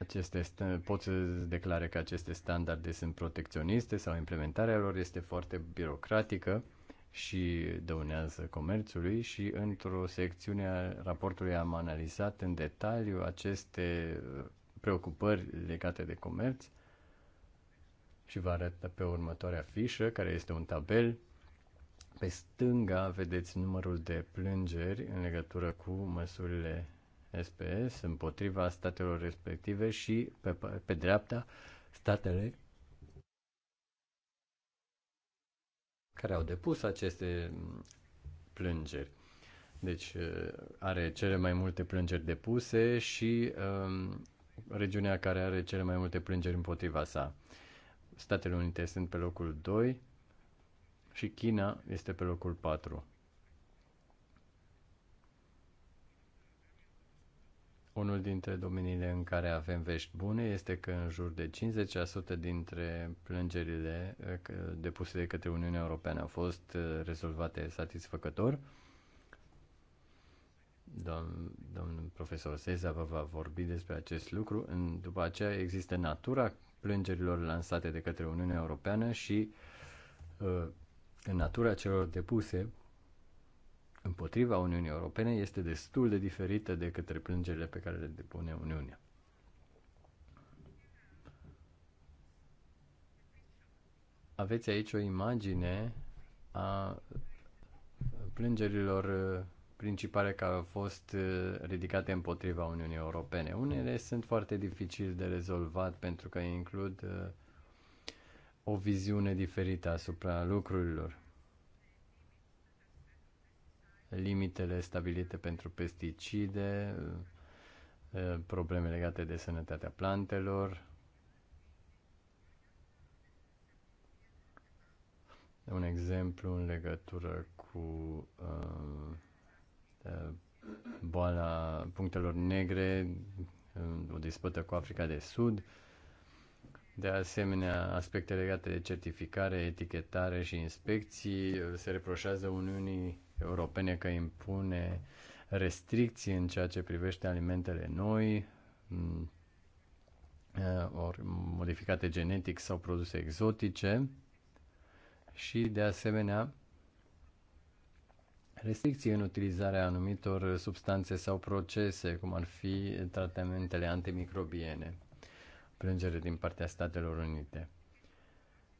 aceste, pot să declare că aceste standarde sunt protecționiste sau implementarea lor este foarte birocratică și dăunează comerțului și într-o secțiune a raportului am analizat în detaliu aceste uh, preocupări legate de comerț și vă arăt pe următoarea fișă, care este un tabel. Pe stânga vedeți numărul de plângeri în legătură cu măsurile SPS împotriva statelor respective și pe, pe dreapta statele care au depus aceste plângeri. Deci uh, are cele mai multe plângeri depuse și um, regiunea care are cele mai multe plângeri împotriva sa. Statele Unite sunt pe locul 2 și China este pe locul 4. Unul dintre domeniile în care avem vești bune este că în jur de 50% dintre plângerile uh, depuse de către Uniunea Europeană au fost uh, rezolvate satisfăcător. Domn, domnul profesor Seza vă va vorbi despre acest lucru. În, după aceea există natura plângerilor lansate de către Uniunea Europeană și uh, în natura celor depuse împotriva Uniunii Europene este destul de diferită de către plângerile pe care le depune Uniunea. Aveți aici o imagine a plângerilor uh, principale care au fost uh, ridicate împotriva Uniunii Europene. Unele sunt foarte dificil de rezolvat pentru că includ uh, o viziune diferită asupra lucrurilor limitele stabilite pentru pesticide, eh, eh, probleme legate de sănătatea plantelor, un exemplu în legătură cu eh, boala punctelor negre, o dispută cu Africa de Sud, de asemenea, aspecte legate de certificare, etichetare și inspecții se reproșează Uniunii Europene că impune restricții în ceea ce privește alimentele noi, mm, eh, ori modificate genetic sau produse exotice și de asemenea restricții în utilizarea anumitor substanțe sau procese, cum ar fi tratamentele antimicrobiene, plângere din partea Statelor Unite.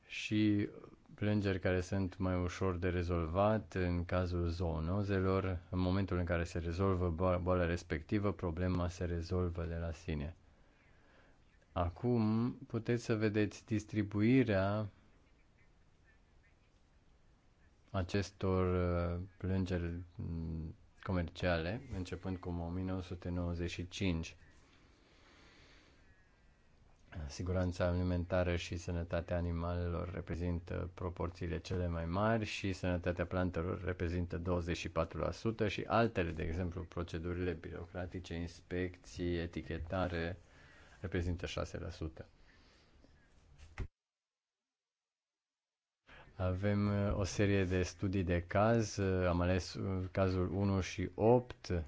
Și plângeri care sunt mai ușor de rezolvat în cazul zoonozelor. În momentul în care se rezolvă boala respectivă, problema se rezolvă de la sine. Acum puteți să vedeți distribuirea acestor uh, plângeri mm, comerciale, începând cu 1995. Siguranța alimentară și sănătatea animalelor reprezintă proporțiile cele mai mari și sănătatea plantelor reprezintă 24% și altele, de exemplu, procedurile birocratice, inspecții, etichetare, reprezintă 6%. Avem uh, o serie de studii de caz, uh, am ales uh, cazul 1 și 8,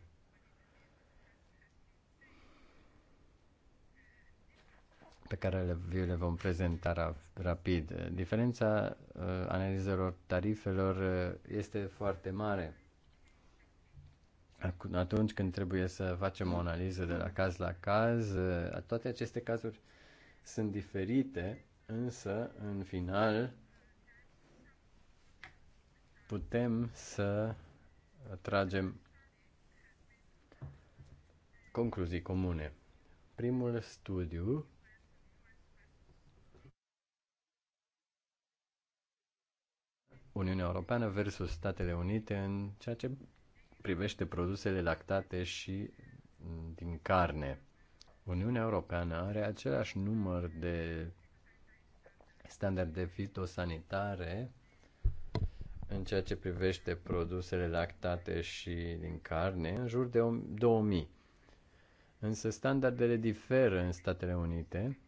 pe care le, vi le vom prezenta rapid. Diferența uh, analizelor tarifelor uh, este foarte mare. Atunci când trebuie să facem o analiză de la caz la caz, uh, toate aceste cazuri sunt diferite, însă, în final, putem să tragem concluzii comune. Primul studiu Uniunea Europeană versus Statele Unite în ceea ce privește produsele lactate și din carne. Uniunea Europeană are același număr de standarde fitosanitare în ceea ce privește produsele lactate și din carne, în jur de 2000. Însă standardele diferă în Statele Unite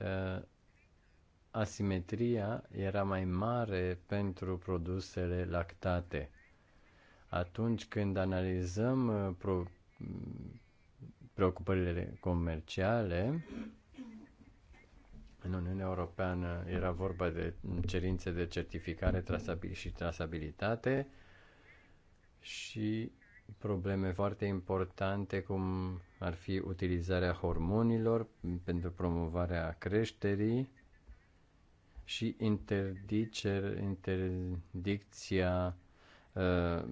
uh, asimetria era mai mare pentru produsele lactate. Atunci când analizăm uh, pro, preocupările comerciale, în Uniunea Europeană era vorba de cerințe de certificare trasabil și trasabilitate și probleme foarte importante cum ar fi utilizarea hormonilor pentru promovarea creșterii și interdicția uh,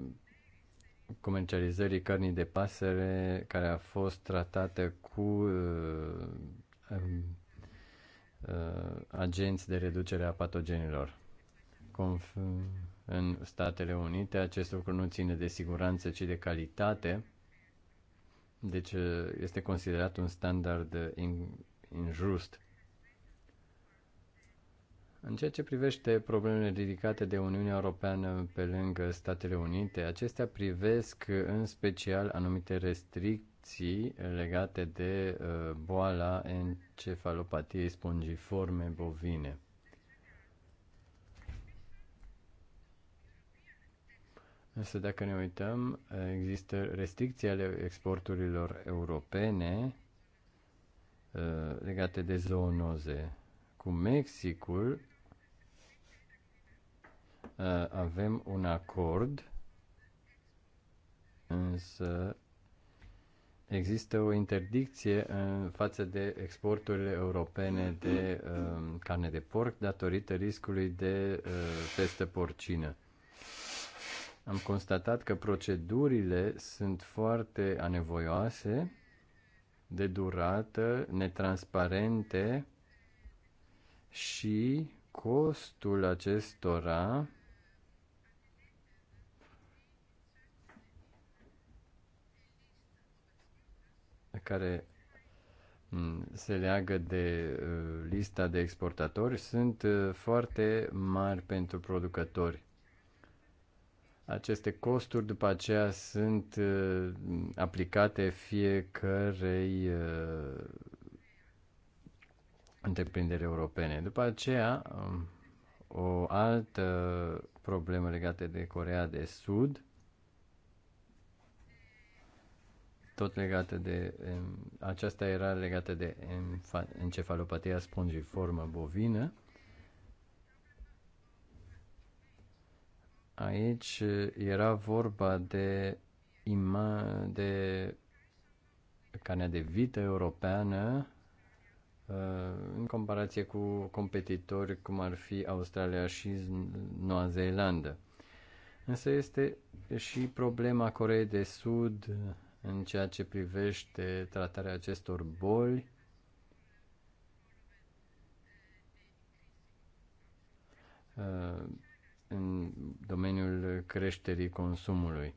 comercializării cărnii de pasăre care a fost tratată cu uh, um, uh, agenți de reducere a patogenilor. Conf- în Statele Unite acest lucru nu ține de siguranță, ci de calitate, deci uh, este considerat un standard uh, injust. În ceea ce privește problemele ridicate de Uniunea Europeană pe lângă Statele Unite, acestea privesc în special anumite restricții legate de uh, boala encefalopatiei spongiforme bovine. Însă dacă ne uităm, există restricții ale exporturilor europene uh, legate de zoonoze. Cu Mexicul Uh, avem un acord, însă există o interdicție în uh, față de exporturile europene de uh, carne de porc datorită riscului de uh, peste porcină. Am constatat că procedurile sunt foarte anevoioase, de durată, netransparente și costul acestora care se leagă de uh, lista de exportatori sunt uh, foarte mari pentru producători. Aceste costuri după aceea sunt uh, aplicate fiecărei întreprinderi europene. După aceea, um, o altă problemă legată de Corea de Sud tot legată de, aceasta era legată de encefalopatia spongiformă bovină. Aici era vorba de, ima, de carnea de vită europeană ă, în comparație cu competitori cum ar fi Australia și Noua Zeelandă. Însă este și problema Coreei de Sud, în ceea ce privește tratarea acestor boli. Uh, în domeniul creșterii consumului.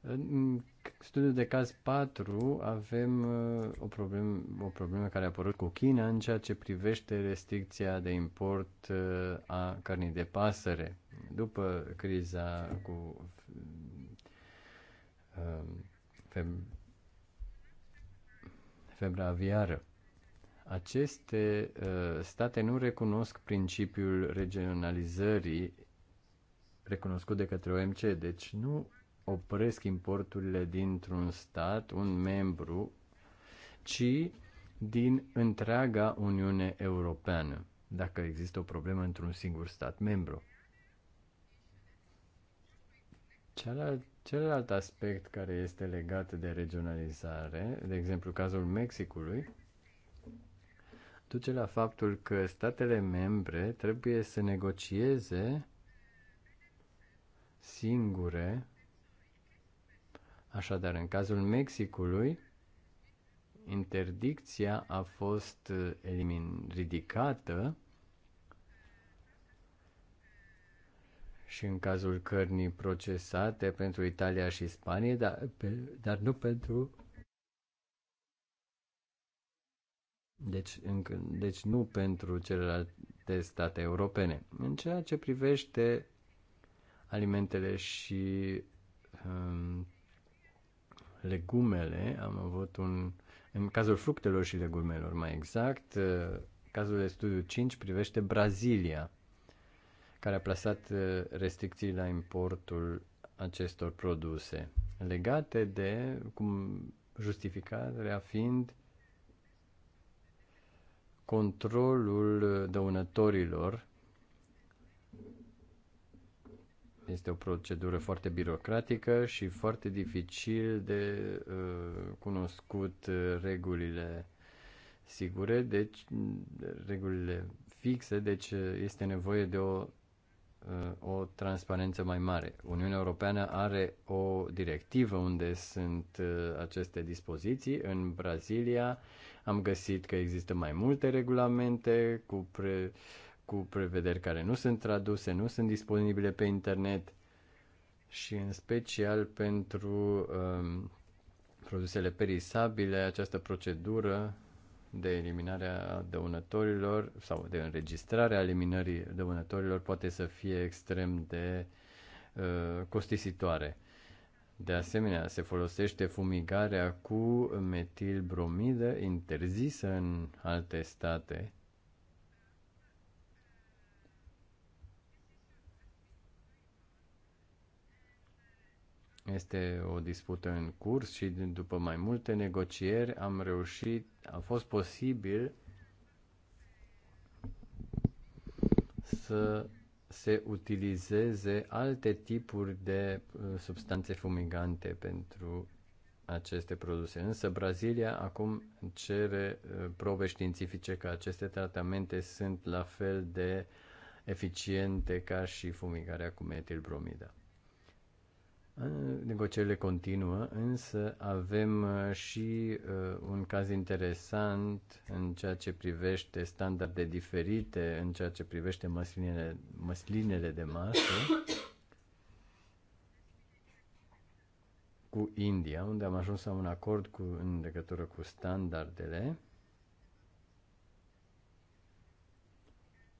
În studiul de caz 4 avem uh, o problemă, o problemă care a apărut cu China în ceea ce privește restricția de import uh, a cărnii de pasăre după criza cu feb- febra aviară. Aceste uh, state nu recunosc principiul regionalizării recunoscut de către OMC, deci nu opresc importurile dintr-un stat, un membru, ci din întreaga Uniune Europeană, dacă există o problemă într-un singur stat membru. Cealalt, celălalt aspect care este legat de regionalizare, de exemplu cazul Mexicului, duce la faptul că statele membre trebuie să negocieze singure. Așadar, în cazul Mexicului, interdicția a fost elimin, ridicată și în cazul cărnii procesate pentru Italia și Spania, dar, pe, dar nu pentru. Deci, în, deci nu pentru celelalte state europene. În ceea ce privește alimentele și um, legumele, am avut un. În cazul fructelor și legumelor, mai exact, uh, cazul de studiu 5 privește Brazilia care a plasat uh, restricții la importul acestor produse, legate de, cum justificarea fiind controlul dăunătorilor. Este o procedură foarte birocratică și foarte dificil de uh, cunoscut uh, regulile sigure, deci mm, regulile fixe, deci uh, este nevoie de o o transparență mai mare. Uniunea Europeană are o directivă unde sunt uh, aceste dispoziții. În Brazilia am găsit că există mai multe regulamente cu, pre, cu prevederi care nu sunt traduse, nu sunt disponibile pe internet și în special pentru um, produsele perisabile, această procedură de eliminarea dăunătorilor sau de înregistrare a eliminării dăunătorilor poate să fie extrem de uh, costisitoare. De asemenea, se folosește fumigarea cu metilbromidă interzisă în alte state Este o dispută în curs și după mai multe negocieri am reușit, a fost posibil să se utilizeze alte tipuri de uh, substanțe fumigante pentru aceste produse. Însă Brazilia acum cere uh, probe științifice că aceste tratamente sunt la fel de eficiente ca și fumigarea cu metilbromida. Negocierile continuă, însă avem uh, și uh, un caz interesant în ceea ce privește standarde diferite, în ceea ce privește măslinele, măslinele de masă cu India, unde am ajuns la un acord cu, în legătură cu standardele.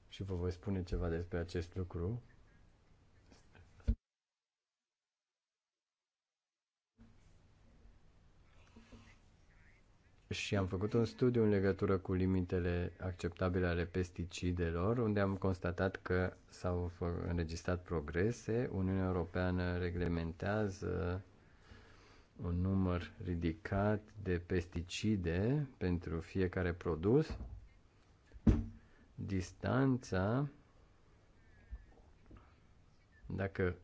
Și vă voi spune ceva despre acest lucru și am făcut un studiu în legătură cu limitele acceptabile ale pesticidelor, unde am constatat că s-au înregistrat progrese. Uniunea Europeană reglementează un număr ridicat de pesticide pentru fiecare produs. Distanța, dacă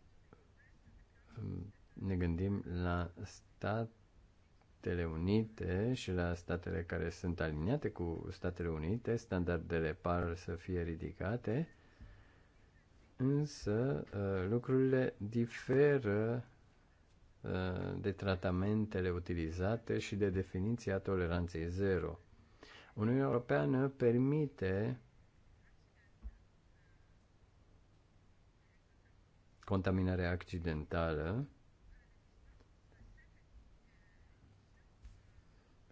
mm, ne gândim la stat, Statele Unite și la statele care sunt aliniate cu Statele Unite, standardele par să fie ridicate, însă uh, lucrurile diferă uh, de tratamentele utilizate și de definiția toleranței zero. Uniunea Europeană permite contaminarea accidentală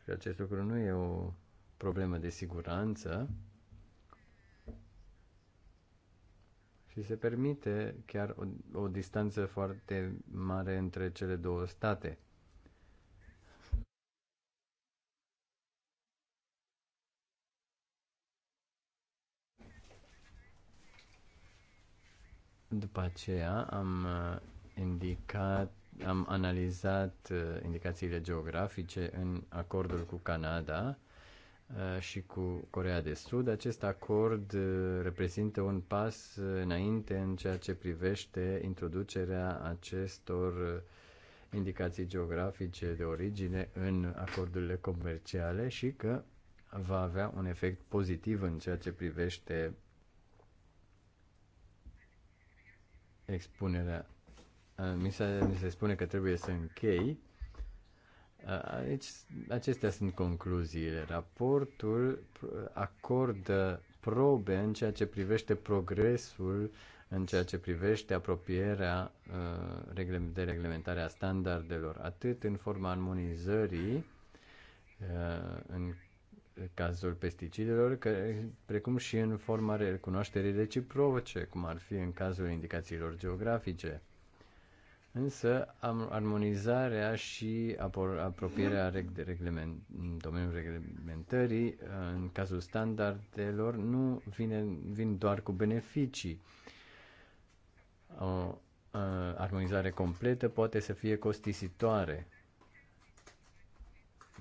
Și acest lucru nu e o problemă de siguranță și se permite chiar o, o distanță foarte mare între cele două state. După aceea am uh, indicat am analizat uh, indicațiile geografice în acordul cu Canada uh, și cu Corea de Sud. Acest acord uh, reprezintă un pas înainte în ceea ce privește introducerea acestor indicații geografice de origine în acordurile comerciale și că va avea un efect pozitiv în ceea ce privește expunerea mi se, mi se spune că trebuie să închei. Aici, acestea sunt concluziile. Raportul acordă probe în ceea ce privește progresul, în ceea ce privește apropierea de reglementarea standardelor, atât în forma armonizării, în cazul pesticidelor, precum și în forma recunoașterii reciproce, cum ar fi în cazul indicațiilor geografice Însă armonizarea și apropierea de reglement, în domeniul reglementării, uh, în cazul standardelor, nu vine, vin doar cu beneficii. O uh, armonizare completă poate să fie costisitoare.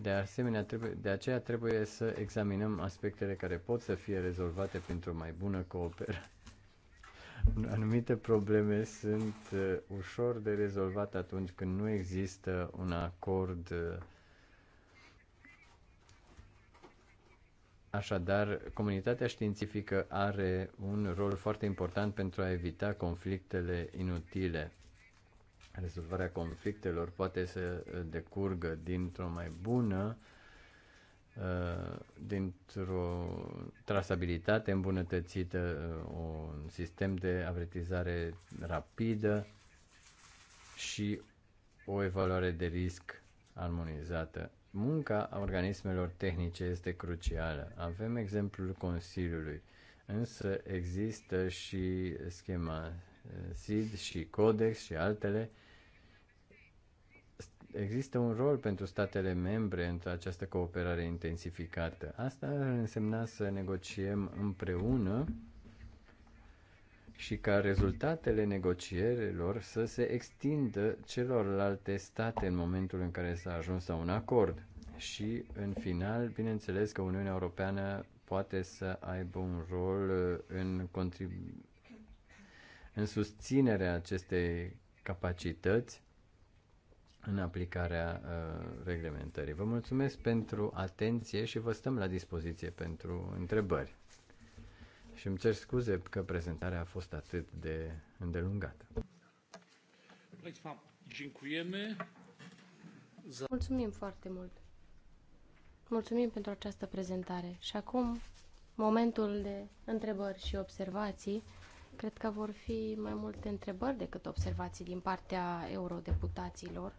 De asemenea, trebuie, de aceea trebuie să examinăm aspectele care pot să fie rezolvate pentru o mai bună cooperare Anumite probleme sunt uh, ușor de rezolvat atunci când nu există un acord. Uh, așadar, comunitatea științifică are un rol foarte important pentru a evita conflictele inutile. Rezolvarea conflictelor poate să decurgă dintr-o mai bună Uh, dintr-o trasabilitate îmbunătățită, uh, un sistem de avertizare rapidă și o evaluare de risc armonizată. Munca a organismelor tehnice este crucială. Avem exemplul Consiliului, însă există și schema uh, SID și Codex și altele există un rol pentru statele membre într această cooperare intensificată. Asta ar însemna să negociem împreună și ca rezultatele negocierilor să se extindă celorlalte state în momentul în care s-a ajuns la un acord. Și, în final, bineînțeles că Uniunea Europeană poate să aibă un rol uh, în, contrib- în susținerea acestei capacități în aplicarea uh, reglementării. Vă mulțumesc pentru atenție și vă stăm la dispoziție pentru întrebări. Și îmi cer scuze că prezentarea a fost atât de îndelungată.
Mulțumim foarte mult. Mulțumim pentru această prezentare. Și acum, momentul de întrebări și observații. Cred că vor fi mai multe întrebări decât observații din partea eurodeputaților.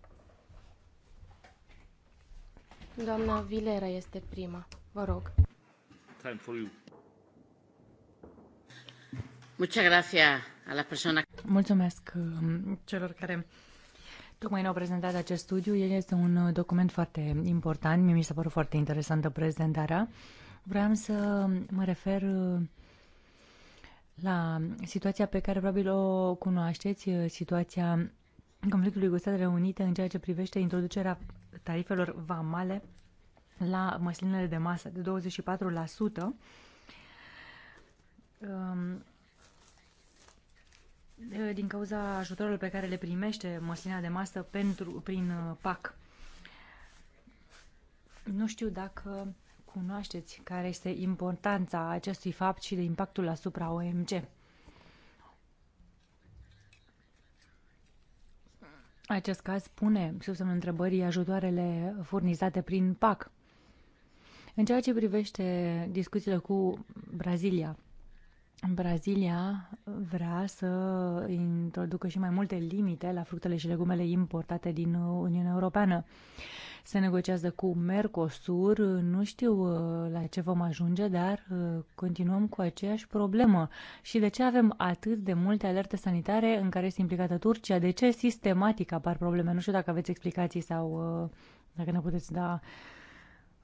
Doamna Vilera este prima. Vă rog. Time for you. Muchas gracias a la persona.
Mulțumesc um,
celor care
Tocmai ne-au prezentat acest studiu. El este un uh, document foarte important. Mie mi s-a părut foarte interesantă prezentarea. Vreau să mă refer uh, la situația pe care probabil o cunoașteți, uh, situația conflictului cu Statele Unite în ceea ce privește introducerea tarifelor vamale la măslinele de masă de 24%. Um, din cauza ajutorului pe care le primește măslina de masă pentru, prin uh, PAC. Nu știu dacă cunoașteți care este importanța acestui fapt și de impactul asupra OMC. Acest caz pune sub semnul întrebării ajutoarele furnizate prin PAC. În ceea ce privește discuțiile cu Brazilia, Brazilia vrea să introducă și mai multe limite la fructele și legumele importate din Uniunea Europeană. Se negociază cu Mercosur, nu știu uh, la ce vom ajunge, dar uh, continuăm cu aceeași problemă. Și de ce avem atât de multe alerte sanitare în care este implicată Turcia? De ce sistematic apar probleme? Nu știu dacă aveți explicații sau uh, dacă ne puteți da uh,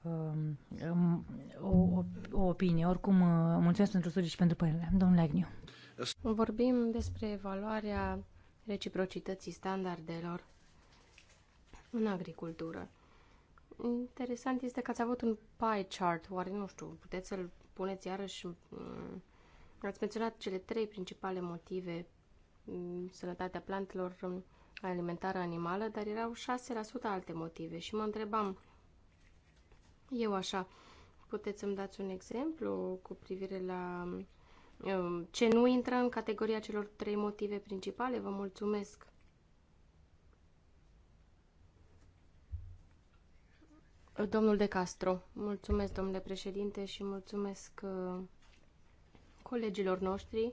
Um, um, o, o opinie. Oricum, uh, mulțumesc pentru studii și pentru părerea. Domnule Agniu.
Vorbim despre evaluarea reciprocității standardelor în agricultură. Interesant este că ați avut un pie chart, oare nu știu, puteți să-l puneți iarăși. Uh, ați menționat cele trei principale motive, mm, sănătatea plantelor, um, alimentară animală, dar erau 6% alte motive și mă întrebam eu așa. Puteți să-mi dați un exemplu cu privire la um, ce nu intră în categoria celor trei motive principale? Vă mulțumesc. Domnul De Castro, mulțumesc, domnule președinte, și mulțumesc uh, colegilor noștri.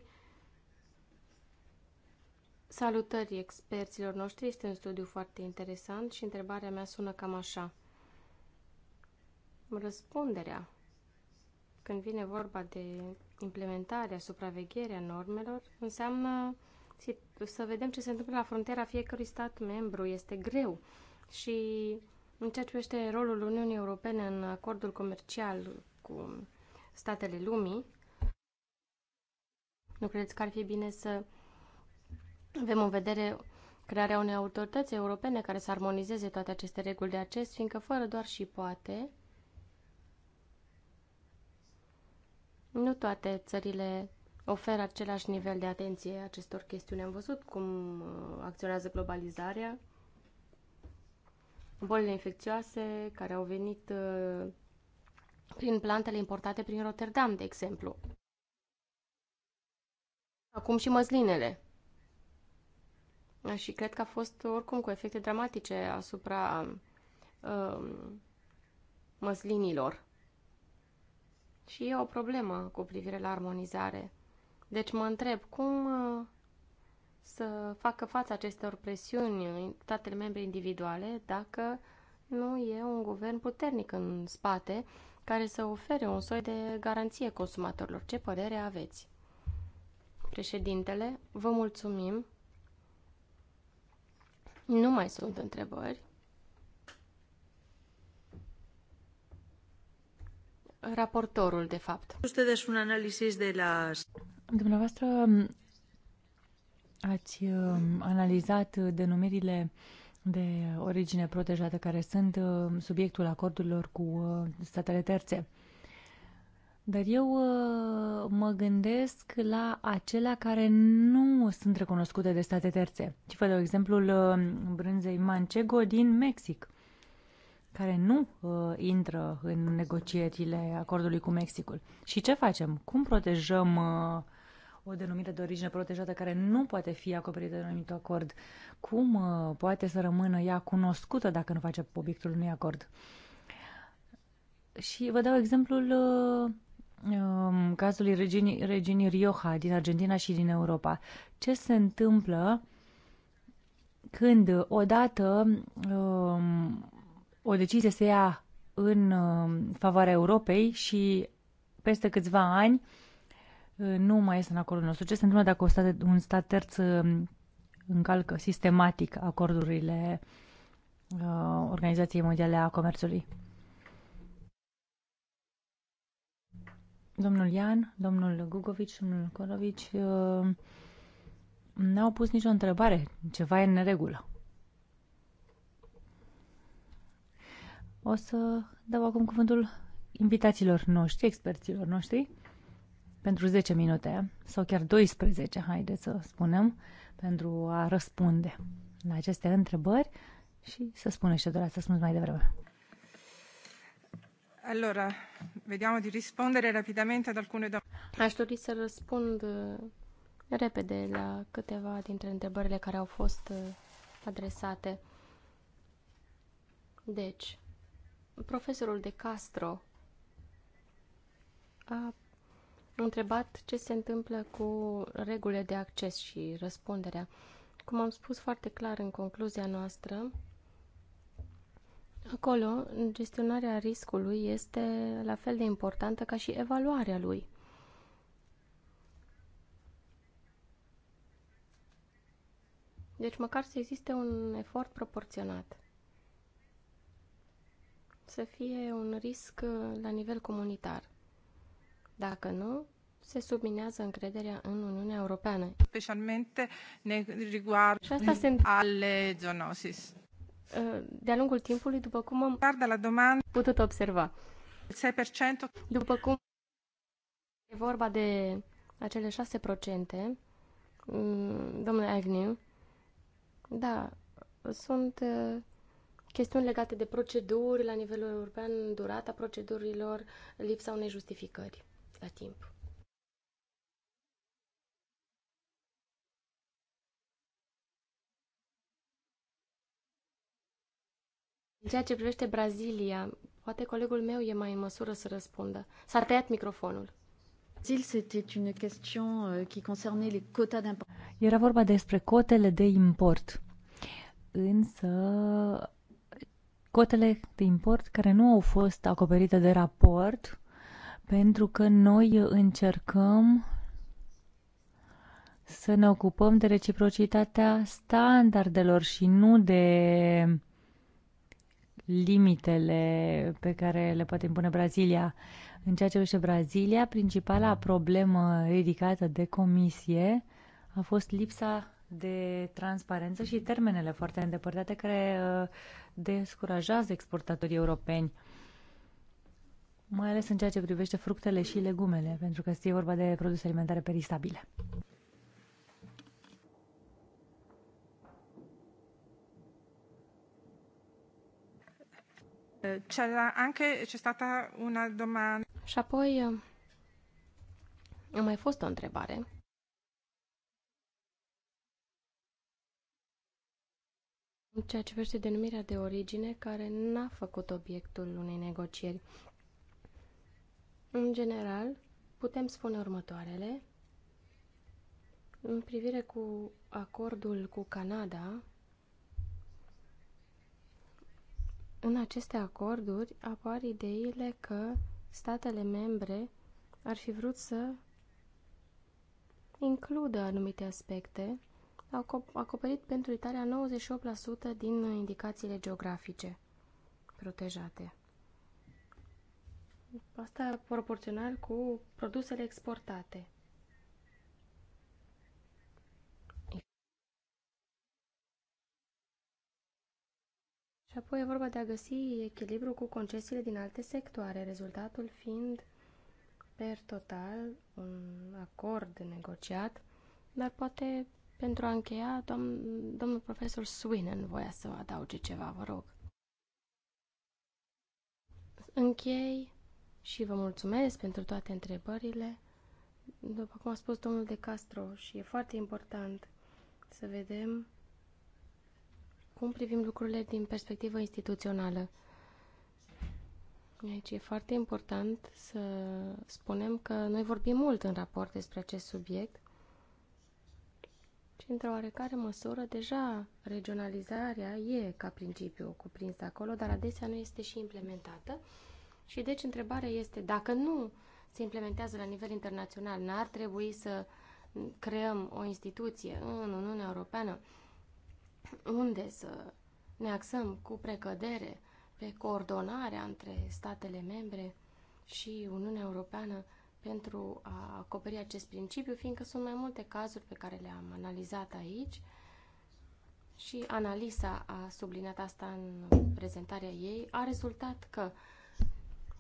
Salutări experților noștri, este un studiu foarte interesant și întrebarea mea sună cam așa răspunderea când vine vorba de implementarea, supravegherea normelor, înseamnă să vedem ce se întâmplă la frontiera fiecărui stat membru. Este greu și în ceea ce privește rolul Uniunii Europene în acordul comercial cu statele lumii, nu credeți că ar fi bine să avem în vedere crearea unei autorități europene care să armonizeze toate aceste reguli de acest, fiindcă fără doar și poate, Nu toate țările oferă același nivel de atenție acestor chestiuni. Am văzut cum uh, acționează globalizarea, bolile infecțioase care au venit uh, prin plantele importate prin Rotterdam, de exemplu. Acum și măslinele. Și cred că a fost oricum cu efecte dramatice asupra um, măslinilor. Și e o problemă cu privire la armonizare. Deci mă întreb cum uh, să facă față acestor presiuni statele membre individuale dacă nu e un guvern puternic în spate care să ofere un soi de garanție consumatorilor. Ce părere aveți? Președintele, vă mulțumim. Nu mai sunt întrebări. raportorul, de fapt. Ustedes un análisis de las...
Dumneavoastră um, ați um, analizat denumirile de origine protejată care sunt um, subiectul acordurilor cu uh, statele terțe. Dar eu uh, mă gândesc la acelea care nu sunt recunoscute de state terțe. Cifă vă dau exemplul brânzei Manchego din Mexic care nu uh, intră în negocierile acordului cu Mexicul. Și ce facem? Cum protejăm uh, o denumire de origine protejată care nu poate fi acoperită de anumit acord? Cum uh, poate să rămână ea cunoscută dacă nu face obiectul unui acord? Și vă dau exemplul uh, um, cazului reginii, reginii Rioja din Argentina și din Europa. Ce se întâmplă când odată um, o decizie se ia în uh, favoarea Europei și peste câțiva ani uh, nu mai este în acordul nostru. Ce se întâmplă dacă o stat, un stat terț uh, încalcă sistematic acordurile Organizației Mondiale a Comerțului? Domnul Ian, domnul Gugovici, domnul Korovici n-au pus nicio întrebare. Ceva e în neregulă. O să dau acum cuvântul invitațiilor noștri, experților noștri, pentru 10 minute sau chiar 12, haideți să spunem, pentru a răspunde la aceste întrebări și să spună ce doreați să spun mai devreme.
Allora, vediamo di rispondere rapidamente ad alcune domande.
Aș dori să răspund uh, repede la câteva dintre întrebările care au fost uh, adresate. Deci, profesorul de Castro a întrebat ce se întâmplă cu regulile de acces și răspunderea. Cum am spus foarte clar în concluzia noastră, acolo gestionarea riscului este la fel de importantă ca și evaluarea lui. Deci măcar să existe un efort proporționat să fie un risc uh, la nivel comunitar. Dacă nu, se subminează încrederea în Uniunea Europeană. Specialmente ne riguard și asta se... ale zoonosis. Uh, de-a lungul timpului, după cum am la domand... putut observa. 6%. După cum e vorba de acele 6%, mm, domnule Agnew, da, sunt uh, chestiuni legate de proceduri la nivelul european, durata procedurilor, lipsa unei justificări la timp. În ceea ce privește Brazilia, poate colegul meu e mai în măsură să răspundă. S-a tăiat microfonul.
Euh,
Era vorba despre cotele de import. Însă cotele de import care nu au fost acoperite de raport, pentru că noi încercăm să ne ocupăm de reciprocitatea standardelor și nu de limitele pe care le poate impune Brazilia. În ceea ce privește Brazilia, principala problemă ridicată de comisie a fost lipsa de transparență și termenele foarte îndepărtate care uh, descurajează exportatorii europeni, mai ales în ceea ce privește fructele și legumele, pentru că este vorba de produse alimentare peristabile.
anche, c'è stata una domanda. Și apoi uh, a mai fost o întrebare ceea ce vește denumirea de origine, care n-a făcut obiectul unei negocieri. În general, putem spune următoarele. În privire cu acordul cu Canada, în aceste acorduri apar ideile că statele membre ar fi vrut să includă anumite aspecte au acoperit pentru Italia 98% din indicațiile geografice protejate. Asta proporțional cu produsele exportate. Și apoi e vorba de a găsi echilibru cu concesiile din alte sectoare, rezultatul fiind, per total, un acord negociat, dar poate pentru a încheia, domn, domnul profesor Swinen voia să adauge ceva, vă rog. Închei și vă mulțumesc pentru toate întrebările. După cum a spus domnul De Castro, și e foarte important să vedem cum privim lucrurile din perspectivă instituțională. Deci e foarte important să spunem că noi vorbim mult în raport despre acest subiect într-o oarecare măsură, deja regionalizarea e ca principiu cuprinsă acolo, dar adesea nu este și implementată. Și deci întrebarea este, dacă nu se implementează la nivel internațional, n-ar trebui să creăm o instituție în Uniunea Europeană unde să ne axăm cu precădere pe coordonarea între statele membre și Uniunea Europeană pentru a acoperi acest principiu, fiindcă sunt mai multe cazuri pe care le-am analizat aici și analiza a subliniat asta în prezentarea ei, a rezultat că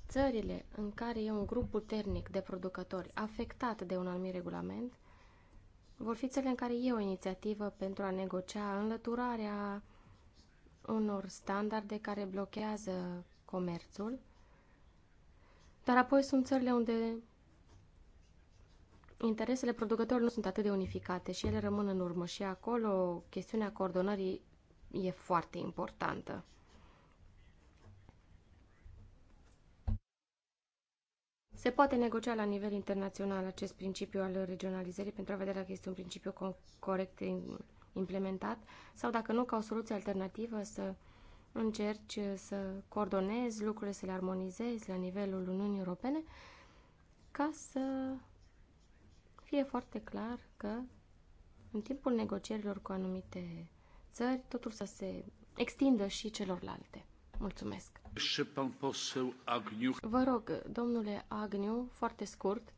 țările în care e un grup puternic de producători afectat de un anumit regulament vor fi țările în care e o inițiativă pentru a negocia înlăturarea unor standarde care blochează comerțul, dar apoi sunt țările unde interesele producătorilor nu sunt atât de unificate și ele rămân în urmă și acolo chestiunea coordonării e foarte importantă. Se poate negocia la nivel internațional acest principiu al regionalizării pentru a vedea dacă este un principiu corect implementat sau dacă nu, ca o soluție alternativă să încerci să coordonezi lucrurile, să le armonizezi la nivelul Uniunii Europene ca să fie foarte clar că în timpul negocierilor cu anumite țări, totul să se extindă și celorlalte. Mulțumesc. Vă rog, domnule Agniu, foarte scurt,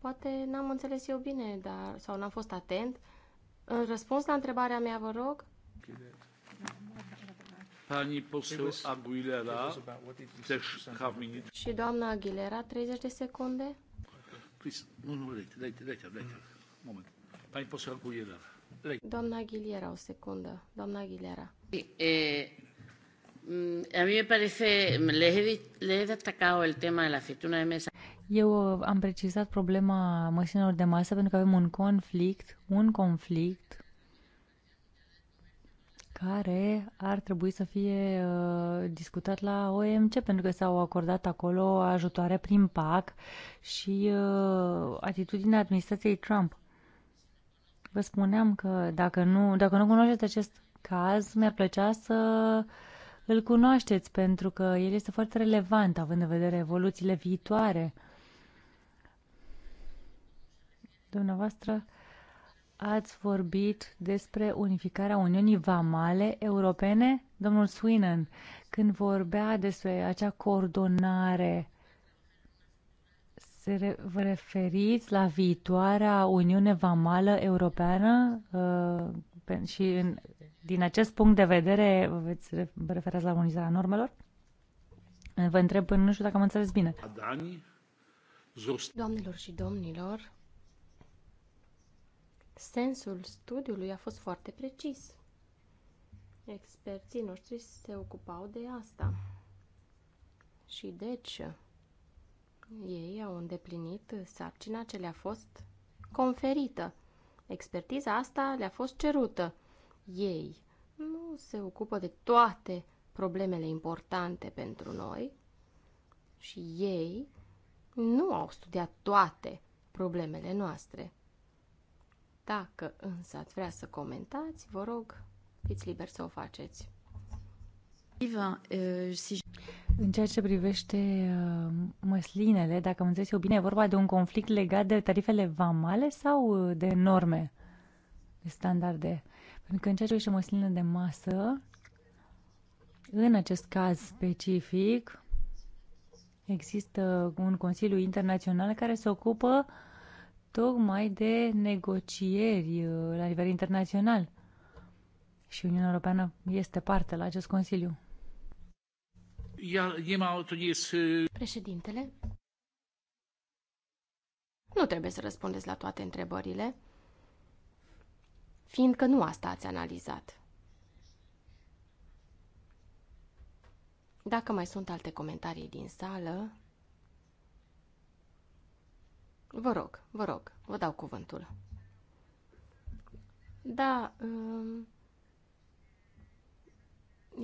poate n-am înțeles eu bine dar, sau n-am fost atent. În răspuns la întrebarea mea, vă rog.
Pani poseł Aguilera, też minute.
Și doamna Aguilera, 30 de secunde.
Please, nu, mm. Moment. Aguilera.
Doamna Aguilera, o secundă. Doamna Aguilera. Eh, mm, a mí me parece, le he, les he destacado el tema de la aceituna de mesa.
Eu eh, am precizat problema măsinilor de masă pentru că avem un conflict, un conflict care ar trebui să fie uh, discutat la OMC, pentru că s-au acordat acolo ajutoare prin PAC și uh, atitudinea administrației Trump. Vă spuneam că dacă nu, dacă nu cunoașteți acest caz, mi-ar plăcea să îl cunoașteți, pentru că el este foarte relevant, având în vedere evoluțiile viitoare. Dumneavoastră, ați vorbit despre unificarea Uniunii Vamale Europene, domnul Swinen, când vorbea despre acea coordonare se re- vă referiți la viitoarea Uniune Vamală Europeană uh, și în, din acest punct de vedere vă veți vă referați la armonizarea normelor? Vă întreb, nu știu dacă am înțeles bine.
Doamnelor și domnilor, Sensul studiului a fost foarte precis. Experții noștri se ocupau de asta. Și deci, ei au îndeplinit sarcina ce le-a fost conferită. Expertiza asta le-a fost cerută. Ei nu se ocupă de toate problemele importante pentru noi și ei nu au studiat toate problemele noastre. Dacă însă ați vrea să comentați, vă rog, fiți liber să o faceți.
Uh, în ceea ce privește uh, măslinele, dacă am înțeles eu bine, e vorba de un conflict legat de tarifele vamale sau uh, de norme, de standarde? Pentru că în ceea ce privește măsline de masă, în acest caz specific, există un Consiliu Internațional care se ocupă uh, tocmai de negocieri uh, la nivel internațional. Și Uniunea Europeană este parte la acest Consiliu.
Președintele, nu trebuie să răspundeți la toate întrebările, fiindcă nu asta ați analizat. Dacă mai sunt alte comentarii din sală, Vă rog, vă rog, vă dau cuvântul. Da, um,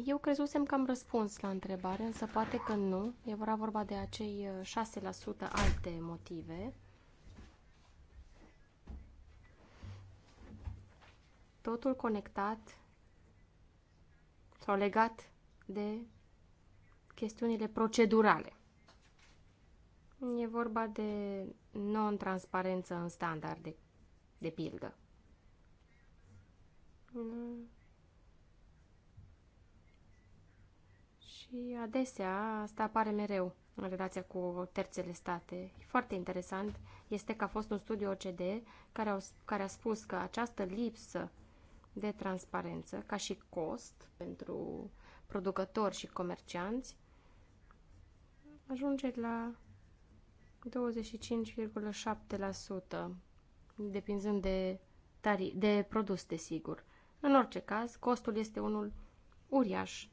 eu crezusem că am răspuns la întrebare, însă poate că nu. E vorba de acei 6% uh, alte motive. Totul conectat sau legat de chestiunile procedurale. E vorba de non-transparență în standarde, de pildă. Și adesea asta apare mereu în relația cu terțele state. E foarte interesant este că a fost un studiu OCD care, au, care a spus că această lipsă de transparență, ca și cost pentru producători și comercianți, ajunge la 25,7%, depinzând de, tari- de produs, desigur. În orice caz, costul este unul uriaș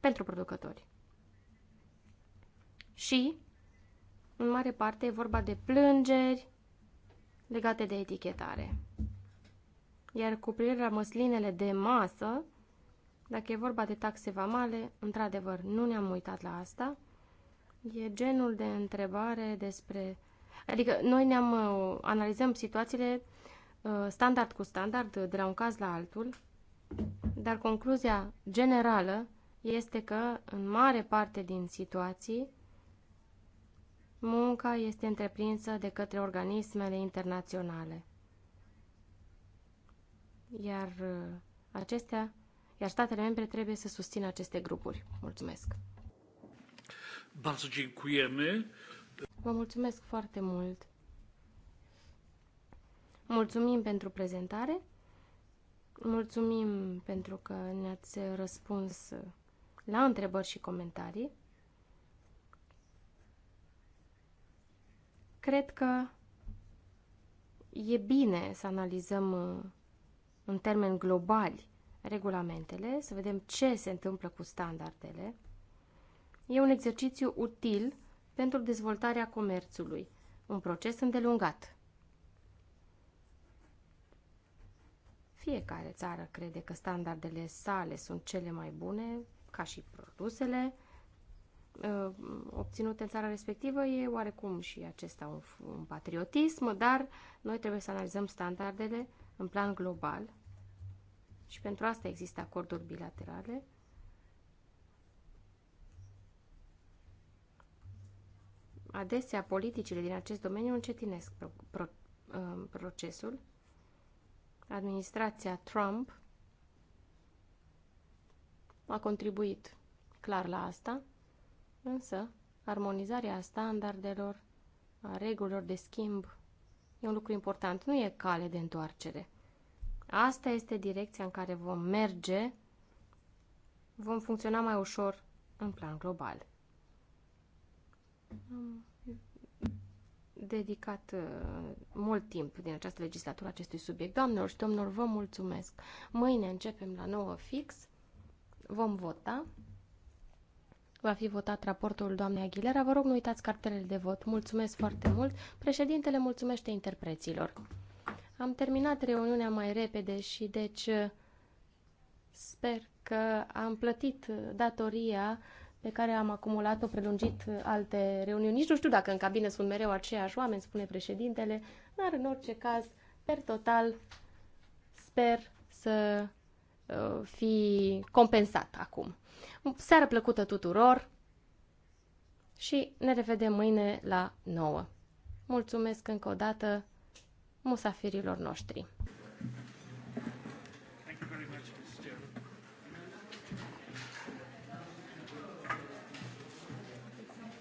pentru producători. Și, în mare parte, e vorba de plângeri legate de etichetare. Iar cu privire la măslinele de masă, dacă e vorba de taxe vamale, într-adevăr, nu ne-am uitat la asta, E genul de întrebare despre... Adică noi ne-am uh, analizăm situațiile uh, standard cu standard, de la un caz la altul, dar concluzia generală este că, în mare parte din situații, munca este întreprinsă de către organismele internaționale. Iar uh, acestea, iar statele membre trebuie să susțină aceste grupuri. Mulțumesc!
Bardzo dziękujemy.
Vă mulțumesc foarte mult. Mulțumim pentru prezentare. Mulțumim pentru că ne-ați răspuns la întrebări și comentarii. Cred că e bine să analizăm în termeni globali regulamentele, să vedem ce se întâmplă cu standardele E un exercițiu util pentru dezvoltarea comerțului, un proces îndelungat. Fiecare țară crede că standardele sale sunt cele mai bune, ca și produsele ă, obținute în țara respectivă, e oarecum și acesta un, un patriotism, dar noi trebuie să analizăm standardele în plan global și pentru asta există acorduri bilaterale Adesea, politicile din acest domeniu încetinesc pro, pro, uh, procesul. Administrația Trump a contribuit clar la asta, însă armonizarea standardelor, a regulilor de schimb, e un lucru important. Nu e cale de întoarcere. Asta este direcția în care vom merge, vom funcționa mai ușor în plan global. Am dedicat uh, mult timp din această legislatură acestui subiect. Doamnelor și domnilor, vă mulțumesc. Mâine începem la nouă fix. Vom vota. Va fi votat raportul doamnei Aguilera. Vă rog, nu uitați cartelele de vot. Mulțumesc foarte mult. Președintele mulțumește interpreților. Am terminat reuniunea mai repede și deci sper că am plătit datoria pe care am acumulat-o prelungit uh, alte reuniuni. Nici nu știu dacă în cabine sunt mereu aceiași oameni, spune președintele, dar în orice caz, per total, sper să uh, fi compensat acum. Seară plăcută tuturor și ne revedem mâine la 9. Mulțumesc încă o dată musafirilor noștri.